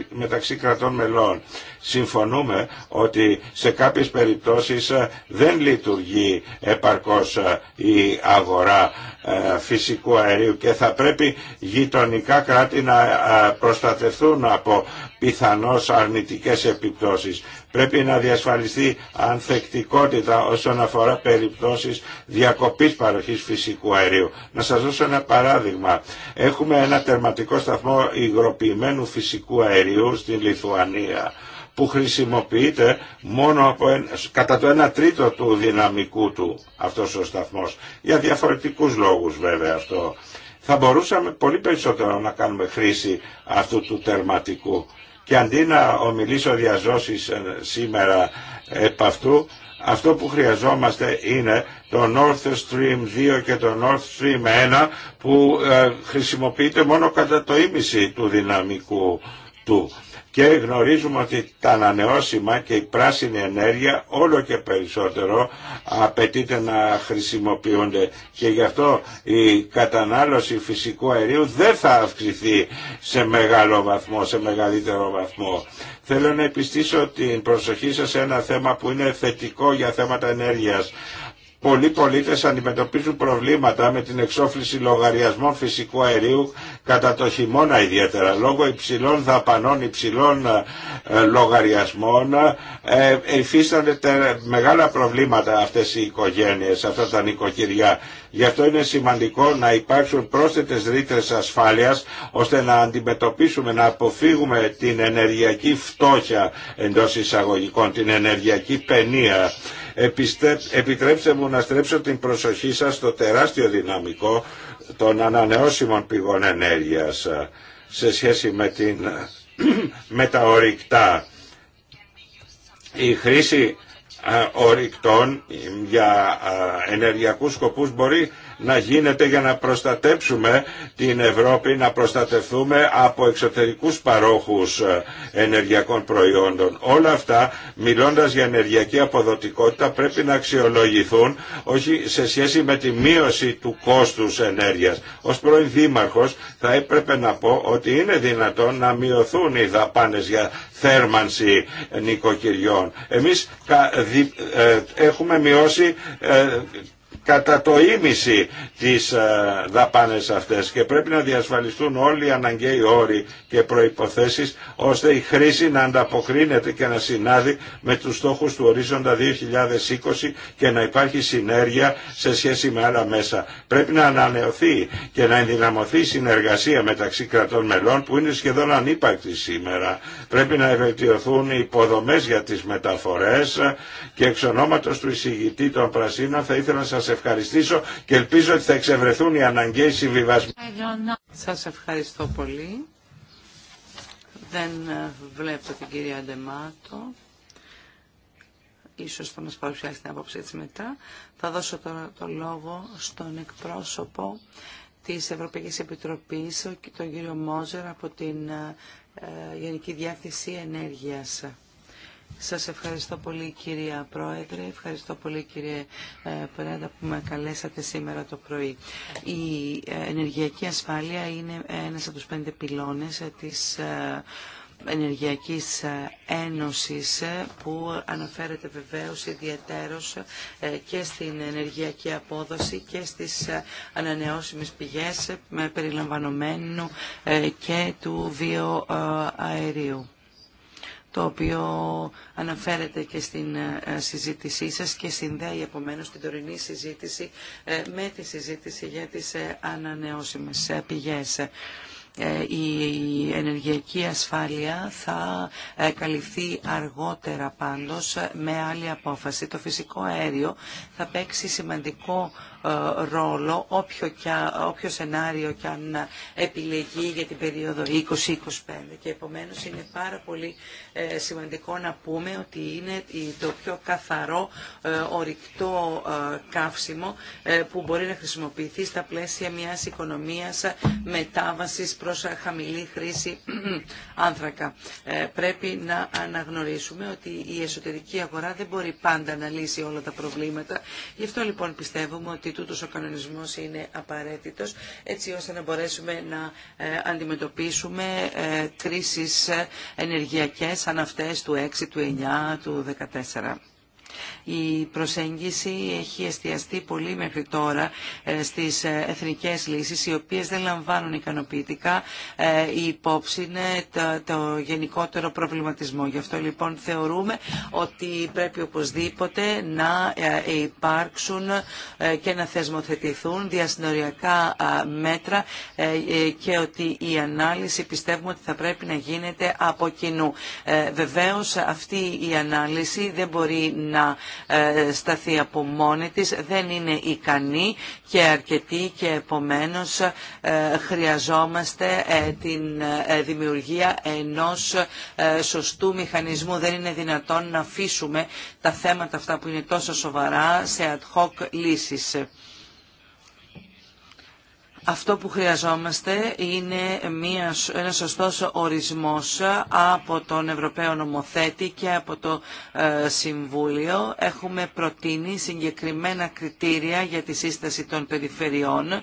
μεταξύ κρατών μελών. Συμφωνούμε ότι σε κάποιες περιπτώσεις δεν λειτουργεί επαρκώς η αγορά ε, φυσικού αερίου και θα πρέπει γειτονικά κράτη να ε, προστατευτούν από πιθανώς αρνητικές επιπτώσεις. Πρέπει να διασφαλιστεί ανθεκτικότητα όσον αφορά περιπτώσεις διακοπής παροχής φυσικού αερίου. Να σας δώσω ένα παράδειγμα. Έχουμε ένα τερματικό σταθμό υγροποιημένου φυσικού αερίου στην Λιθουανία που χρησιμοποιείται μόνο από κατά το 1 τρίτο του δυναμικού του αυτός ο σταθμός. Για διαφορετικούς λόγους βέβαια αυτό. Θα μπορούσαμε πολύ περισσότερο να κάνουμε χρήση αυτού του τερματικού. Και αντί να ομιλήσω διαζώσεις ε, σήμερα επ' αυτού, αυτό που χρειαζόμαστε είναι το North Stream 2 και το North Stream 1 που ε, χρησιμοποιείται μόνο κατά το ίμιση του δυναμικού του. Και γνωρίζουμε ότι τα ανανεώσιμα και η πράσινη ενέργεια όλο και περισσότερο απαιτείται να χρησιμοποιούνται και γι' αυτό η κατανάλωση φυσικού αερίου δεν θα αυξηθεί σε μεγάλο βαθμό, σε μεγαλύτερο βαθμό. Θέλω να επιστήσω την προσοχή σας σε ένα θέμα που είναι θετικό για θέματα ενέργειας πολλοί πολίτε αντιμετωπίζουν προβλήματα με την εξόφληση λογαριασμών φυσικού αερίου κατά το χειμώνα ιδιαίτερα λόγω υψηλών δαπανών, υψηλών ε, λογαριασμών ε, υφίστανται μεγάλα προβλήματα αυτές οι οικογένειες, αυτά τα νοικοκυριά. Γι' αυτό είναι σημαντικό να υπάρξουν πρόσθετες ρήτρε ασφάλειας ώστε να αντιμετωπίσουμε, να αποφύγουμε την ενεργειακή φτώχεια εντό εισαγωγικών, την ενεργειακή παινία. Επιτρέψτε μου να στρέψω την προσοχή σας στο τεράστιο δυναμικό των ανανεώσιμων πηγών ενέργειας ε, σε σχέση με, την, με τα ορυκτά. Η χρήση ε, ορυκτών ε, για ενεργειακούς σκοπούς μπορεί να γίνεται για να προστατέψουμε την Ευρώπη, να προστατευτούμε από εξωτερικούς παρόχους ε, ενεργειακών προϊόντων. Όλα αυτά, μιλώντας για ενεργειακή αποδοτικότητα, πρέπει να αξιολογηθούν όχι σε σχέση με τη μείωση του κόστους ενέργειας. Ως πρώην δήμαρχος θα έπρεπε να πω ότι είναι δυνατόν να μειωθούν οι δαπάνες για θέρμανση νοικοκυριών. Εμείς ε, έχουμε μειώσει ε, κατά το ίμιση τις ε, δαπάνες αυτές και πρέπει να διασφαλιστούν όλοι οι αναγκαίοι όροι και προϋποθέσεις ώστε η χρήση να ανταποκρίνεται και να συνάδει με τους στόχους του ορίζοντα 2020 και να υπάρχει συνέργεια σε σχέση με άλλα μέσα. Πρέπει να ανανεωθεί και να ενδυναμωθεί η συνεργασία μεταξύ κρατών μελών που είναι σχεδόν ανύπαρκτη σήμερα. Πρέπει να ευελτιωθούν οι υποδομές για τις μεταφορές και εξ του εισηγητή των Πρασίνων θα ήθελα να ευχαριστήσω και ελπίζω ότι θα εξευρεθούν οι αναγκαίοι συμβιβασμοί. Σας ευχαριστώ πολύ. Δεν ε, βλέπω την κυρία Ντεμάτο. Ίσως θα μας παρουσιάσει την άποψή έτσι μετά. Θα δώσω τώρα το λόγο στον εκπρόσωπο της Ευρωπαϊκής Επιτροπής, τον κύριο Μόζερ από την ε, ε, Γενική διάθεση Ενέργειας. Σας ευχαριστώ πολύ κυρία Πρόεδρε, ευχαριστώ πολύ κύριε ε, Πρόεδρε που με καλέσατε σήμερα το πρωί. Η ε, ενεργειακή ασφάλεια είναι ένας από τους πέντε πυλώνες ε, της Ενεργειακής Ένωσης που αναφέρεται βεβαίως ιδιαίτερος και στην ενεργειακή απόδοση και στις ανανεώσιμες πηγές με περιλαμβανομένου και του βιοαερίου το οποίο αναφέρεται και στην ε, συζήτησή σας και συνδέει επομένως την τωρινή συζήτηση ε, με τη συζήτηση για τις ε, ανανεώσιμες πηγές η ενεργειακή ασφάλεια θα καλυφθεί αργότερα πάντως με άλλη απόφαση. Το φυσικό αέριο θα παίξει σημαντικό ε, ρόλο όποιο, και, όποιο σενάριο και αν επιλεγεί για την περίοδο 20-25. Και επομένως είναι πάρα πολύ ε, σημαντικό να πούμε ότι είναι το πιο καθαρό ε, ορυκτό καύσιμο που μπορεί να χρησιμοποιηθεί στα πλαίσια μιας οικονομίας μετάβασης προς χαμηλή χρήση άνθρακα. Πρέπει να αναγνωρίσουμε ότι η εσωτερική αγορά δεν μπορεί πάντα να λύσει όλα τα προβλήματα. Γι' αυτό λοιπόν πιστεύουμε ότι τούτος ο κανονισμός είναι απαραίτητος έτσι ώστε να μπορέσουμε να ε, αντιμετωπίσουμε ε, κρίσεις ε, ενεργειακές σαν αυτές του 6, του 9, του 14. Η προσέγγιση έχει εστιαστεί πολύ μέχρι τώρα ε, στις ε, εθνικές λύσεις, οι οποίες δεν λαμβάνουν ικανοποιητικά ε, υπόψη είναι το, το γενικότερο προβληματισμό. Γι' αυτό λοιπόν θεωρούμε ότι πρέπει οπωσδήποτε να υπάρξουν και να θεσμοθετηθούν διασυνοριακά μέτρα και ότι η ανάλυση πιστεύουμε ότι θα πρέπει να γίνεται από κοινού. αυτή η ανάλυση δεν μπορεί να ε, σταθεί από μόνη της, δεν είναι ικανή και αρκετή και επομένως ε, χρειαζόμαστε ε, την δημιουργία ενός σωστού μηχανισμού. Δεν είναι δυνατόν να αφήσουμε τα θέματα αυτά που είναι τόσο σοβαρά σε ad hoc λύσεις. Αυτό που χρειαζόμαστε είναι μια, ένας σωστός ορισμός από τον Ευρωπαίο Νομοθέτη και από το ε, Συμβούλιο. Έχουμε προτείνει συγκεκριμένα κριτήρια για τη σύσταση των περιφερειών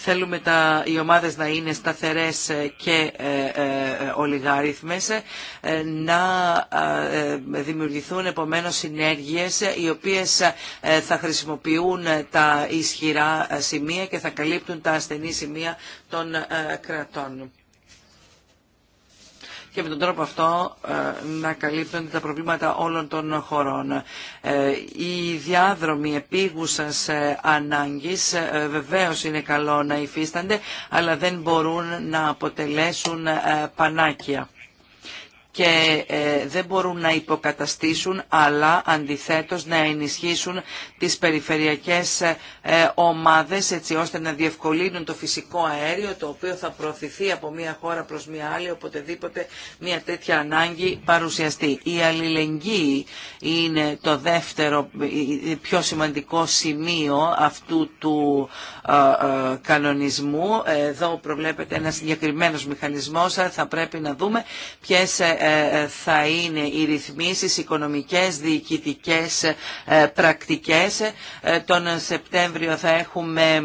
Θέλουμε τα, οι ομάδες να είναι σταθερές ε, και ε, ε ολιγάριθμες, ε, να δημιουργηθούν επομένως συνέργειες οι οποίες θα χρησιμοποιούν τα ισχυρά σημεία και θα καλύπτουν τα ασθενή σημεία των κρατών και με τον τρόπο αυτό ε, να καλύπτονται τα προβλήματα όλων των χωρών. Οι ε, διάδρομοι επίγουσας ε, ανάγκης βεβαίως είναι καλό να υφίστανται αλλά δεν μπορούν να αποτελέσουν πανάκια και ε, δεν μπορούν να υποκαταστήσουν αλλά αντιθέτως να ενισχύσουν τις περιφερειακές ε, ομάδες έτσι ώστε να διευκολύνουν το φυσικό αέριο το οποίο θα προωθηθεί από μια χώρα προς μια άλλη οποτεδήποτε μια τέτοια ανάγκη παρουσιαστεί. Η αλληλεγγύη είναι το δεύτερο πιο σημαντικό σημείο αυτού του ε, κανονισμού. Εδώ προβλέπεται ένας συγκεκριμένο μηχανισμός. Θα πρέπει να δούμε ποιες ε, ε, θα είναι οι ρυθμίσεις οικονομικές, διοικητικές ε, πρακτικές. Τον Σεπτέμβριο θα έχουμε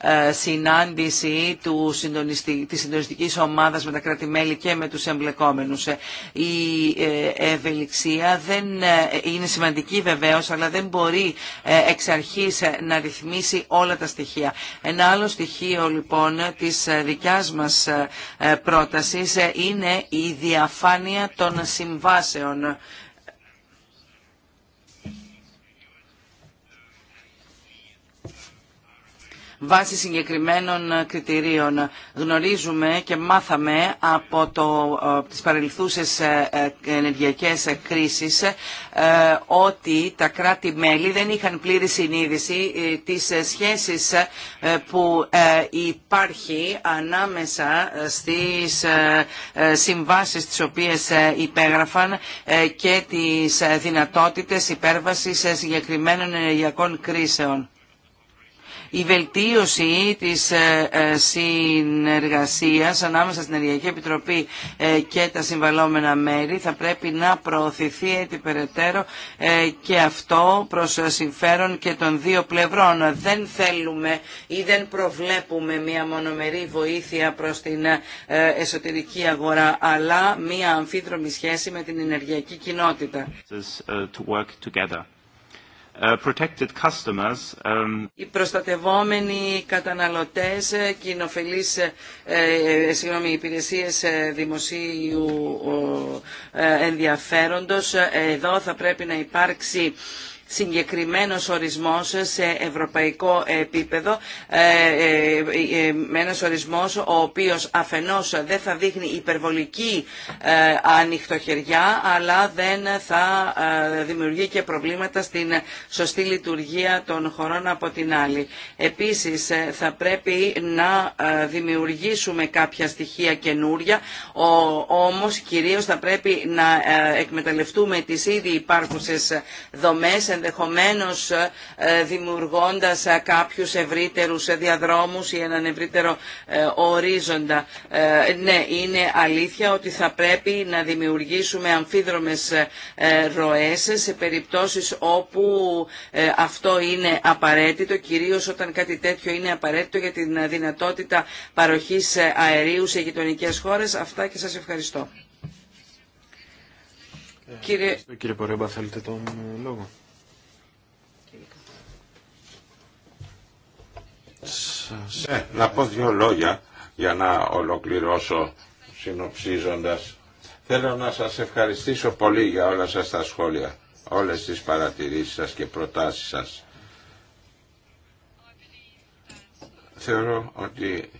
ε, συνάντηση του συντονιστή, της συντονιστικής ομάδας με τα κράτη-μέλη και με τους εμπλεκόμενους. Ε, η ε, ευελιξία δεν είναι σημαντική βεβαίως, αλλά δεν μπορεί εξ αρχής να ρυθμίσει όλα τα στοιχεία. Ένα άλλο στοιχείο λοιπόν της δικιάς μας πρότασης είναι η διαφάνεια των συμβάσεων βάσει συγκεκριμένων ε, κριτηρίων. Γνωρίζουμε και μάθαμε από το, ε, τις παρελθούσες ε, ενεργειακές κρίσεις ότι τα κράτη-μέλη δεν είχαν πλήρη συνείδηση της σχέσης που υπάρχει ανάμεσα στις συμβάσεις τις οποίες υπέγραφαν και τις δυνατότητες υπέρβασης συγκεκριμένων ενεργειακών κρίσεων η βελτίωση της ε, ε, συνεργασίας ανάμεσα στην Ενεργειακή Επιτροπή ε, και τα συμβαλόμενα μέρη θα πρέπει να προωθηθεί έτσι και αυτό προς συμφέρον και των δύο πλευρών. Δεν θέλουμε ή δεν προβλέπουμε μία μονομερή βοήθεια προς την εσωτερική αγορά αλλά μία αμφίδρομη σχέση με την ενεργειακή κοινότητα. Uh, protected customers. Um, Οι προστατευόμενοι καταναλωτές, και ε, ε, ε υπηρεσίες ε, δημοσίου ενδιαφέροντος. Εδώ θα πρέπει να υπάρξει συγκεκριμένος ορισμός σε ευρωπαϊκό επίπεδο, ε, ε, ε, ένας ορισμός ο οποίος αφενός δεν θα δείχνει υπερβολική ανοιχτοχεριά, αλλά δεν θα δημιουργεί και προβλήματα στην σωστή λειτουργία των χωρών από την άλλη. Επίσης θα πρέπει να δημιουργήσουμε κάποια στοιχεία καινούρια, όμως κυρίως θα πρέπει να εκμεταλλευτούμε τις ήδη υπάρχουσες δομές ενδεχομένως ε, ε, δημιουργώντας ε, κάποιους ευρύτερους διαδρόμους ή έναν ευρύτερο ορίζοντα. Ναι, είναι αλήθεια ότι θα πρέπει να δημιουργήσουμε αμφίδρομες ροές σε περιπτώσεις όπου αυτό είναι απαραίτητο, κυρίως όταν κάτι τέτοιο είναι απαραίτητο για την δυνατότητα παροχής αερίου σε γειτονικές χώρες. Αυτά και σας ευχαριστώ. Κύριε Πορέμπα, θέλετε τον λόγο. Ε, να πω δύο λόγια για να ολοκληρώσω συνοψίζοντας. Θέλω να σας ευχαριστήσω πολύ για όλα σας τα σχόλια, όλες τις παρατηρήσεις σας και προτάσεις σας. Θεωρώ ότι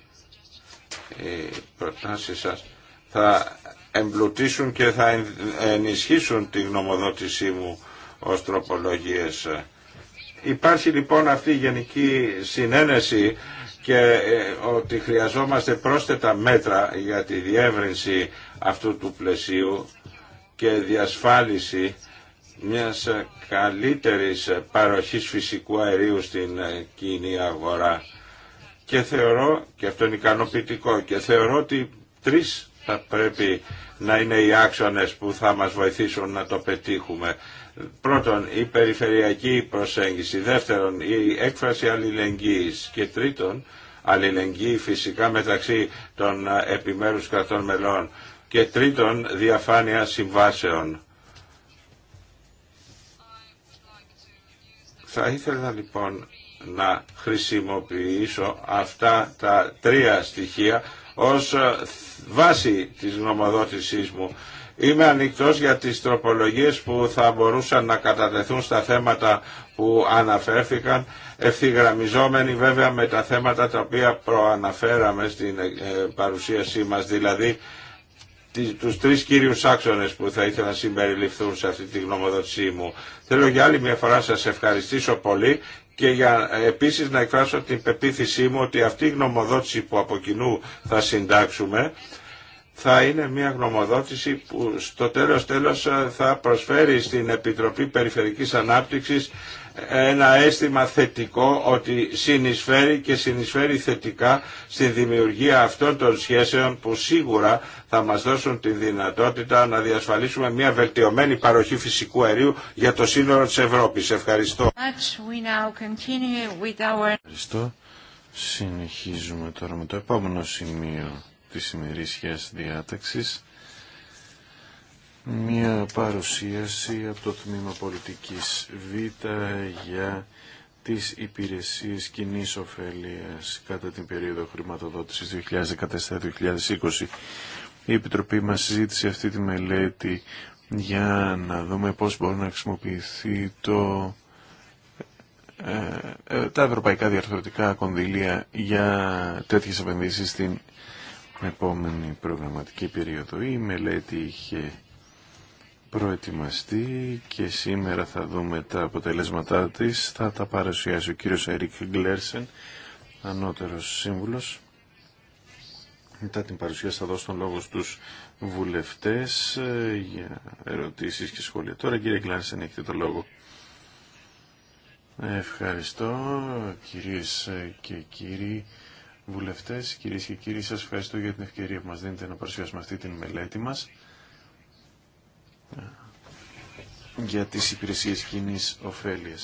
οι προτάσεις σας θα εμπλουτίσουν και θα ενισχύσουν τη γνωμοδότησή μου ως τροπολογίες Υπάρχει λοιπόν αυτή η γενική συνένεση και ε, ότι χρειαζόμαστε πρόσθετα μέτρα για τη διεύρυνση αυτού του πλαισίου και διασφάλιση μιας καλύτερης παροχής φυσικού αερίου στην ε, κοινή αγορά. Και θεωρώ, και αυτό είναι ικανοποιητικό, και θεωρώ ότι τρεις θα πρέπει να είναι οι άξονες που θα μας βοηθήσουν να το πετύχουμε. Πρώτον, η περιφερειακή προσέγγιση. Δεύτερον, η έκφραση αλληλεγγύης. Και τρίτον, αλληλεγγύη φυσικά μεταξύ των ε, επιμέρους κρατών μελών. Και τρίτον, διαφάνεια συμβάσεων. Θα ήθελα λοιπόν να χρησιμοποιήσω αυτά τα τρία στοιχεία ως ε, βάση της γνωμοδότησής μου Είμαι ανοιχτός για τις τροπολογίες που θα μπορούσαν να κατατεθούν στα θέματα που αναφέρθηκαν, ευθυγραμμιζόμενοι βέβαια με τα θέματα τα οποία προαναφέραμε στην ε, παρουσίασή μας, δηλαδή τους τρεις κύριους άξονες που θα ήθελα να συμπεριληφθούν σε αυτή τη γνωμοδότησή μου. Θέλω για άλλη μια φορά σας ευχαριστήσω πολύ και για ε, επίσης να εκφράσω την πεποίθησή μου ότι αυτή η γνωμοδότηση που από κοινού θα συντάξουμε θα είναι μια γνωμοδότηση που στο τέλος τέλος ε, θα προσφέρει στην Επιτροπή Περιφερικής Ανάπτυξης ε, ένα αίσθημα θετικό ότι συνεισφέρει και συνεισφέρει θετικά στη δημιουργία αυτών των σχέσεων που σίγουρα θα μας δώσουν τη δυνατότητα να διασφαλίσουμε μια βελτιωμένη παροχή φυσικού αερίου για το σύνολο της Ευρώπης. Ευχαριστώ. Ευχαριστώ. Συνεχίζουμε τώρα με το επόμενο σημείο της ημερήσιας διάταξης μια παρουσίαση από το Τμήμα Πολιτικής Β για τις υπηρεσίες κοινή ωφέλεια κατά την περίοδο χρηματοδότησης 2014-2020. Η Επιτροπή μας συζήτησε αυτή τη μελέτη για να δούμε πώς μπορεί να χρησιμοποιηθεί το, ε, ε, τα ευρωπαϊκά διαρθρωτικά κονδύλια για τέτοιες επενδύσεις στην επόμενη προγραμματική περίοδο. Η μελέτη είχε προετοιμαστεί και σήμερα θα δούμε τα αποτελέσματά της. Θα τα παρουσιάσει ο κύριος Ερικ Γκλέρσεν, ανώτερος σύμβουλος. Μετά την παρουσίαση θα δώσω τον λόγο στους βουλευτές ε, για ερωτήσεις και σχόλια. Τώρα κύριε Γκλέρσεν έχετε το λόγο. Ευχαριστώ κυρίες ε, και κύριοι βουλευτές, κύριε και κύριοι, σα ευχαριστώ για την ευκαιρία που μα δίνετε να παρουσιάσουμε αυτή την μελέτη μας ε, για τις υπηρεσίε κοινή ωφέλεια.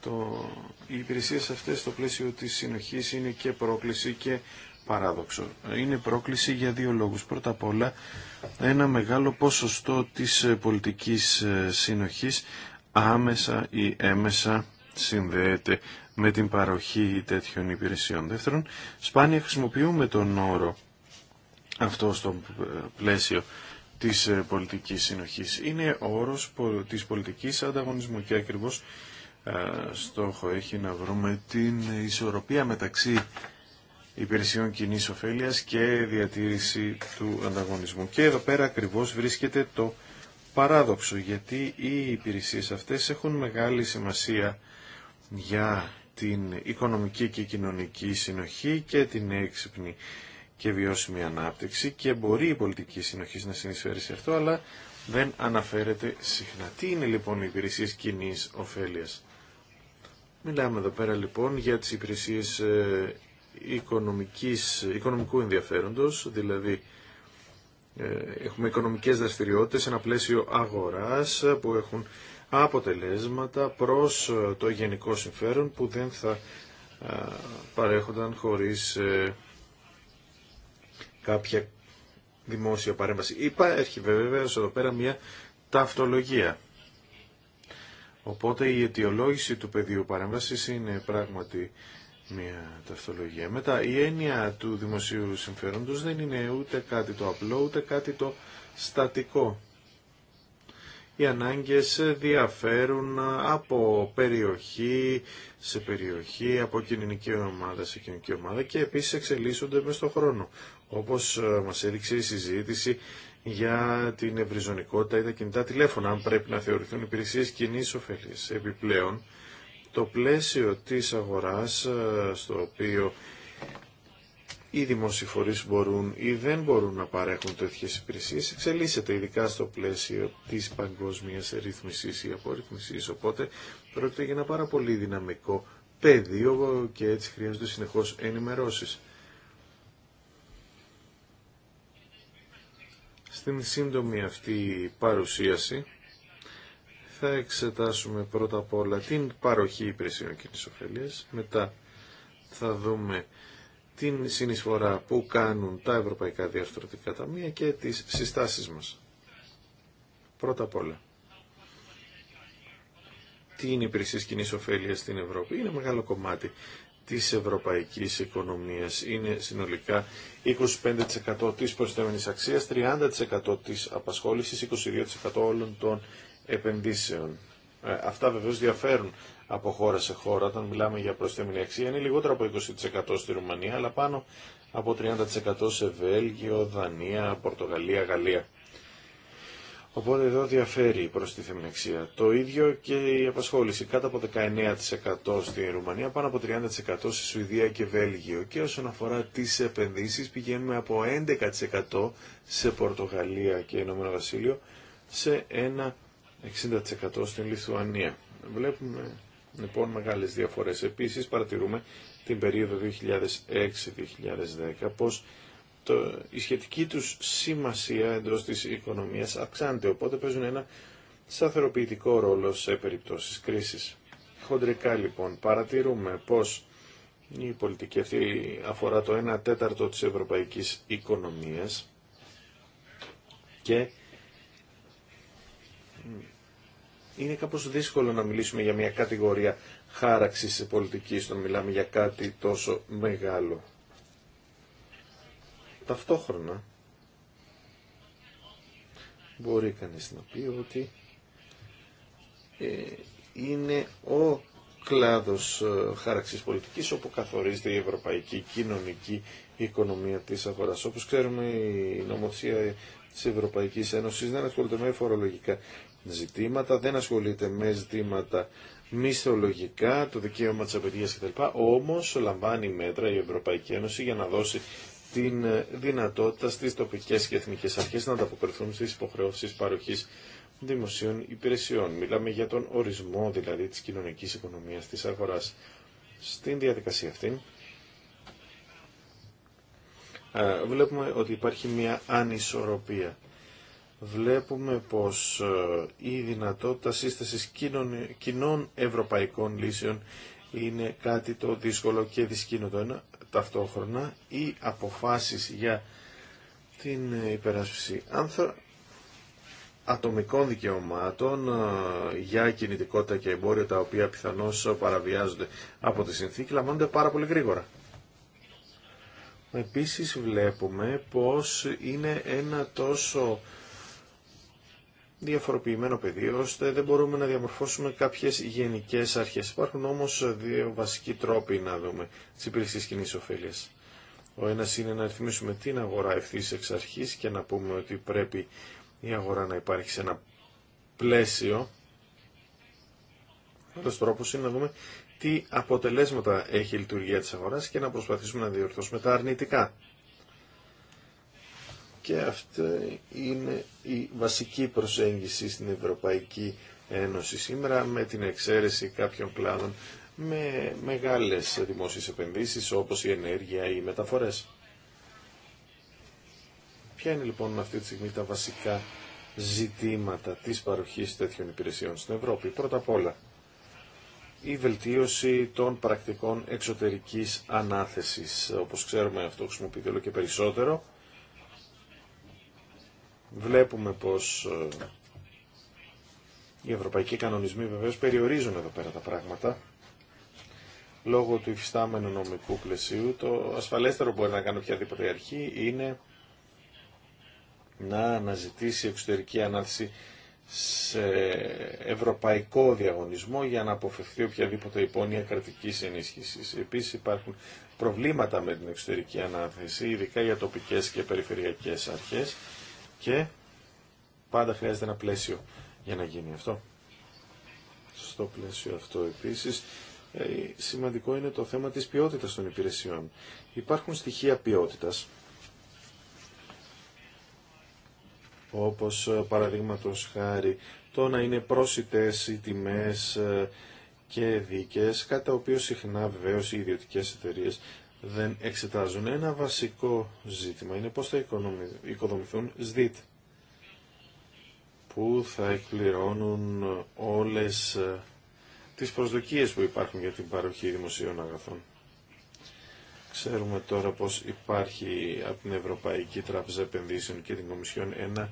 Το... Οι υπηρεσίες αυτές στο πλαίσιο τη συνοχή είναι και πρόκληση και παράδοξο. Είναι πρόκληση για δύο λόγους. Πρώτα απ' όλα ένα μεγάλο ποσοστό της ε, πολιτικής ε, συνοχής άμεσα ή έμεσα συνδέεται με την παροχή τέτοιων υπηρεσιών. Δεύτερον, σπάνια χρησιμοποιούμε τον όρο αυτό στο πλαίσιο της ε, πολιτικής συνοχής. Είναι ο όρος της πολιτικής ανταγωνισμού και ακριβώς ε, στόχο έχει να βρούμε την ισορροπία μεταξύ υπηρεσιών κοινή ωφέλεια και διατήρηση του ανταγωνισμού. Και εδώ πέρα ακριβώς βρίσκεται το παράδοξο, γιατί οι υπηρεσίες αυτές έχουν μεγάλη σημασία για την οικονομική και κοινωνική συνοχή και την έξυπνη και βιώσιμη ανάπτυξη και μπορεί η πολιτική συνοχή να συνεισφέρει σε αυτό, αλλά δεν αναφέρεται συχνά. Τι είναι λοιπόν οι υπηρεσίες κοινή ωφέλειας. Μιλάμε εδώ πέρα λοιπόν για τις υπηρεσίες ε, οικονομικής, οικονομικού ενδιαφέροντος, δηλαδή ε, έχουμε οικονομικές δραστηριότητες σε ένα πλαίσιο αγοράς ε, που έχουν αποτελέσματα προς ε, το γενικό συμφέρον που δεν θα ε, παρέχονταν χωρίς ε, κάποια δημόσια παρέμβαση. Υπάρχει βέβαια εδώ πέρα μια ταυτολογία. Οπότε η αιτιολόγηση του πεδίου παρέμβασης είναι πράγματι μια ταυτολογία. Μετά η έννοια του δημοσίου συμφέροντος δεν είναι ούτε κάτι το απλό ούτε κάτι το στατικό οι ανάγκες διαφέρουν από περιοχή σε περιοχή, από κοινωνική ομάδα σε κοινωνική ομάδα και επίσης εξελίσσονται μες στον χρόνο. Όπως ε, μας έδειξε η συζήτηση για την ευρυζωνικότητα ή τα κινητά τηλέφωνα, αν πρέπει να θεωρηθούν υπηρεσίες κοινή ωφελής. Επιπλέον, το πλαίσιο της αγοράς ε, στο οποίο οι δημοσιοφορείς μπορούν ή δεν μπορούν να παρέχουν τέτοιες υπηρεσίες εξελίσσεται ειδικά στο πλαίσιο της παγκόσμιας ρύθμισης ή απορρίθμισης οπότε πρόκειται για ένα πάρα πολύ δυναμικό πεδίο και έτσι χρειάζονται συνεχώς ενημερώσεις. Στην σύντομη αυτή παρουσίαση θα εξετάσουμε πρώτα απ' όλα την παροχή υπηρεσιών κοινής μετά θα δούμε την συνεισφορά που κάνουν τα Ευρωπαϊκά Διαστρωτικά Ταμεία και τις συστάσεις μας. Πρώτα απ' όλα, τι είναι η υπηρεσία κοινή ωφέλεια στην Ευρώπη. Είναι μεγάλο κομμάτι της ευρωπαϊκής οικονομίας. Είναι συνολικά 25% της προστεμενης αξίας, 30% της απασχόλησης, 22% όλων των επενδύσεων. Ε, αυτά βεβαίως διαφέρουν από χώρα σε χώρα, όταν μιλάμε για προσθέμενη αξία, είναι λιγότερο από 20% στη Ρουμανία, αλλά πάνω από 30% σε Βέλγιο, Δανία, Πορτογαλία, Γαλλία. Οπότε εδώ διαφέρει η προσθέμενη αξία. Το ίδιο και η απασχόληση. Κάτω από 19% στη Ρουμανία, πάνω από 30% στη Σουηδία και Βέλγιο. Και όσον αφορά τις επενδύσεις πηγαίνουμε από 11% σε Πορτογαλία και Ηνωμένο Βασίλειο σε ένα 60% στην Λιθουανία. Βλέπουμε λοιπόν μεγάλες διαφορές. Επίσης παρατηρούμε την περίοδο 2006-2010 πως το, η σχετική τους σημασία εντός της οικονομίας αυξάνεται, οπότε παίζουν ένα σταθεροποιητικό ρόλο σε περιπτώσεις κρίσης. Χοντρικά λοιπόν παρατηρούμε πως η πολιτική αυτή αφορά το 1 τέταρτο της ευρωπαϊκής οικονομίας και είναι κάπως δύσκολο να μιλήσουμε για μια κατηγορία χάραξης πολιτικής όταν μιλάμε για κάτι τόσο μεγάλο. Ταυτόχρονα μπορεί κανείς να πει ότι ε, είναι ο κλάδος ε, χάραξης πολιτικής όπου καθορίζεται η ευρωπαϊκή κοινωνική οικονομία της αγοράς. Όπως ξέρουμε η νομοθεσία της Ευρωπαϊκής Ένωσης δεν ασχολείται με φορολογικά ζητήματα, δεν ασχολείται με ζητήματα μισθολογικά, το δικαίωμα της απαιτίας κτλ. Όμως λαμβάνει μέτρα η Ευρωπαϊκή Ένωση για να δώσει την δυνατότητα στις τοπικές και εθνικές αρχές να ανταποκριθούν στις υποχρεώσεις παροχής δημοσίων υπηρεσιών. Μιλάμε για τον ορισμό δηλαδή της κοινωνικής οικονομίας της αγοράς. Στην διαδικασία αυτή βλέπουμε ότι υπάρχει μια ανισορροπία βλέπουμε πως ε, η δυνατότητα σύστασης κοινών ευρωπαϊκών λύσεων είναι κάτι το δύσκολο και δυσκίνητο ταυτόχρονα ή αποφάσεις για την ε, υπεράσπιση άνθρα ατομικών δικαιωμάτων ε, για κινητικότητα και εμπόριο τα οποία πιθανώς παραβιάζονται από τη συνθήκη λαμβάνονται πάρα πολύ γρήγορα. Επίσης βλέπουμε πως είναι ένα τόσο διαφοροποιημένο πεδίο, ώστε δεν μπορούμε να διαμορφώσουμε κάποιες γενικέ αρχές. Υπάρχουν όμως δύο βασικοί τρόποι να δούμε τι υπηρεσίε κοινή ωφέλεια. Ο ένας είναι να ρυθμίσουμε την αγορά ευθύ εξ αρχή και να πούμε ότι πρέπει η αγορά να υπάρχει σε ένα πλαίσιο. Ο άλλο τρόπος είναι να δούμε τι αποτελέσματα έχει η λειτουργία τη αγορά και να προσπαθήσουμε να διορθώσουμε τα αρνητικά. Και αυτή είναι η βασική προσέγγιση στην Ευρωπαϊκή Ένωση σήμερα με την εξαίρεση κάποιων κλάδων με μεγάλες δημόσιες επενδύσεις όπως η ενέργεια ή οι μεταφορές. Ποια είναι λοιπόν αυτή τη στιγμή τα βασικά ζητήματα της παροχής τέτοιων υπηρεσιών στην Ευρώπη. Πρώτα απ' όλα, η βελτίωση των πρακτικών εξωτερικής ανάθεσης. Όπως ξέρουμε αυτό χρησιμοποιείται όλο και περισσότερο Βλέπουμε πως ε, οι ευρωπαϊκοί κανονισμοί βεβαίως περιορίζουν εδώ πέρα τα πράγματα λόγω του υφιστάμενου νομικού πλαισίου. Το ασφαλέστερο που μπορεί να κάνει οποιαδήποτε αρχή είναι να αναζητήσει εξωτερική ανάθεση σε ευρωπαϊκό διαγωνισμό για να αποφευθεί οποιαδήποτε υπόνοια κρατικής ενίσχυσης. Επίσης υπάρχουν προβλήματα με την εξωτερική ανάθεση, ειδικά για τοπικές και περιφερειακές αρχές και πάντα χρειάζεται ένα πλαίσιο για να γίνει αυτό. Στο πλαίσιο αυτό επίσης ε, σημαντικό είναι το θέμα της ποιότητας των υπηρεσιών. Υπάρχουν στοιχεία ποιότητας όπως ε, παραδείγματος χάρη το να είναι πρόσιτες οι τιμές ε, και δίκες, κατά οποίο συχνά βεβαίω οι ιδιωτικές εταιρείε δεν εξετάζουν. Ένα βασικό ζήτημα είναι πώς θα οικοδομηθούν ΣΔΙΤ που θα εκπληρώνουν όλες ε, τις προσδοκίες που υπάρχουν για την παροχή δημοσίων αγαθών. Ξέρουμε τώρα πως υπάρχει από την Ευρωπαϊκή Τράπεζα Επενδύσεων και την Κομισιόν ένα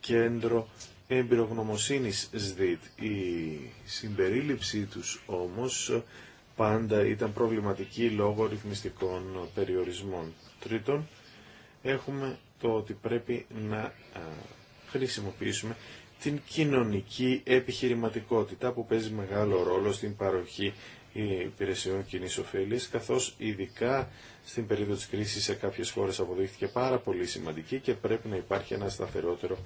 κέντρο εμπειρογνωμοσύνης ΣΔΙΤ. Η συμπερίληψή τους όμως πάντα ήταν προβληματική λόγω ρυθμιστικών περιορισμών. Τρίτον, έχουμε το ότι πρέπει να χρησιμοποιήσουμε την κοινωνική επιχειρηματικότητα που παίζει μεγάλο ρόλο στην παροχή ε, υπηρεσιών κοινή ωφέλη, καθώ ειδικά στην περίοδο τη κρίση σε κάποιε χώρε αποδείχθηκε πάρα πολύ σημαντική και πρέπει να υπάρχει ένα σταθερότερο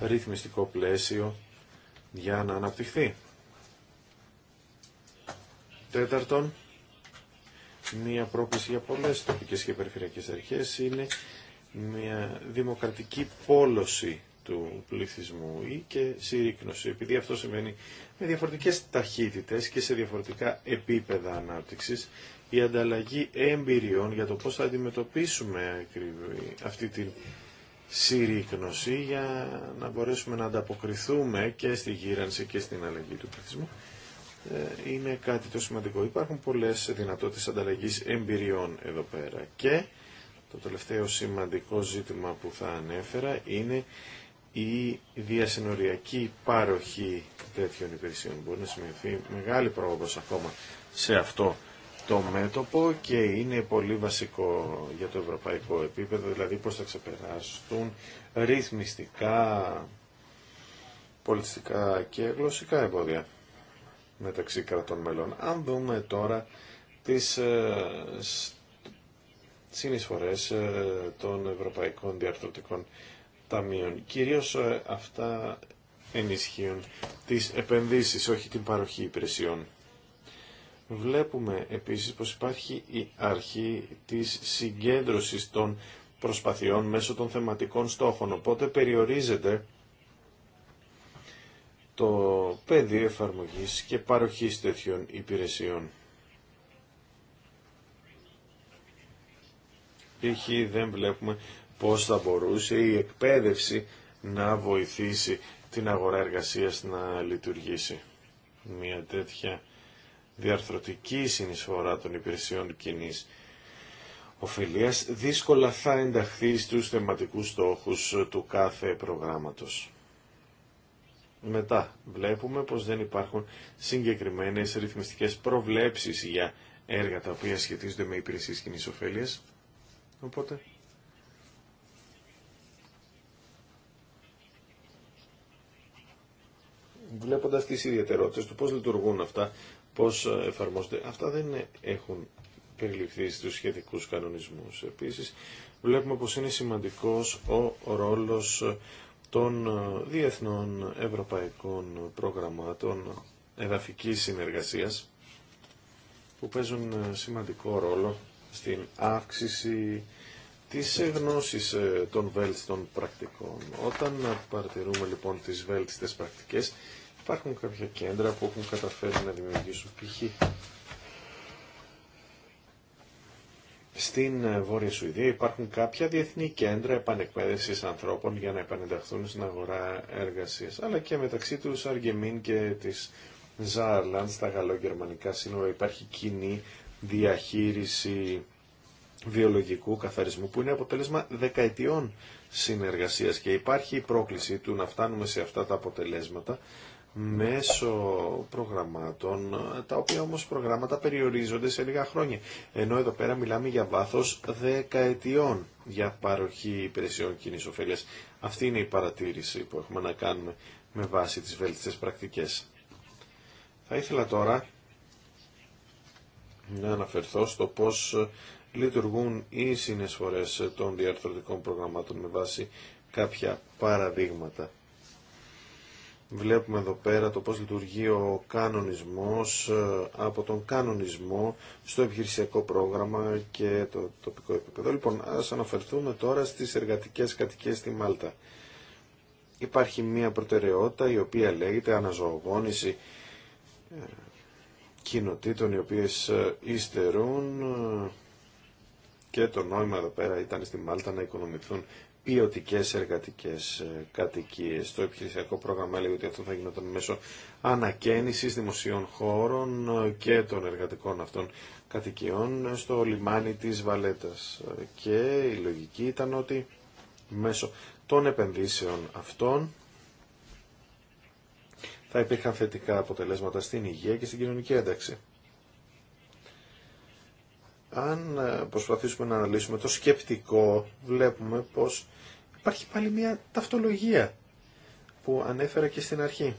ρυθμιστικό πλαίσιο για να αναπτυχθεί. Τέταρτον, μια πρόκληση για πολλές τοπικές και περιφερειακές αρχές είναι μια δημοκρατική πόλωση του πληθυσμού ή και συρρήκνωση, επειδή αυτό σημαίνει με διαφορετικές ταχύτητες και σε διαφορετικά επίπεδα ανάπτυξης η ανταλλαγή εμπειριών για το πώς θα αντιμετωπίσουμε αυτή την συρρήκνωση για να μπορέσουμε να ανταποκριθούμε και στη γύρανση και στην αλλαγή του πληθυσμού ε, είναι κάτι το σημαντικό. Υπάρχουν πολλές δυνατότητες ανταλλαγής εμπειριών εδώ πέρα και το τελευταίο σημαντικό ζήτημα που θα ανέφερα είναι η διασυνοριακή παροχή τέτοιων υπηρεσιών. Μπορεί να σημειωθεί μεγάλη πρόοδος ακόμα σε αυτό το μέτωπο και είναι πολύ βασικό για το ευρωπαϊκό επίπεδο, δηλαδή πώς θα ξεπεράσουν ρυθμιστικά, πολιτιστικά και γλωσσικά εμπόδια μεταξύ κρατών μελών. Αν δούμε τώρα τις ε, συνεισφορές ε, των Ευρωπαϊκών Διαρθρωτικών Ταμείων, κυρίως ε, αυτά ενισχύουν τις επενδύσεις, όχι την παροχή υπηρεσιών. Βλέπουμε επίσης πως υπάρχει η αρχή της συγκέντρωσης των προσπαθειών μέσω των θεματικών στόχων, οπότε περιορίζεται το πεδίο εφαρμογής και παροχής τέτοιων υπηρεσιών. Π.χ. δεν βλέπουμε πώς θα μπορούσε η εκπαίδευση να βοηθήσει την αγορά εργασίας να λειτουργήσει. Μια τέτοια διαρθρωτική συνεισφορά των υπηρεσιών κοινή ωφελίας δύσκολα θα ενταχθεί στους θεματικούς στόχους του κάθε προγράμματος. Μετά βλέπουμε πως δεν υπάρχουν συγκεκριμένες ρυθμιστικές προβλέψεις για έργα τα οποία σχετίζονται με υπηρεσίες κοινή ωφέλεια. Οπότε... Βλέποντας τις ιδιαιτερότητες του πώς λειτουργούν αυτά, πώς ε, εφαρμόζονται, αυτά δεν έχουν περιληφθεί στους σχετικούς κανονισμούς. Επίσης, βλέπουμε πώ είναι στους σχετικους κανονισμους επισης βλεπουμε πως ειναι σημαντικό ο ρόλο. Ε, των ε, διεθνών ευρωπαϊκών προγραμμάτων εδαφικής συνεργασίας που παίζουν ε, σημαντικό ρόλο στην αύξηση της γνώσης ε, των βέλτιστων πρακτικών. Όταν παρατηρούμε λοιπόν τις βέλτιστες πρακτικές υπάρχουν κάποια κέντρα που έχουν καταφέρει να δημιουργήσουν π.χ. Στην ε, Βόρεια Σουηδία υπάρχουν κάποια διεθνή κέντρα επανεκπαίδευσης ανθρώπων για να επανενταχθούν στην αγορά εργασίας, αλλά και μεταξύ τους Αργεμίν και της Ζάρλαντ στα γαλλογερμανικά σύνορα υπάρχει κοινή διαχείριση βιολογικού καθαρισμού που είναι αποτέλεσμα δεκαετιών συνεργασίας και υπάρχει η πρόκληση του να φτάνουμε σε αυτά τα αποτελέσματα μέσω προγραμμάτων, τα οποία όμως προγράμματα περιορίζονται σε λίγα χρόνια. Ενώ εδώ πέρα μιλάμε για βάθος δεκαετιών για παροχή υπηρεσιών κοινή ωφέλεια. Αυτή είναι η παρατήρηση που έχουμε να κάνουμε με βάση τις βέλτιστες πρακτικές. Θα ήθελα τώρα να αναφερθώ στο πώς λειτουργούν οι συνεισφορές των διαρθρωτικών προγραμμάτων με βάση κάποια παραδείγματα. Βλέπουμε εδώ πέρα το πώς λειτουργεί ο κανονισμός ε, από τον κανονισμό στο επιχειρησιακό πρόγραμμα και το τοπικό επίπεδο. Λοιπόν, ας αναφερθούμε τώρα στις εργατικές κατοικίες στη Μάλτα. Υπάρχει μία προτεραιότητα η οποία λέγεται αναζωογόνηση ε, κοινοτήτων οι οποίες ε, ύστερούν και το νόημα εδώ πέρα ήταν στη Μάλτα να οικονομηθούν ποιοτικέ εργατικέ ε, κατοικίε. Το επιχειρησιακό πρόγραμμα έλεγε ότι αυτό θα γινόταν μέσω ανακαίνηση δημοσίων χώρων ε, και των εργατικών αυτών κατοικιών ε, στο λιμάνι της Βαλέτας. Και η λογική ήταν ότι μέσω των επενδύσεων αυτών θα υπήρχαν θετικά αποτελέσματα στην υγεία και στην κοινωνική ένταξη. Αν ε, προσπαθήσουμε να αναλύσουμε το σκεπτικό, βλέπουμε πως υπάρχει πάλι μια ταυτολογία που ανέφερα και στην αρχή.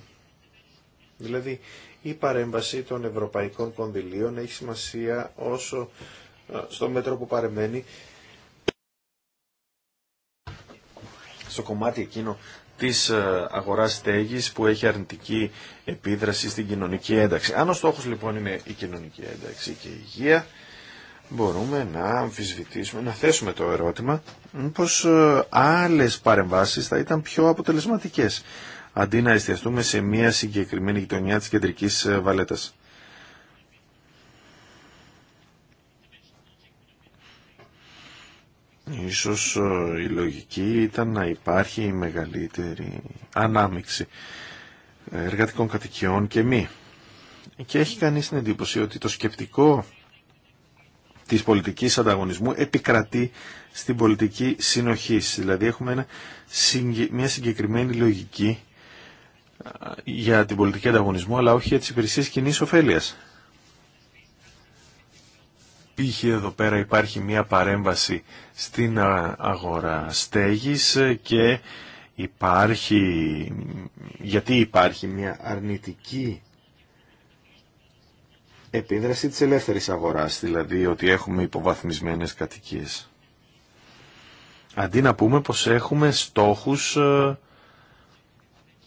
Δηλαδή, η παρέμβαση των ευρωπαϊκών κονδυλίων έχει σημασία όσο ε, στο μέτρο που παρεμένει στο κομμάτι εκείνο της ε, αγοράς στέγης που έχει αρνητική επίδραση στην κοινωνική ένταξη. Αν ο στόχος λοιπόν είναι η κοινωνική ένταξη και η υγεία, μπορούμε να αμφισβητήσουμε, να θέσουμε το ερώτημα πως ε, άλλες παρεμβάσεις θα ήταν πιο αποτελεσματικές αντί να εστιαστούμε σε μια συγκεκριμένη γειτονιά της κεντρικής ε, βαλέτας. Ίσως ε, η λογική ήταν να υπάρχει η μεγαλύτερη ανάμειξη εργατικών κατοικιών και μη. Και έχει κανείς την εντύπωση ότι το σκεπτικό της πολιτικής ανταγωνισμού επικρατεί στην πολιτική συνοχής. Δηλαδή έχουμε μια συγκεκριμένη λογική για την πολιτική ανταγωνισμού αλλά όχι για τις υπηρεσίες κοινή ωφέλεια. Π.χ. εδώ πέρα υπάρχει μια παρέμβαση στην αγορά στέγης και υπάρχει, γιατί υπάρχει μια αρνητική επίδραση της ελεύθερης αγοράς, δηλαδή ότι έχουμε υποβαθμισμένες κατοικίες. Αντί να πούμε πως έχουμε στόχους ε,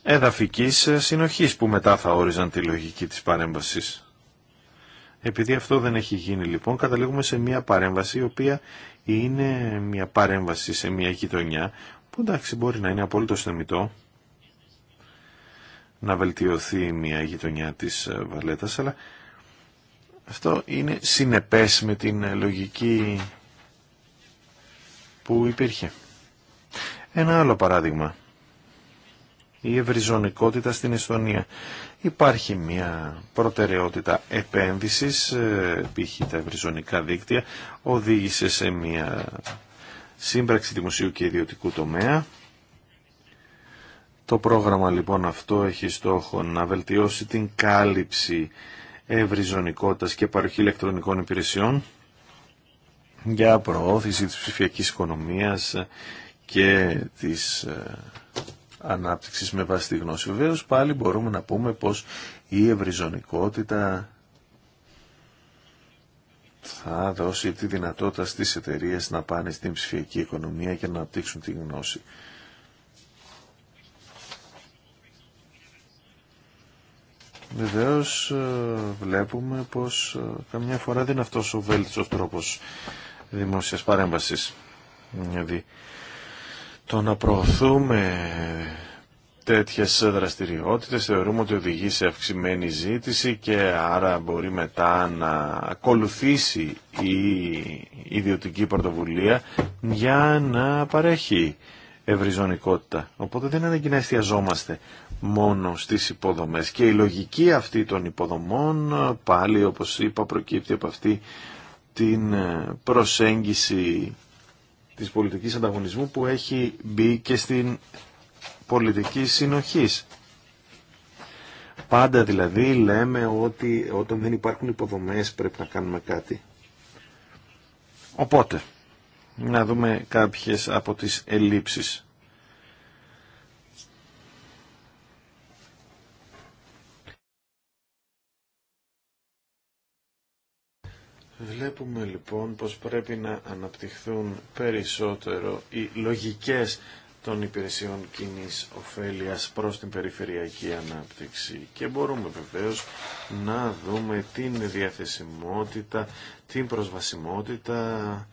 εδαφικής ε, συνοχής που μετά θα όριζαν τη λογική της παρέμβασης. Επειδή αυτό δεν έχει γίνει λοιπόν, καταλήγουμε σε μια παρέμβαση η οποία είναι μια παρέμβαση σε μια γειτονιά που εντάξει μπορεί να είναι απόλυτο θεμητό να βελτιωθεί μια γειτονιά της ε, Βαλέτας, αλλά αυτό είναι συνεπές με την λογική που υπήρχε. Ένα άλλο παράδειγμα. Η ευρυζωνικότητα στην Εστονία. Υπάρχει μια προτεραιότητα επένδυσης, ε, π.χ. τα ευρυζωνικά δίκτυα, οδήγησε σε μια σύμπραξη δημοσίου και ιδιωτικού τομέα. Το πρόγραμμα λοιπόν αυτό έχει στόχο να βελτιώσει την κάλυψη ευρυζωνικότητας και παροχή ηλεκτρονικών υπηρεσιών για προώθηση της ψηφιακής οικονομίας και της ε, ανάπτυξης με βάση τη γνώση. Βεβαίω πάλι μπορούμε να πούμε πως η ευρυζωνικότητα θα δώσει τη δυνατότητα στις εταιρείες να πάνε στην ψηφιακή οικονομία και να αναπτύξουν τη γνώση. Βεβαίως ε, βλέπουμε πως ε, καμιά φορά δεν είναι αυτός ο βέλτιστος τρόπος δημόσιας παρέμβασης. Δηλαδή το να προωθούμε τέτοιες δραστηριότητες θεωρούμε ότι οδηγεί σε αυξημένη ζήτηση και άρα μπορεί μετά να ακολουθήσει η ιδιωτική πρωτοβουλία για να παρέχει ευρυζωνικότητα. Οπότε δεν είναι να εστιαζόμαστε μόνο στις υποδομές. Και η λογική αυτή των υποδομών ε, πάλι όπως είπα προκύπτει από αυτή την ε, προσέγγιση της πολιτικής ανταγωνισμού που έχει μπει και στην πολιτική συνοχής. Πάντα δηλαδή λέμε ότι όταν δεν υπάρχουν υποδομές πρέπει να κάνουμε κάτι. Οπότε, να δούμε κάποιες από τις ελλείψεις. Βλέπουμε λοιπόν πως πρέπει να αναπτυχθούν περισσότερο οι λογικές των υπηρεσιών κοινή ωφέλειας προς την περιφερειακή ανάπτυξη και μπορούμε βεβαίως να δούμε την διαθεσιμότητα, την προσβασιμότητα,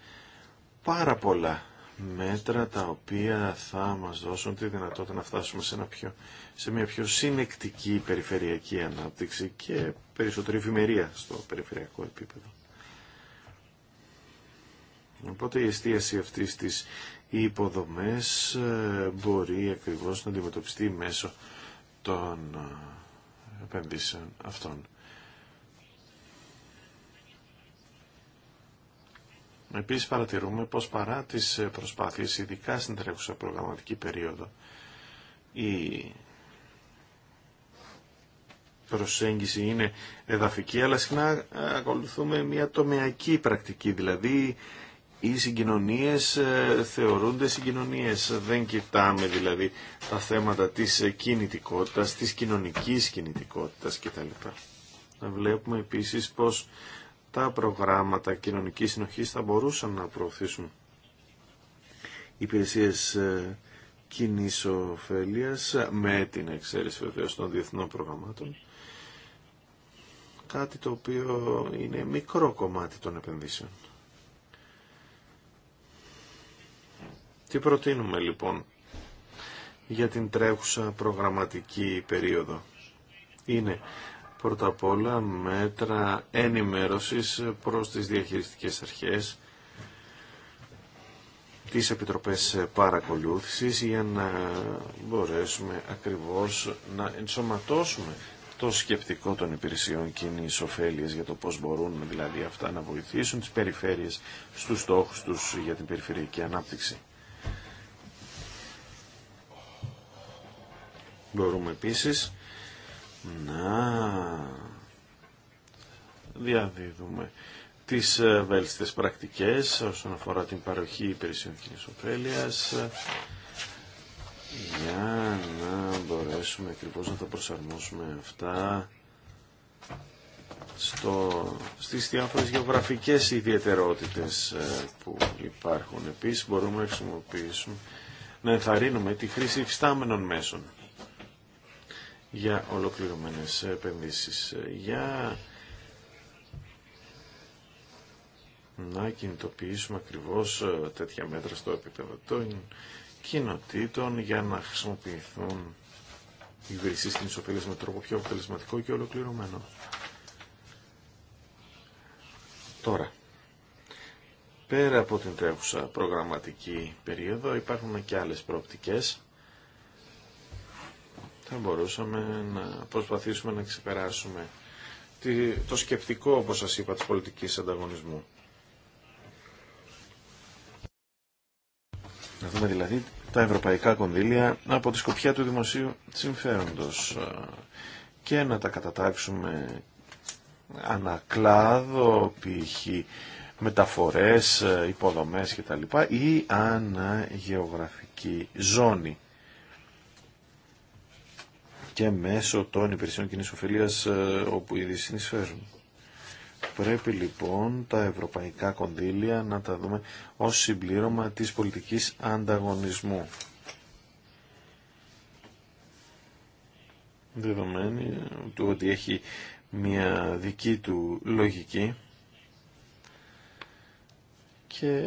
πάρα πολλά μέτρα τα οποία θα μας δώσουν τη δυνατότητα να φτάσουμε σε, ένα πιο, σε μια πιο συνεκτική περιφερειακή ανάπτυξη και περισσότερη ευημερία στο περιφερειακό επίπεδο. Οπότε η εστίαση αυτής της υποδομές ε, μπορεί ακριβώς να αντιμετωπιστεί μέσω των ε, επενδύσεων αυτών. Επίσης παρατηρούμε πως παρά τις ε, προσπάθειες, ειδικά στην τρέχουσα προγραμματική περίοδο, η προσέγγιση είναι εδαφική, αλλά συχνά ακολουθούμε μια τομεακή πρακτική, δηλαδή οι συγκοινωνίες ε, θεωρούνται συγκοινωνίες. Δεν κοιτάμε δηλαδή τα θέματα της ε, κινητικότητας, της κοινωνικής κινητικότητας κτλ. Βλέπουμε επίσης πως τα προγράμματα κοινωνικής συνοχής θα μπορούσαν να προωθήσουν υπηρεσίες ε, κοινή ωφέλεια με την εξαίρεση βεβαίω των διεθνών προγραμμάτων. Κάτι το οποίο είναι μικρό κομμάτι των επενδύσεων. Τι προτείνουμε λοιπόν για την τρέχουσα προγραμματική περίοδο. Είναι πρώτα απ' όλα μέτρα ενημέρωσης προς τις διαχειριστικές αρχές, τις επιτροπές παρακολούθησης για να μπορέσουμε ακριβώς να ενσωματώσουμε το σκεπτικό των υπηρεσιών κοινή ωφέλειας για το πώς μπορούν δηλαδή αυτά να βοηθήσουν τις περιφέρειες στους στόχους τους για την περιφερειακή ανάπτυξη. Μπορούμε επίσης να διαδίδουμε τις ε, βέλτιστες πρακτικές όσον αφορά την παροχή υπηρεσιών κοινής ωφέλειας ε, για να μπορέσουμε ακριβώ να τα προσαρμόσουμε αυτά στο, στις διάφορες γεωγραφικές ιδιαιτερότητες ε, που υπάρχουν. Επίσης μπορούμε να χρησιμοποιήσουμε, να ενθαρρύνουμε τη χρήση υφιστάμενων μέσων για ολοκληρωμένες επενδύσεις. Για να κινητοποιήσουμε ακριβώς ε, τέτοια μέτρα στο επίπεδο των κοινοτήτων για να χρησιμοποιηθούν οι υπηρεσίε κοινή με τρόπο πιο αποτελεσματικό και ολοκληρωμένο. Τώρα, πέρα από την τρέχουσα προγραμματική περίοδο υπάρχουν και άλλες προοπτικές θα μπορούσαμε να προσπαθήσουμε να ξεπεράσουμε το σκεπτικό, όπως σας είπα, της πολιτικής ανταγωνισμού. Να δούμε δηλαδή τα ευρωπαϊκά κονδύλια από τη σκοπιά του δημοσίου συμφέροντος και να τα κατατάξουμε ανακλάδο, π.χ. μεταφορές, υποδομές κτλ. ή αναγεωγραφική ζώνη και μέσω των υπηρεσιών κοινή ωφελία ε, όπου ήδη συνεισφέρουν. Πρέπει λοιπόν τα ευρωπαϊκά κονδύλια να τα δούμε ως συμπλήρωμα της πολιτικής ανταγωνισμού. Δεδομένη του ότι έχει μια δική του λογική και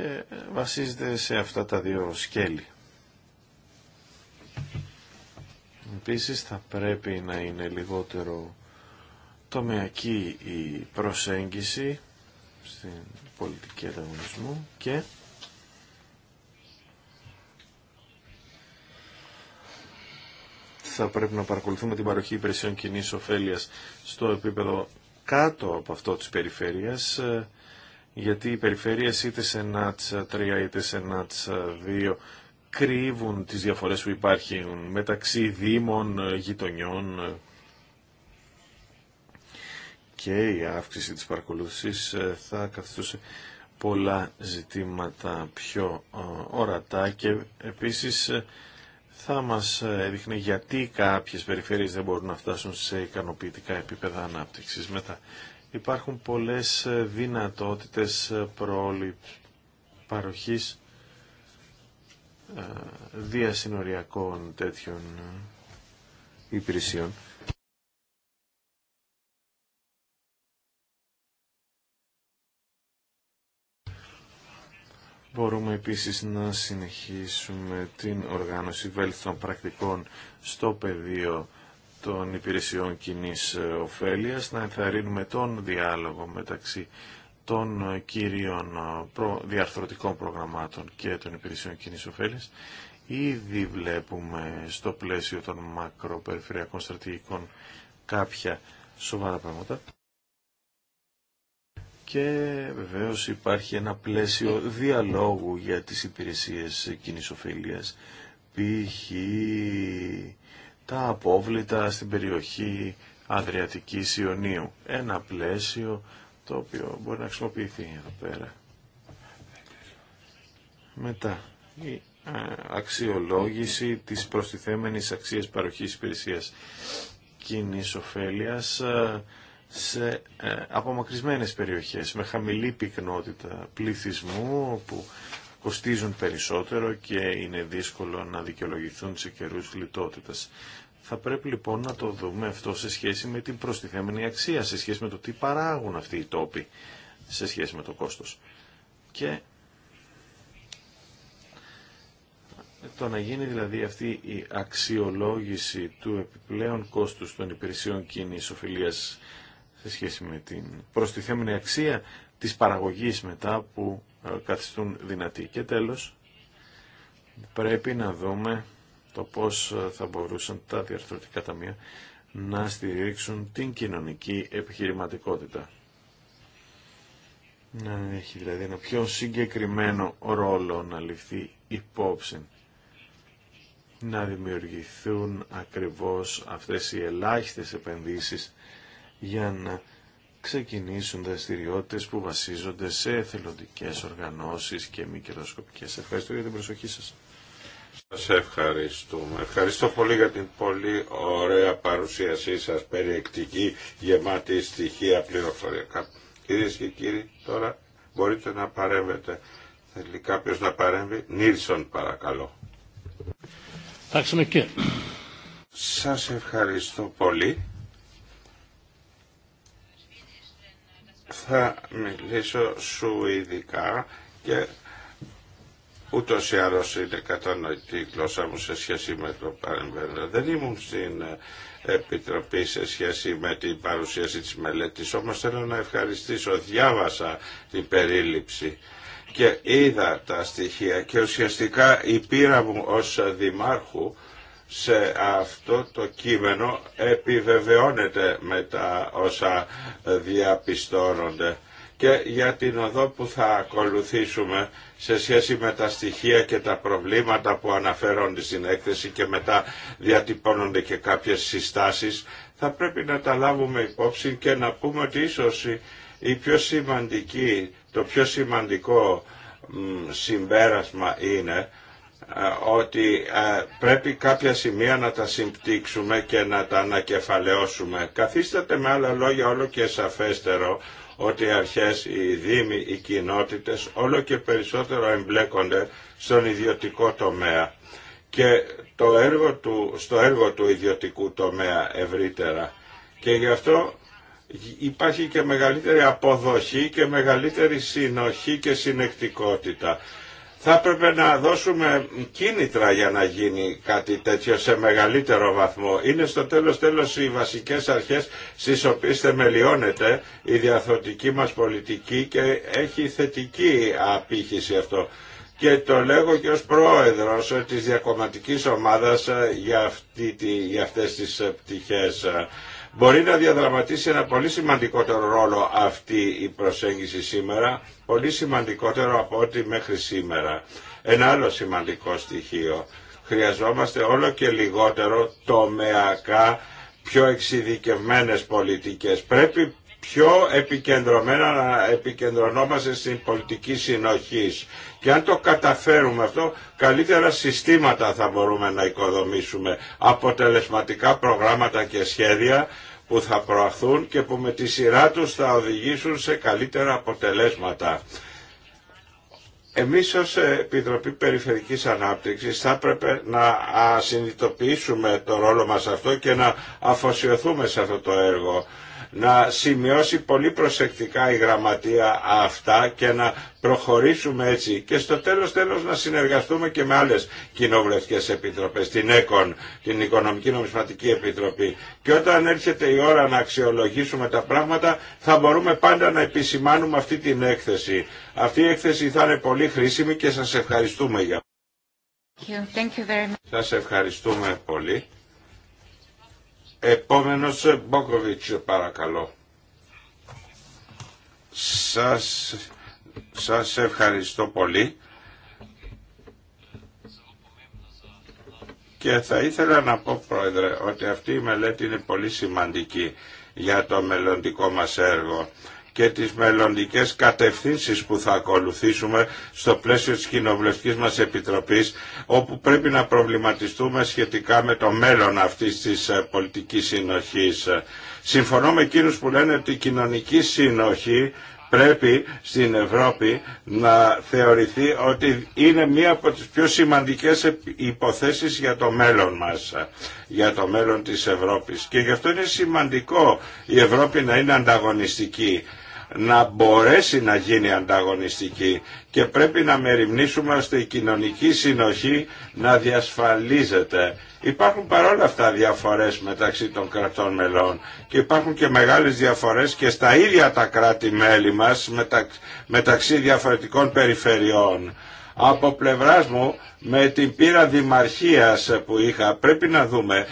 βασίζεται σε αυτά τα δύο σκέλη. Επίσης θα πρέπει να είναι λιγότερο τομεακή η προσέγγιση στην πολιτική ανταγωνισμού και θα πρέπει να παρακολουθούμε την παροχή υπηρεσιών κοινή ωφέλεια στο επίπεδο κάτω από αυτό της περιφέρειας ε, γιατί οι περιφέρεια είτε σε ΝΑΤΣ 3 είτε σε ΝΑΤΣ 2 κρύβουν τις διαφορές που υπάρχουν μεταξύ δήμων, γειτονιών και η αύξηση της παρακολούθησης ε, θα καθιστούσε πολλά ζητήματα πιο ε, ορατά και επίσης ε, θα μας έδειχνε γιατί κάποιες περιφέρειες δεν μπορούν να φτάσουν σε ικανοποιητικά επίπεδα ανάπτυξης. Μετά υπάρχουν πολλές δυνατότητες πρόληψης παροχής ε, διασυνοριακών τέτοιων ε, υπηρεσιών. Μπορούμε επίσης να συνεχίσουμε την οργάνωση βέλθων πρακτικών στο πεδίο των υπηρεσιών κοινή ε, ωφέλειας, να ενθαρρύνουμε τον διάλογο μεταξύ των ε, κύριων ε, διαρθρωτικών προγραμμάτων και των υπηρεσιών κοινή ωφέλης. Ήδη βλέπουμε στο πλαίσιο των μακροπεριφερειακών στρατηγικών κάποια σοβαρά πράγματα. Και βεβαίως υπάρχει ένα πλαίσιο διαλόγου για τις υπηρεσίες κοινή ωφέλειας. Π.χ. τα απόβλητα στην περιοχή Αδριατικής Ιωνίου. Ένα πλαίσιο το οποίο μπορεί να χρησιμοποιηθεί εδώ πέρα. Μετά, η αξιολόγηση της προστιθέμενης αξίας παροχής υπηρεσίας κοινή ωφέλεια σε ε, απομακρυσμένες περιοχές με χαμηλή πυκνότητα πληθυσμού που κοστίζουν περισσότερο και είναι δύσκολο να δικαιολογηθούν σε καιρούς λιτότητας. Θα πρέπει λοιπόν να το δούμε αυτό σε σχέση με την προστιθέμενη αξία, σε σχέση με το τι παράγουν αυτοί οι τόποι, σε σχέση με το κόστος. Και το να γίνει δηλαδή αυτή η αξιολόγηση του επιπλέον κόστους των υπηρεσιών κοινής οφειλίας σε σχέση με την προστιθέμενη αξία της παραγωγής μετά που ε, καθιστούν δυνατή. Και τέλος, πρέπει να δούμε το πώς ε, θα μπορούσαν τα διαρθρωτικά ταμεία να στηρίξουν την κοινωνική επιχειρηματικότητα. Να έχει δηλαδή ένα πιο συγκεκριμένο ρόλο να ληφθεί υπόψη. Να δημιουργηθούν ακριβώς αυτές οι ελάχιστες επενδύσεις για να ξεκινήσουν δραστηριότητε που βασίζονται σε εθελοντικές οργανώσεις και μη κερδοσκοπικές. Ευχαριστώ για την προσοχή σας. Σας ευχαριστούμε. Ευχαριστώ πολύ για την πολύ ωραία παρουσίασή σας, περιεκτική, γεμάτη στοιχεία πληροφοριακά. Κυρίες και κύριοι, τώρα μπορείτε να παρέμβετε. Θέλει κάποιος να παρέμβει. Νίλσον παρακαλώ. Σας ευχαριστώ πολύ. Θα μιλήσω σου ειδικά και ούτως ή άλλως είναι κατανοητή η γλώσσα μου σε σχέση με το παρεμβαίνω. Δεν ήμουν στην Επιτροπή σε σχέση με την παρουσίαση της μελέτης, όμως θέλω να ευχαριστήσω. Διάβασα την περίληψη και είδα τα στοιχεία και ουσιαστικά η πείρα μου ως δημάρχου σε αυτό το κείμενο επιβεβαιώνεται με τα όσα διαπιστώνονται και για την οδό που θα ακολουθήσουμε σε σχέση με τα στοιχεία και τα προβλήματα που αναφέρονται στην έκθεση και μετά διατυπώνονται και κάποιες συστάσεις, θα πρέπει να τα λάβουμε υπόψη και να πούμε ότι ίσως η πιο σημαντική, το πιο σημαντικό συμπέρασμα είναι ε, ότι ε, πρέπει κάποια σημεία να τα συμπτύξουμε και να τα ανακεφαλαιώσουμε. Καθίσταται με άλλα λόγια όλο και σαφέστερο ότι οι αρχές, οι δήμοι, οι κοινότητες όλο και περισσότερο εμπλέκονται στον ιδιωτικό τομέα και το έργο του, στο έργο του ιδιωτικού τομέα ευρύτερα. Και γι' αυτό υπάρχει και μεγαλύτερη αποδοχή και μεγαλύτερη συνοχή και συνεκτικότητα θα έπρεπε να δώσουμε κίνητρα για να γίνει κάτι τέτοιο σε μεγαλύτερο βαθμό. Είναι στο τέλος τέλος οι βασικές αρχές στις οποίες θεμελιώνεται η διαθωτική μας πολιτική και έχει θετική απήχηση αυτό. Και το λέγω και ως πρόεδρος της διακομματικής ομάδας για, αυτή, για αυτές τις πτυχές μπορεί να διαδραματίσει ένα πολύ σημαντικότερο ρόλο αυτή η προσέγγιση σήμερα, πολύ σημαντικότερο από ό,τι μέχρι σήμερα. Ένα άλλο σημαντικό στοιχείο. Χρειαζόμαστε όλο και λιγότερο τομεακά πιο εξειδικευμένες πολιτικές. Πρέπει πιο επικεντρωμένα να επικεντρωνόμαστε στην πολιτική συνοχής. Και αν το καταφέρουμε αυτό, καλύτερα συστήματα θα μπορούμε να οικοδομήσουμε, αποτελεσματικά προγράμματα και σχέδια που θα προαχθούν και που με τη σειρά τους θα οδηγήσουν σε καλύτερα αποτελέσματα. Εμείς ως Επιτροπή Περιφερικής Ανάπτυξης θα έπρεπε να συνειδητοποιήσουμε το ρόλο μας αυτό και να αφοσιωθούμε σε αυτό το έργο να σημειώσει πολύ προσεκτικά η γραμματεία αυτά και να προχωρήσουμε έτσι και στο τέλος τέλος να συνεργαστούμε και με άλλες κοινοβουλευτικές επιτροπές, την ΕΚΟΝ, την Οικονομική Νομισματική Επιτροπή και όταν έρχεται η ώρα να αξιολογήσουμε τα πράγματα θα μπορούμε πάντα να επισημάνουμε αυτή την έκθεση. Αυτή η έκθεση θα είναι πολύ χρήσιμη και σας ευχαριστούμε για Σας ευχαριστούμε πολύ. Επόμενος Μπόκοβιτς παρακαλώ. Σας, σας ευχαριστώ πολύ. Και θα ήθελα να πω, Πρόεδρε, ότι αυτή η μελέτη είναι πολύ σημαντική για το μελλοντικό μας έργο και τις μελλοντικές κατευθύνσεις που θα ακολουθήσουμε στο πλαίσιο της Κοινοβουλευτικής μας Επιτροπής όπου πρέπει να προβληματιστούμε σχετικά με το μέλλον αυτής της ε, πολιτικής συνοχής. Συμφωνώ με εκείνους που λένε ότι η κοινωνική συνοχή πρέπει στην Ευρώπη να θεωρηθεί ότι είναι μία από τις πιο σημαντικές υποθέσεις για το μέλλον μας, για το μέλλον της Ευρώπης. Και γι' αυτό είναι σημαντικό η Ευρώπη να είναι ανταγωνιστική να μπορέσει να γίνει ανταγωνιστική και πρέπει να μεριμνήσουμε ώστε η κοινωνική συνοχή να διασφαλίζεται. Υπάρχουν παρόλα αυτά διαφορές μεταξύ των κρατών μελών και υπάρχουν και μεγάλες διαφορές και στα ίδια τα κράτη-μέλη μας μεταξύ διαφορετικών περιφερειών. Από πλευράς μου με την πείρα δημαρχίας που είχα πρέπει να δούμε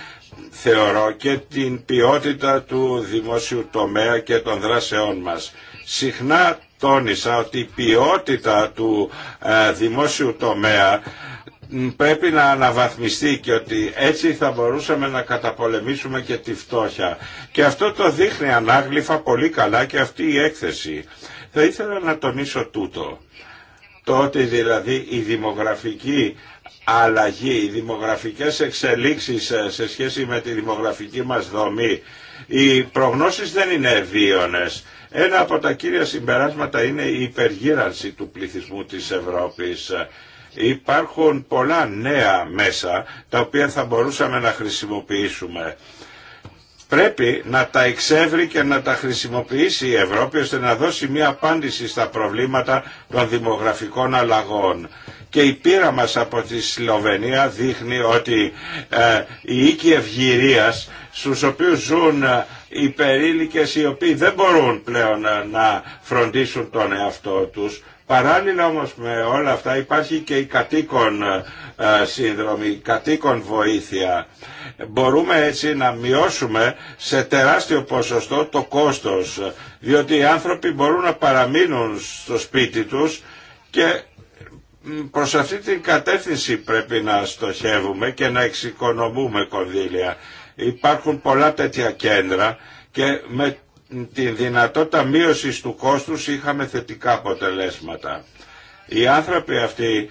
θεωρώ και την ποιότητα του δημόσιου τομέα και των δράσεών μας. Συχνά τόνισα ότι η ποιότητα του ε, δημόσιου τομέα πρέπει να αναβαθμιστεί και ότι έτσι θα μπορούσαμε να καταπολεμήσουμε και τη φτώχεια. Και αυτό το δείχνει ανάγλυφα πολύ καλά και αυτή η έκθεση. Θα ήθελα να τονίσω τούτο. Το ότι δηλαδή η δημογραφική αλλαγή, οι δημογραφικές εξελίξεις ε, σε σχέση με τη δημογραφική μας δομή, οι προγνώσεις δεν είναι βίωνες. Ένα από τα κύρια συμπεράσματα είναι η υπεργύρανση του πληθυσμού της Ευρώπης. Υπάρχουν πολλά νέα μέσα τα οποία θα μπορούσαμε να χρησιμοποιήσουμε πρέπει να τα εξεύρει και να τα χρησιμοποιήσει η Ευρώπη ώστε να δώσει μια απάντηση στα προβλήματα των δημογραφικών αλλαγών. Και η πείρα μας από τη Σλοβενία δείχνει ότι ε, οι οίκοι ευγυρίας στους οποίους ζουν ε, οι περίλικες οι οποίοι δεν μπορούν πλέον ε, να φροντίσουν τον εαυτό τους Παράλληλα όμως με όλα αυτά υπάρχει και η κατοίκον ε, ε, σύνδρομη, η κατοίκον βοήθεια. Μπορούμε έτσι να μειώσουμε σε τεράστιο ποσοστό το κόστος, διότι οι άνθρωποι μπορούν να παραμείνουν στο σπίτι τους και προς αυτή την κατεύθυνση πρέπει να στοχεύουμε και να εξοικονομούμε κονδύλια. Υπάρχουν πολλά τέτοια κέντρα και με τη δυνατότητα μείωσης του κόστους είχαμε θετικά αποτελέσματα. Οι άνθρωποι αυτοί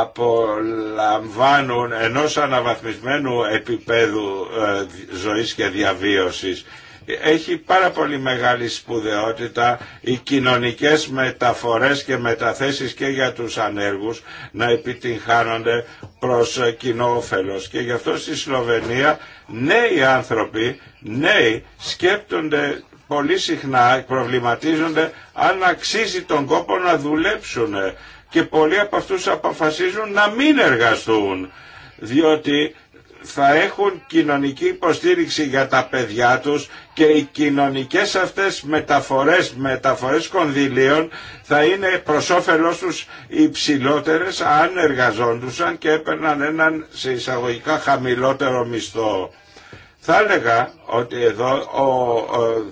απολαμβάνουν ενός αναβαθμισμένου επίπεδου ε, ζωής και διαβίωσης έχει πάρα πολύ μεγάλη σπουδαιότητα οι κοινωνικές μεταφορές και μεταθέσεις και για τους ανέργους να επιτυγχάνονται προς κοινό όφελος. Και γι' αυτό στη Σλοβενία νέοι άνθρωποι, νέοι σκέπτονται πολύ συχνά, προβληματίζονται αν αξίζει τον κόπο να δουλέψουν και πολλοί από αυτούς αποφασίζουν να μην εργαστούν διότι θα έχουν κοινωνική υποστήριξη για τα παιδιά τους και οι κοινωνικές αυτές μεταφορές, μεταφορές κονδυλίων θα είναι προς όφελός τους υψηλότερες αν εργαζόντουσαν και έπαιρναν έναν σε εισαγωγικά χαμηλότερο μισθό. Θα έλεγα ότι εδώ ο, ο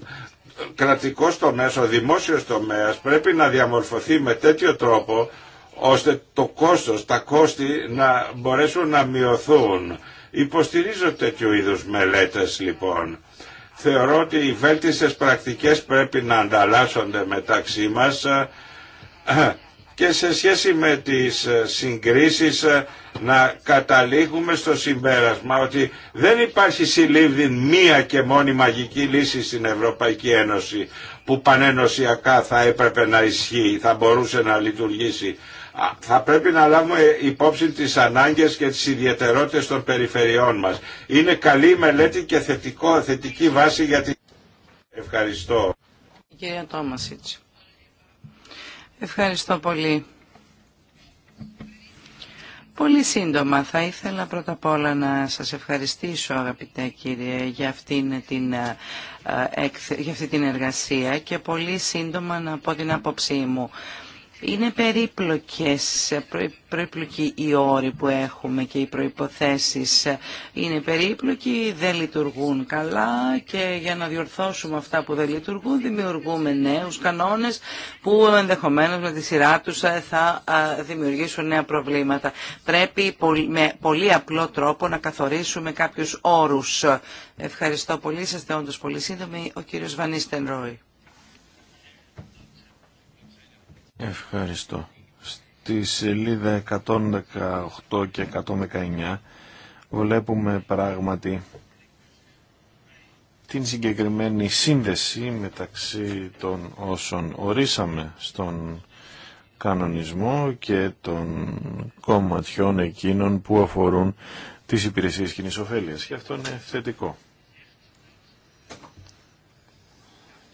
κρατικός τομέας, ο δημόσιος τομέας πρέπει να διαμορφωθεί με τέτοιο τρόπο ώστε το κόστος, τα κόστη να μπορέσουν να μειωθούν Υποστηρίζω τέτοιου είδους μελέτες λοιπόν. Θεωρώ ότι οι βέλτιστες πρακτικές πρέπει να ανταλλάσσονται μεταξύ μας ε, και σε σχέση με τις ε, συγκρίσεις ε, να καταλήγουμε στο συμπέρασμα ότι δεν υπάρχει συλλήβδη μία και μόνη μαγική λύση στην Ευρωπαϊκή Ένωση που πανενωσιακά θα έπρεπε να ισχύει, θα μπορούσε να λειτουργήσει θα πρέπει να λάβουμε υπόψη τις ανάγκες και τις ιδιαιτερότητες των περιφερειών μας. Είναι καλή μελέτη και θετικό, θετική βάση για την... Ευχαριστώ. Κύριε Τόμασιτς. Ευχαριστώ πολύ. Πολύ σύντομα θα ήθελα πρώτα απ' όλα να σας ευχαριστήσω αγαπητέ κύριε για αυτήν την ε, ε, για αυτή την εργασία και πολύ σύντομα να πω την άποψή μου. Είναι περίπλοκες, οι όροι που έχουμε και οι προϋποθέσεις. Είναι περίπλοκοι, δεν λειτουργούν καλά και για να διορθώσουμε αυτά που δεν λειτουργούν δημιουργούμε νέους κανόνες που ενδεχομένως με τη σειρά τους ε, θα ε, δημιουργήσουν νέα προβλήματα. Πρέπει με πολύ απλό τρόπο να καθορίσουμε κάποιους όρους. Ευχαριστώ πολύ. είστε όντως πολύ σύντομοι. Ο κύριος Βανίστεν Ρόι. Ευχαριστώ. Στη σελίδα 118 και 119 βλέπουμε πράγματι την συγκεκριμένη σύνδεση μεταξύ των όσων ορίσαμε στον κανονισμό και των κομματιών εκείνων που αφορούν τις υπηρεσίες κοινής ωφέλειας. Και αυτό είναι θετικό.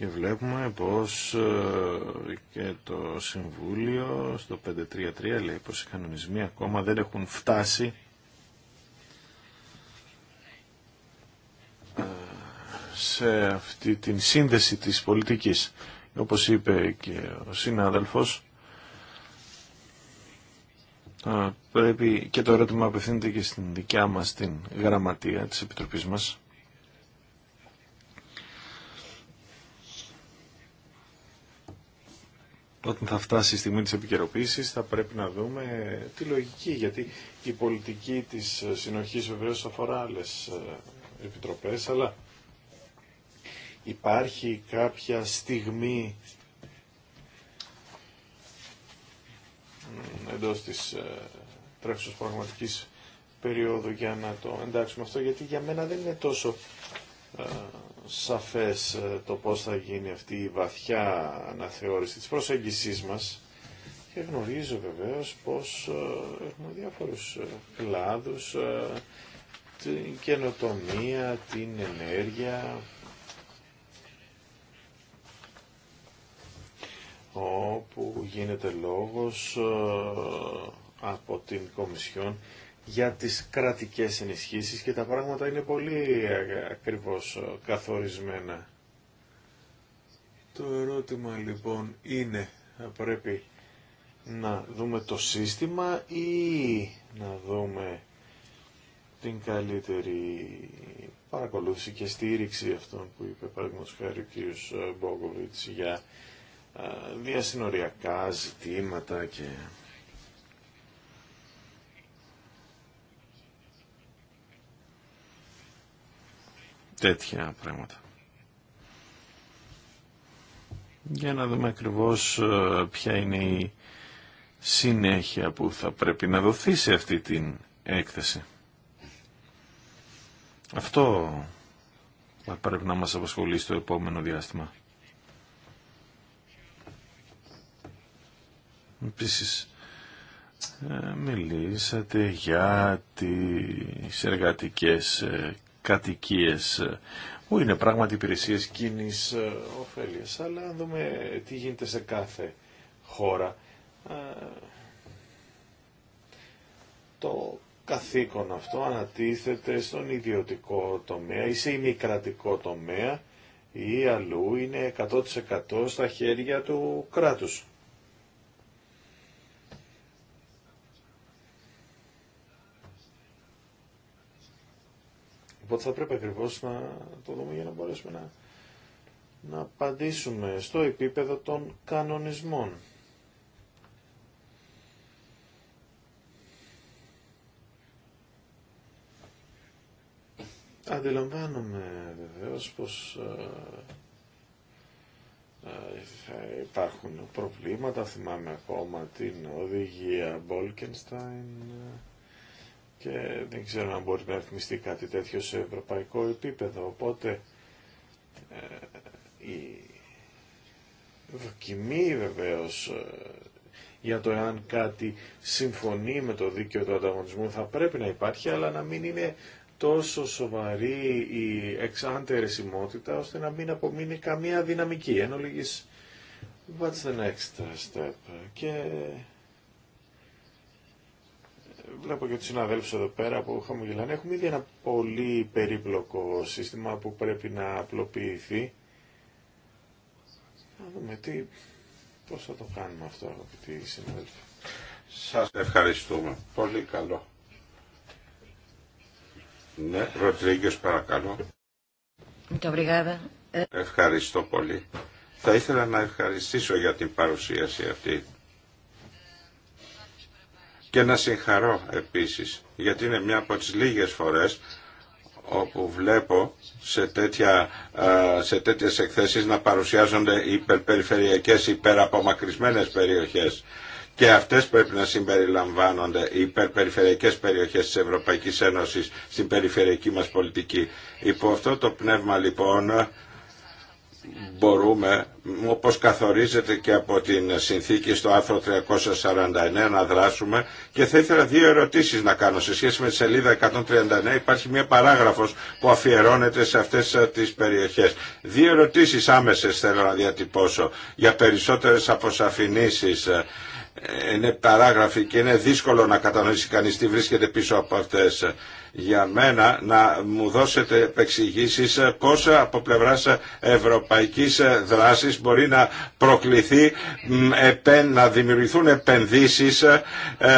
Και βλέπουμε πως ε, και το Συμβούλιο στο 533 λέει πως οι κανονισμοί ακόμα δεν έχουν φτάσει ε, σε αυτή την σύνδεση της πολιτικής. Όπως είπε και ο συνάδελφος, ε, πρέπει και το ερώτημα απευθύνεται και στην δικιά μας την γραμματεία της Επιτροπής μας. όταν θα φτάσει η στιγμή της επικαιροποίησης θα πρέπει να δούμε τη λογική γιατί η πολιτική της συνοχής βεβαίως αφορά άλλε ε, επιτροπές αλλά υπάρχει κάποια στιγμή εντός της ε, τρέχουσας πραγματικής περίοδου για να το εντάξουμε αυτό γιατί για μένα δεν είναι τόσο ε, σαφές ε, το πώς θα γίνει αυτή η βαθιά αναθεώρηση της προσέγγισής μας και γνωρίζω βεβαίως πως ε, έχουμε διάφορους ε, κλάδους, την καινοτομία, την ενέργεια, όπου γίνεται λόγος από την Κομισιόν για τις κρατικές ενισχύσεις και τα πράγματα είναι πολύ ε, ακριβώς ε, καθορισμένα. Το ερώτημα λοιπόν είναι, πρέπει να δούμε το σύστημα ή να δούμε την καλύτερη παρακολούθηση και στήριξη αυτών που είπε παραδείγματος χάρη ο κ. Ε, Μπόγκοβιτς για διασυνοριακά ζητήματα και τέτοια πράγματα. Για να δούμε ακριβώς ε, ποια είναι η συνέχεια που θα πρέπει να δοθεί σε αυτή την έκθεση. Αυτό θα πρέπει να μας απασχολεί στο επόμενο διάστημα. Επίσης, ε, μιλήσατε για τις εργατικές ε, κατοικίες ε, που είναι πράγματι υπηρεσίε κοινή ε, ωφέλεια. Αλλά αν δούμε τι γίνεται σε κάθε χώρα, ε, το καθήκον αυτό ανατίθεται στον ιδιωτικό τομέα ή σε ημικρατικό τομέα ή αλλού είναι 100% στα χέρια του κράτους. Οπότε θα πρέπει ακριβώ να το δούμε για να μπορέσουμε να, να απαντήσουμε στο επίπεδο των κανονισμών. Αντιλαμβάνομαι βεβαίω πως ε, ε, θα υπάρχουν προβλήματα. Θυμάμαι ακόμα την οδηγία Μπόλκενστάιν και δεν ξέρω αν μπορεί να ρυθμιστεί κάτι τέτοιο σε ευρωπαϊκό επίπεδο. Οπότε ε, η δοκιμή βεβαίως ε, για το εάν κάτι συμφωνεί με το δίκαιο του ανταγωνισμού θα πρέπει να υπάρχει, αλλά να μην είναι τόσο σοβαρή η εξάντερεσιμότητα, ώστε να μην απομείνει καμία δυναμική. Εν ολίγης, what's the next step. Και βλέπω και του συναδέλφου εδώ πέρα που χαμογελάνε. Έχουμε ήδη ένα πολύ περίπλοκο σύστημα που πρέπει να απλοποιηθεί. Να δούμε τι, πώς θα το κάνουμε αυτό, αγαπητοί συναδέλφοι. Σας ευχαριστούμε. Πολύ καλό. Ναι, Ροντρίγκες παρακαλώ. Ευχαριστώ πολύ. Θα ήθελα να ευχαριστήσω για την παρουσίαση αυτή και να συγχαρώ επίσης, γιατί είναι μια από τις λίγες φορές όπου βλέπω σε, τέτοια, σε τέτοιες εκθέσεις να παρουσιάζονται υπερπεριφερειακές, υπεραπομακρυσμένες περιοχές. Και αυτές πρέπει να συμπεριλαμβάνονται, οι υπερπεριφερειακές περιοχές της Ευρωπαϊκής Ένωσης στην περιφερειακή μας πολιτική. Υπό αυτό το πνεύμα λοιπόν μπορούμε, όπως καθορίζεται και από την συνθήκη στο άρθρο 349, να δράσουμε και θα ήθελα δύο ερωτήσεις να κάνω. Σε σχέση με τη σελίδα 139 υπάρχει μια παράγραφος που αφιερώνεται σε αυτές ε, τις περιοχές. Δύο ερωτήσεις άμεσες θέλω να διατυπώσω για περισσότερες αποσαφηνήσεις ε, είναι παράγραφοι και είναι δύσκολο να κατανοήσει κανείς τι βρίσκεται πίσω από αυτές για μένα να μου δώσετε επεξηγήσεις πώς από πλευράς ευρωπαϊκής δράσης μπορεί να προκληθεί να δημιουργηθούν επενδύσεις ε,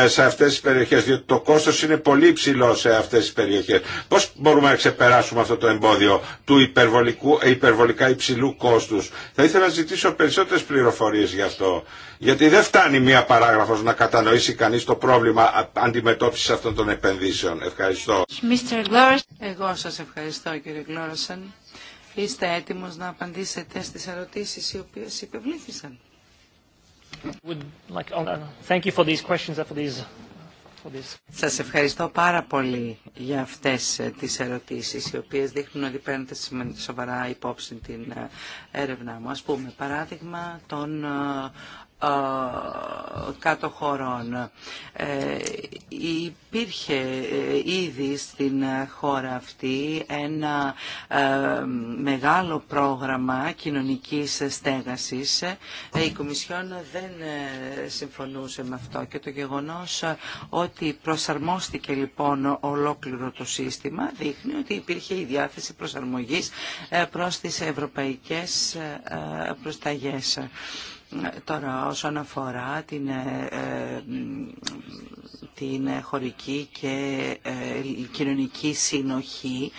σε αυτές τις περιοχές διότι το κόστος είναι πολύ υψηλό σε αυτές τις περιοχές. Πώς μπορούμε να ξεπεράσουμε αυτό το εμπόδιο του υπερβολικού, υπερβολικά υψηλού κόστους. Θα ήθελα να ζητήσω περισσότερες πληροφορίες γι' αυτό. Γιατί δεν φτάνει μία παράγραφος να κατανοήσει κανείς το πρόβλημα αντιμετώπισης αυτών των επενδύσεων. Ευχαριστώ. Εγώ σας ευχαριστώ κύριε Γκλώρασεν. Είστε έτοιμος να απαντήσετε στις ερωτήσεις οι οποίες υπευλήθησαν. Σας ευχαριστώ πάρα πολύ για αυτές ε, τις ερωτήσεις οι οποίες δείχνουν ότι παίρνετε σοβαρά υπόψη την ε, έρευνά μου. Ας πούμε, παράδειγμα των ε, ε, Κατο χωρών. Ε, υπήρχε ε, ήδη στην χώρα αυτή ένα μεγάλο πρόγραμμα κοινωνικής στέγασης. Η Κομισιόν δεν συμφωνούσε με αυτό και το γεγονός ότι προσαρμόστηκε λοιπόν ολόκληρο το σύστημα δείχνει ότι υπήρχε η διάθεση προσαρμογής προς τις ευρωπαϊκές προσταγές. Τώρα όσον αφορά την, ε, ε, την χωρική και ε, κοινωνική συνοχή,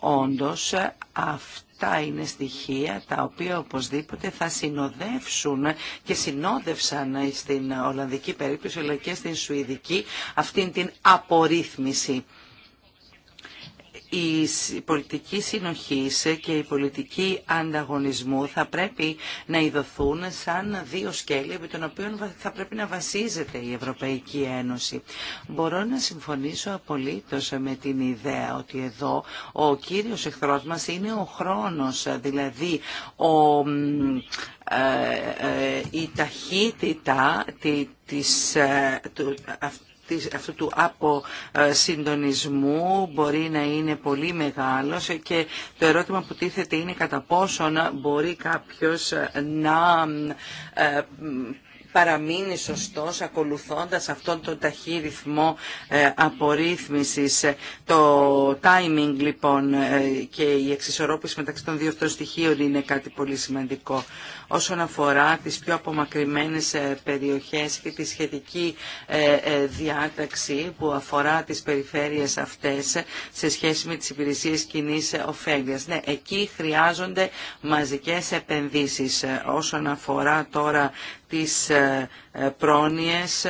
όντως αυτά είναι στοιχεία τα οποία οπωσδήποτε θα συνοδεύσουν και συνόδευσαν στην Ολλανδική περίπτωση αλλά και στην Σουηδική αυτήν την απορρίθμιση η πολιτική συνοχή και η πολιτική ανταγωνισμού θα πρέπει να ειδωθούν σαν δύο σκέλη επί των οποίων θα πρέπει να βασίζεται η Ευρωπαϊκή Ένωση. Μπορώ να συμφωνήσω απολύτως με την ιδέα ότι εδώ ο κύριος εχθρός μας είναι ο χρόνος, δηλαδή ο, ε, ε, η ταχύτητα της, ε, αυτού του αποσυντονισμού μπορεί να είναι πολύ μεγάλος και το ερώτημα που τίθεται είναι κατά πόσον μπορεί κάποιος να ε, παραμείνει σωστός ακολουθώντας αυτόν τον ταχύ ρυθμό ε, απορρίθμισης. Το timing λοιπόν ε, και η εξισορρόπηση μεταξύ των δύο αυτών στοιχείων είναι κάτι πολύ σημαντικό όσον αφορά τις πιο απομακρυμένες ε, περιοχές και τη σχετική ε, ε, διάταξη που αφορά τις περιφέρειες αυτές σε σχέση με τις υπηρεσίες κοινή ωφέλειας. Ναι, εκεί χρειάζονται μαζικές επενδύσεις όσον αφορά τώρα τις πρόνοιες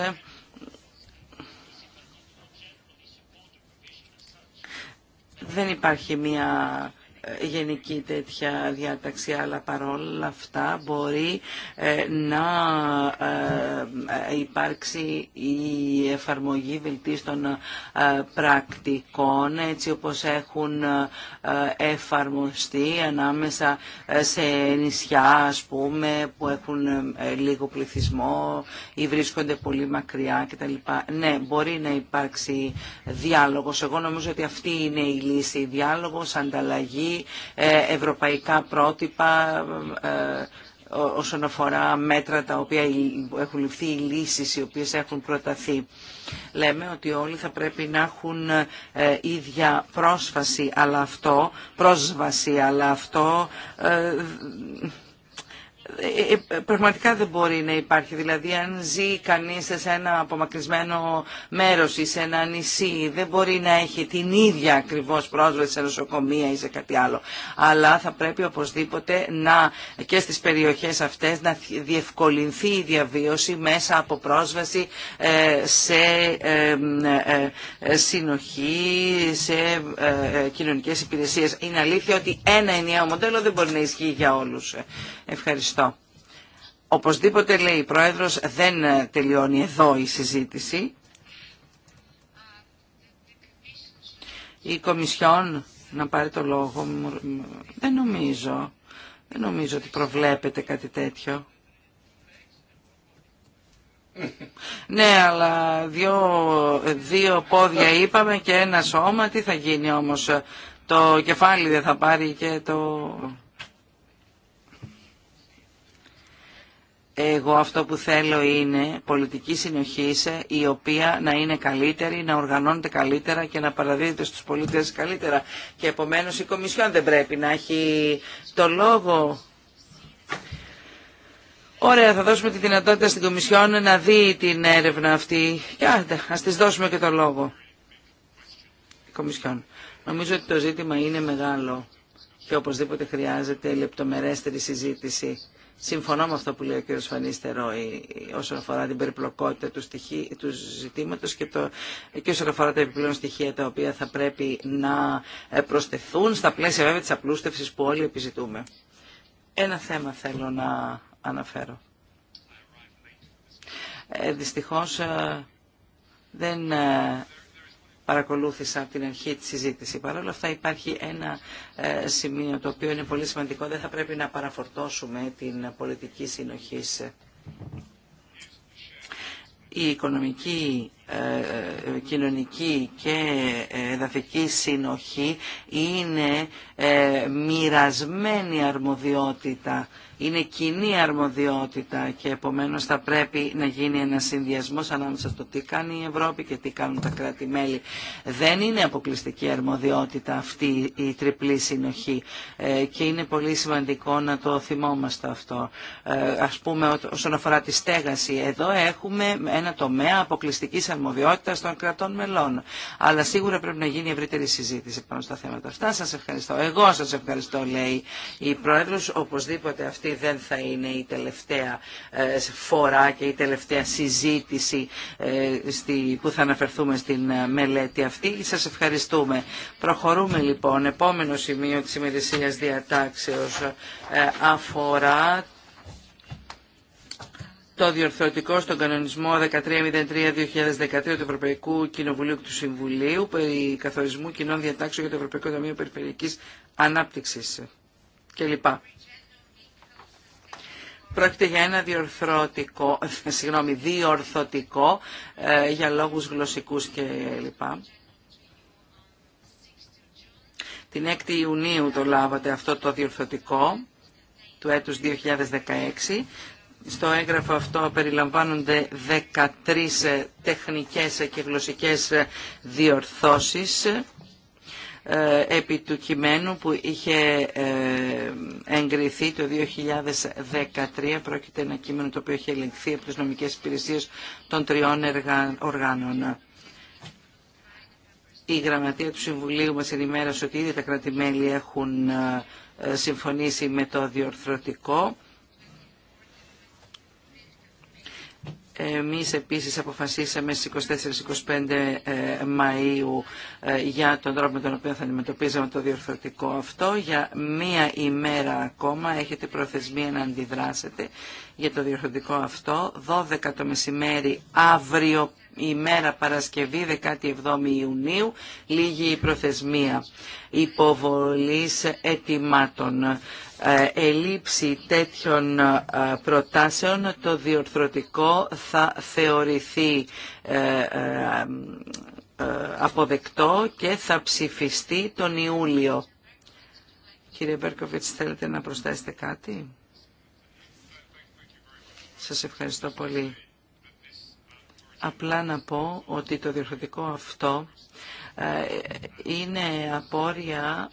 δεν υπάρχει μια ε, γενική τέτοια διάταξη, αλλά παρόλα αυτά μπορεί ε, να ε, υπάρξει η εφαρμογή βελτίστων πρακτικών, έτσι όπως έχουν εφαρμοστεί ανάμεσα σε νησιά, ας πούμε, που έχουν λίγο πληθυσμό ή βρίσκονται πολύ μακριά κτλ. Ναι, μπορεί να υπάρξει διάλογος. Εγώ νομίζω ότι αυτή είναι η λύση. Διάλογος, ανταλλαγή ε, ευρωπαϊκά πρότυπα ε, όσον αφορά μέτρα τα οποία έχουν ληφθεί, οι λύσεις οι οποίες έχουν προταθεί. Λέμε ότι όλοι θα πρέπει να έχουν ε, ίδια πρόσβαση, αλλά αυτό, πρόσβαση, αλλά αυτό ε, ε, πραγματικά δεν μπορεί να υπάρχει. Δηλαδή, αν ζει κανεί σε ένα απομακρυσμένο μέρος ή σε ένα νησί, δεν μπορεί να έχει την ίδια ακριβώ πρόσβαση σε νοσοκομεία ή σε κάτι άλλο. Αλλά θα πρέπει οπωσδήποτε να, και στις περιοχές αυτές να διευκολυνθεί η διαβίωση μέσα από πρόσβαση ε, σε συνοχή, σε κοινωνικέ υπηρεσίε. Είναι αλήθεια ότι ένα ενιαίο μοντέλο δεν μπορεί να ισχύει για όλου. Ευχαριστώ. Οπωσδήποτε λέει η Πρόεδρος δεν ε, τελειώνει εδώ η συζήτηση. Η Κομισιόν να πάρει το λόγο. Δεν νομίζω. Δεν νομίζω ότι προβλέπεται κάτι τέτοιο. Ναι, αλλά δύο, δύο πόδια είπαμε και ένα σώμα. Τι θα γίνει όμως, ε, το κεφάλι δεν θα πάρει και το... Εγώ αυτό που θέλω είναι πολιτική συνοχή ε, η οποία να είναι καλύτερη, να οργανώνεται καλύτερα και να παραδίδεται στους πολίτες καλύτερα. Και επομένως η Κομισιόν δεν πρέπει να έχει το λόγο. Ωραία, θα δώσουμε τη δυνατότητα στην Κομισιόν να δει την έρευνα αυτή. Και άντε, ας της δώσουμε και το λόγο. Κομισιόν. Νομίζω ότι το ζήτημα είναι μεγάλο και οπωσδήποτε χρειάζεται λεπτομερέστερη συζήτηση. Συμφωνώ με αυτό που λέει ο κ. Φανίστερο όσον αφορά την περιπλοκότητα του, στοιχεί, του ζητήματος και, το, και όσον αφορά τα επιπλέον στοιχεία τα οποία θα πρέπει να ε, προσθεθούν στα πλαίσια βέβαια της απλούστευσης που όλοι επιζητούμε. Ένα θέμα θέλω να αναφέρω. Ε, δυστυχώς ε, δεν ε, παρακολούθησα από την αρχή τη συζήτηση. Παρ' όλα αυτά υπάρχει ένα ε, σημείο το οποίο είναι πολύ σημαντικό. Δεν θα πρέπει να παραφορτώσουμε την πολιτική συνοχή. Η οικονομική ε, ε, κοινωνική και εδαφική συνοχή είναι ε, μοιρασμένη αρμοδιότητα, είναι κοινή αρμοδιότητα και επομένως θα πρέπει να γίνει ένα συνδυασμός ανάμεσα στο τι κάνει η Ευρώπη και τι κάνουν τα κράτη-μέλη. Δεν είναι αποκλειστική αρμοδιότητα αυτή η τριπλή συνοχή και είναι πολύ σημαντικό να το θυμόμαστε αυτό. Ας πούμε όσον αφορά τη στέγαση, εδώ έχουμε ένα τομέα αποκλειστικής των κρατών μελών. Αλλά σίγουρα πρέπει να γίνει ευρύτερη συζήτηση πάνω στα θέματα αυτά. Σας ευχαριστώ. Εγώ σας ευχαριστώ λέει η πρόεδρο. Οπωσδήποτε αυτή δεν θα είναι η τελευταία ε, φορά και η τελευταία συζήτηση ε, που θα αναφερθούμε στην ε, μελέτη αυτή. Σας ευχαριστούμε. Προχωρούμε λοιπόν. Επόμενο σημείο της ημερησίας διατάξεως αφορά το διορθωτικό στον κανονισμό 1303-2013 του Ευρωπαϊκού Κοινοβουλίου και του Συμβουλίου περί καθορισμού κοινών διατάξεων για το Ευρωπαϊκό Ταμείο Περιφερειακής Ανάπτυξης κλπ. Πρόκειται για ένα διορθωτικό, συγγνώμη, διορθωτικό ε, για λόγους γλωσσικούς και Την 6η Ιουνίου το λάβατε αυτό το διορθωτικό του έτους 2016. Στο έγγραφο αυτό περιλαμβάνονται 13 ε, τεχνικές ε, και γλωσσικές ε, διορθώσεις επί του κειμένου που είχε εγκριθεί το 2013. Πρόκειται ένα κείμενο το οποίο είχε ελεγχθεί από τις νομικές υπηρεσίες των τριών οργάνων. Η Γραμματεία του Συμβουλίου μας ενημέρωσε ότι ήδη τα κράτη-μέλη έχουν συμφωνήσει με το διορθωτικό Εμείς επίσης αποφασίσαμε στις 24-25 Μαΐου για τον τρόπο με τον οποίο θα αντιμετωπίζαμε το διορθωτικό αυτό. Για μία ημέρα ακόμα έχετε προθεσμία να αντιδράσετε για το διορθωτικό αυτό. 12 το μεσημέρι αύριο ημέρα Παρασκευή 17 Ιουνίου λίγη η προθεσμία υποβολής ετοιμάτων. Ε, ελήψη τέτοιων ε, προτάσεων το διορθωτικό θα θεωρηθεί ε, αποδεκτό και θα ψηφιστεί τον Ιούλιο. Κύριε Μπέρκοβιτς, θέλετε να προσθέσετε κάτι. Σας ευχαριστώ πολύ. Απλά να πω ότι το διορθωτικό αυτό ε, είναι απόρρια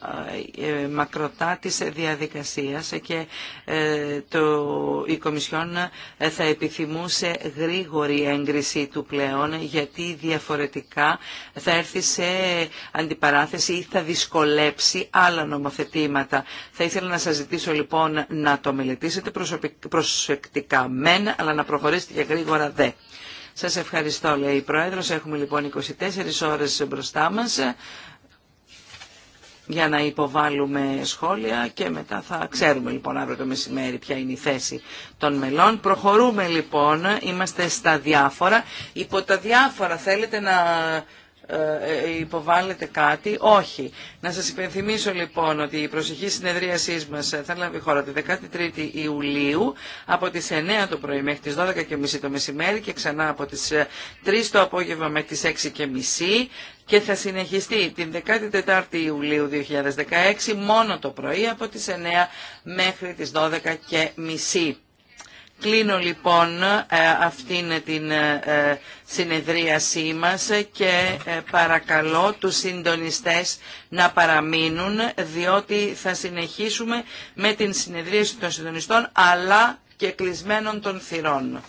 ε, ε, μακροτά της διαδικασίας και το, η Κομισιόν θα επιθυμούσε γρήγορη έγκρισή του πλέον γιατί διαφορετικά θα έρθει σε αντιπαράθεση ή θα δυσκολέψει άλλα νομοθετήματα. Θα ήθελα να σας ζητήσω λοιπόν να το μελετήσετε προσεκτικά μεν αλλά να προχωρήσετε και γρήγορα δε. Σας ευχαριστώ, λέει η Πρόεδρος. Έχουμε λοιπόν 24 ώρες μπροστά μας για να υποβάλουμε σχόλια και μετά θα ξέρουμε λοιπόν αύριο το μεσημέρι ποια είναι η θέση των μελών. Προχωρούμε λοιπόν, είμαστε στα διάφορα. Υπό τα διάφορα θέλετε να ε, ε, υποβάλλετε κάτι. Όχι. Να σας υπενθυμίσω λοιπόν ότι η προσεχή συνεδρίασή μας ε, θα λάβει χώρα τη 13η Ιουλίου από τις 9 το πρωί μέχρι τις 12.30 το μεσημέρι και ξανά από τις 3 το απόγευμα μέχρι τις 6.30 και θα συνεχιστεί την 14η Ιουλίου 2016 μόνο το πρωί από τις 9 μέχρι τις 12.30. Κλείνω λοιπόν ε, αυτήν την ε, ε, συνεδρίασή μας και παρακαλώ τους συντονιστές να παραμείνουν διότι θα συνεχίσουμε με την συνεδρίαση των συντονιστών αλλά και κλεισμένων των θυρών.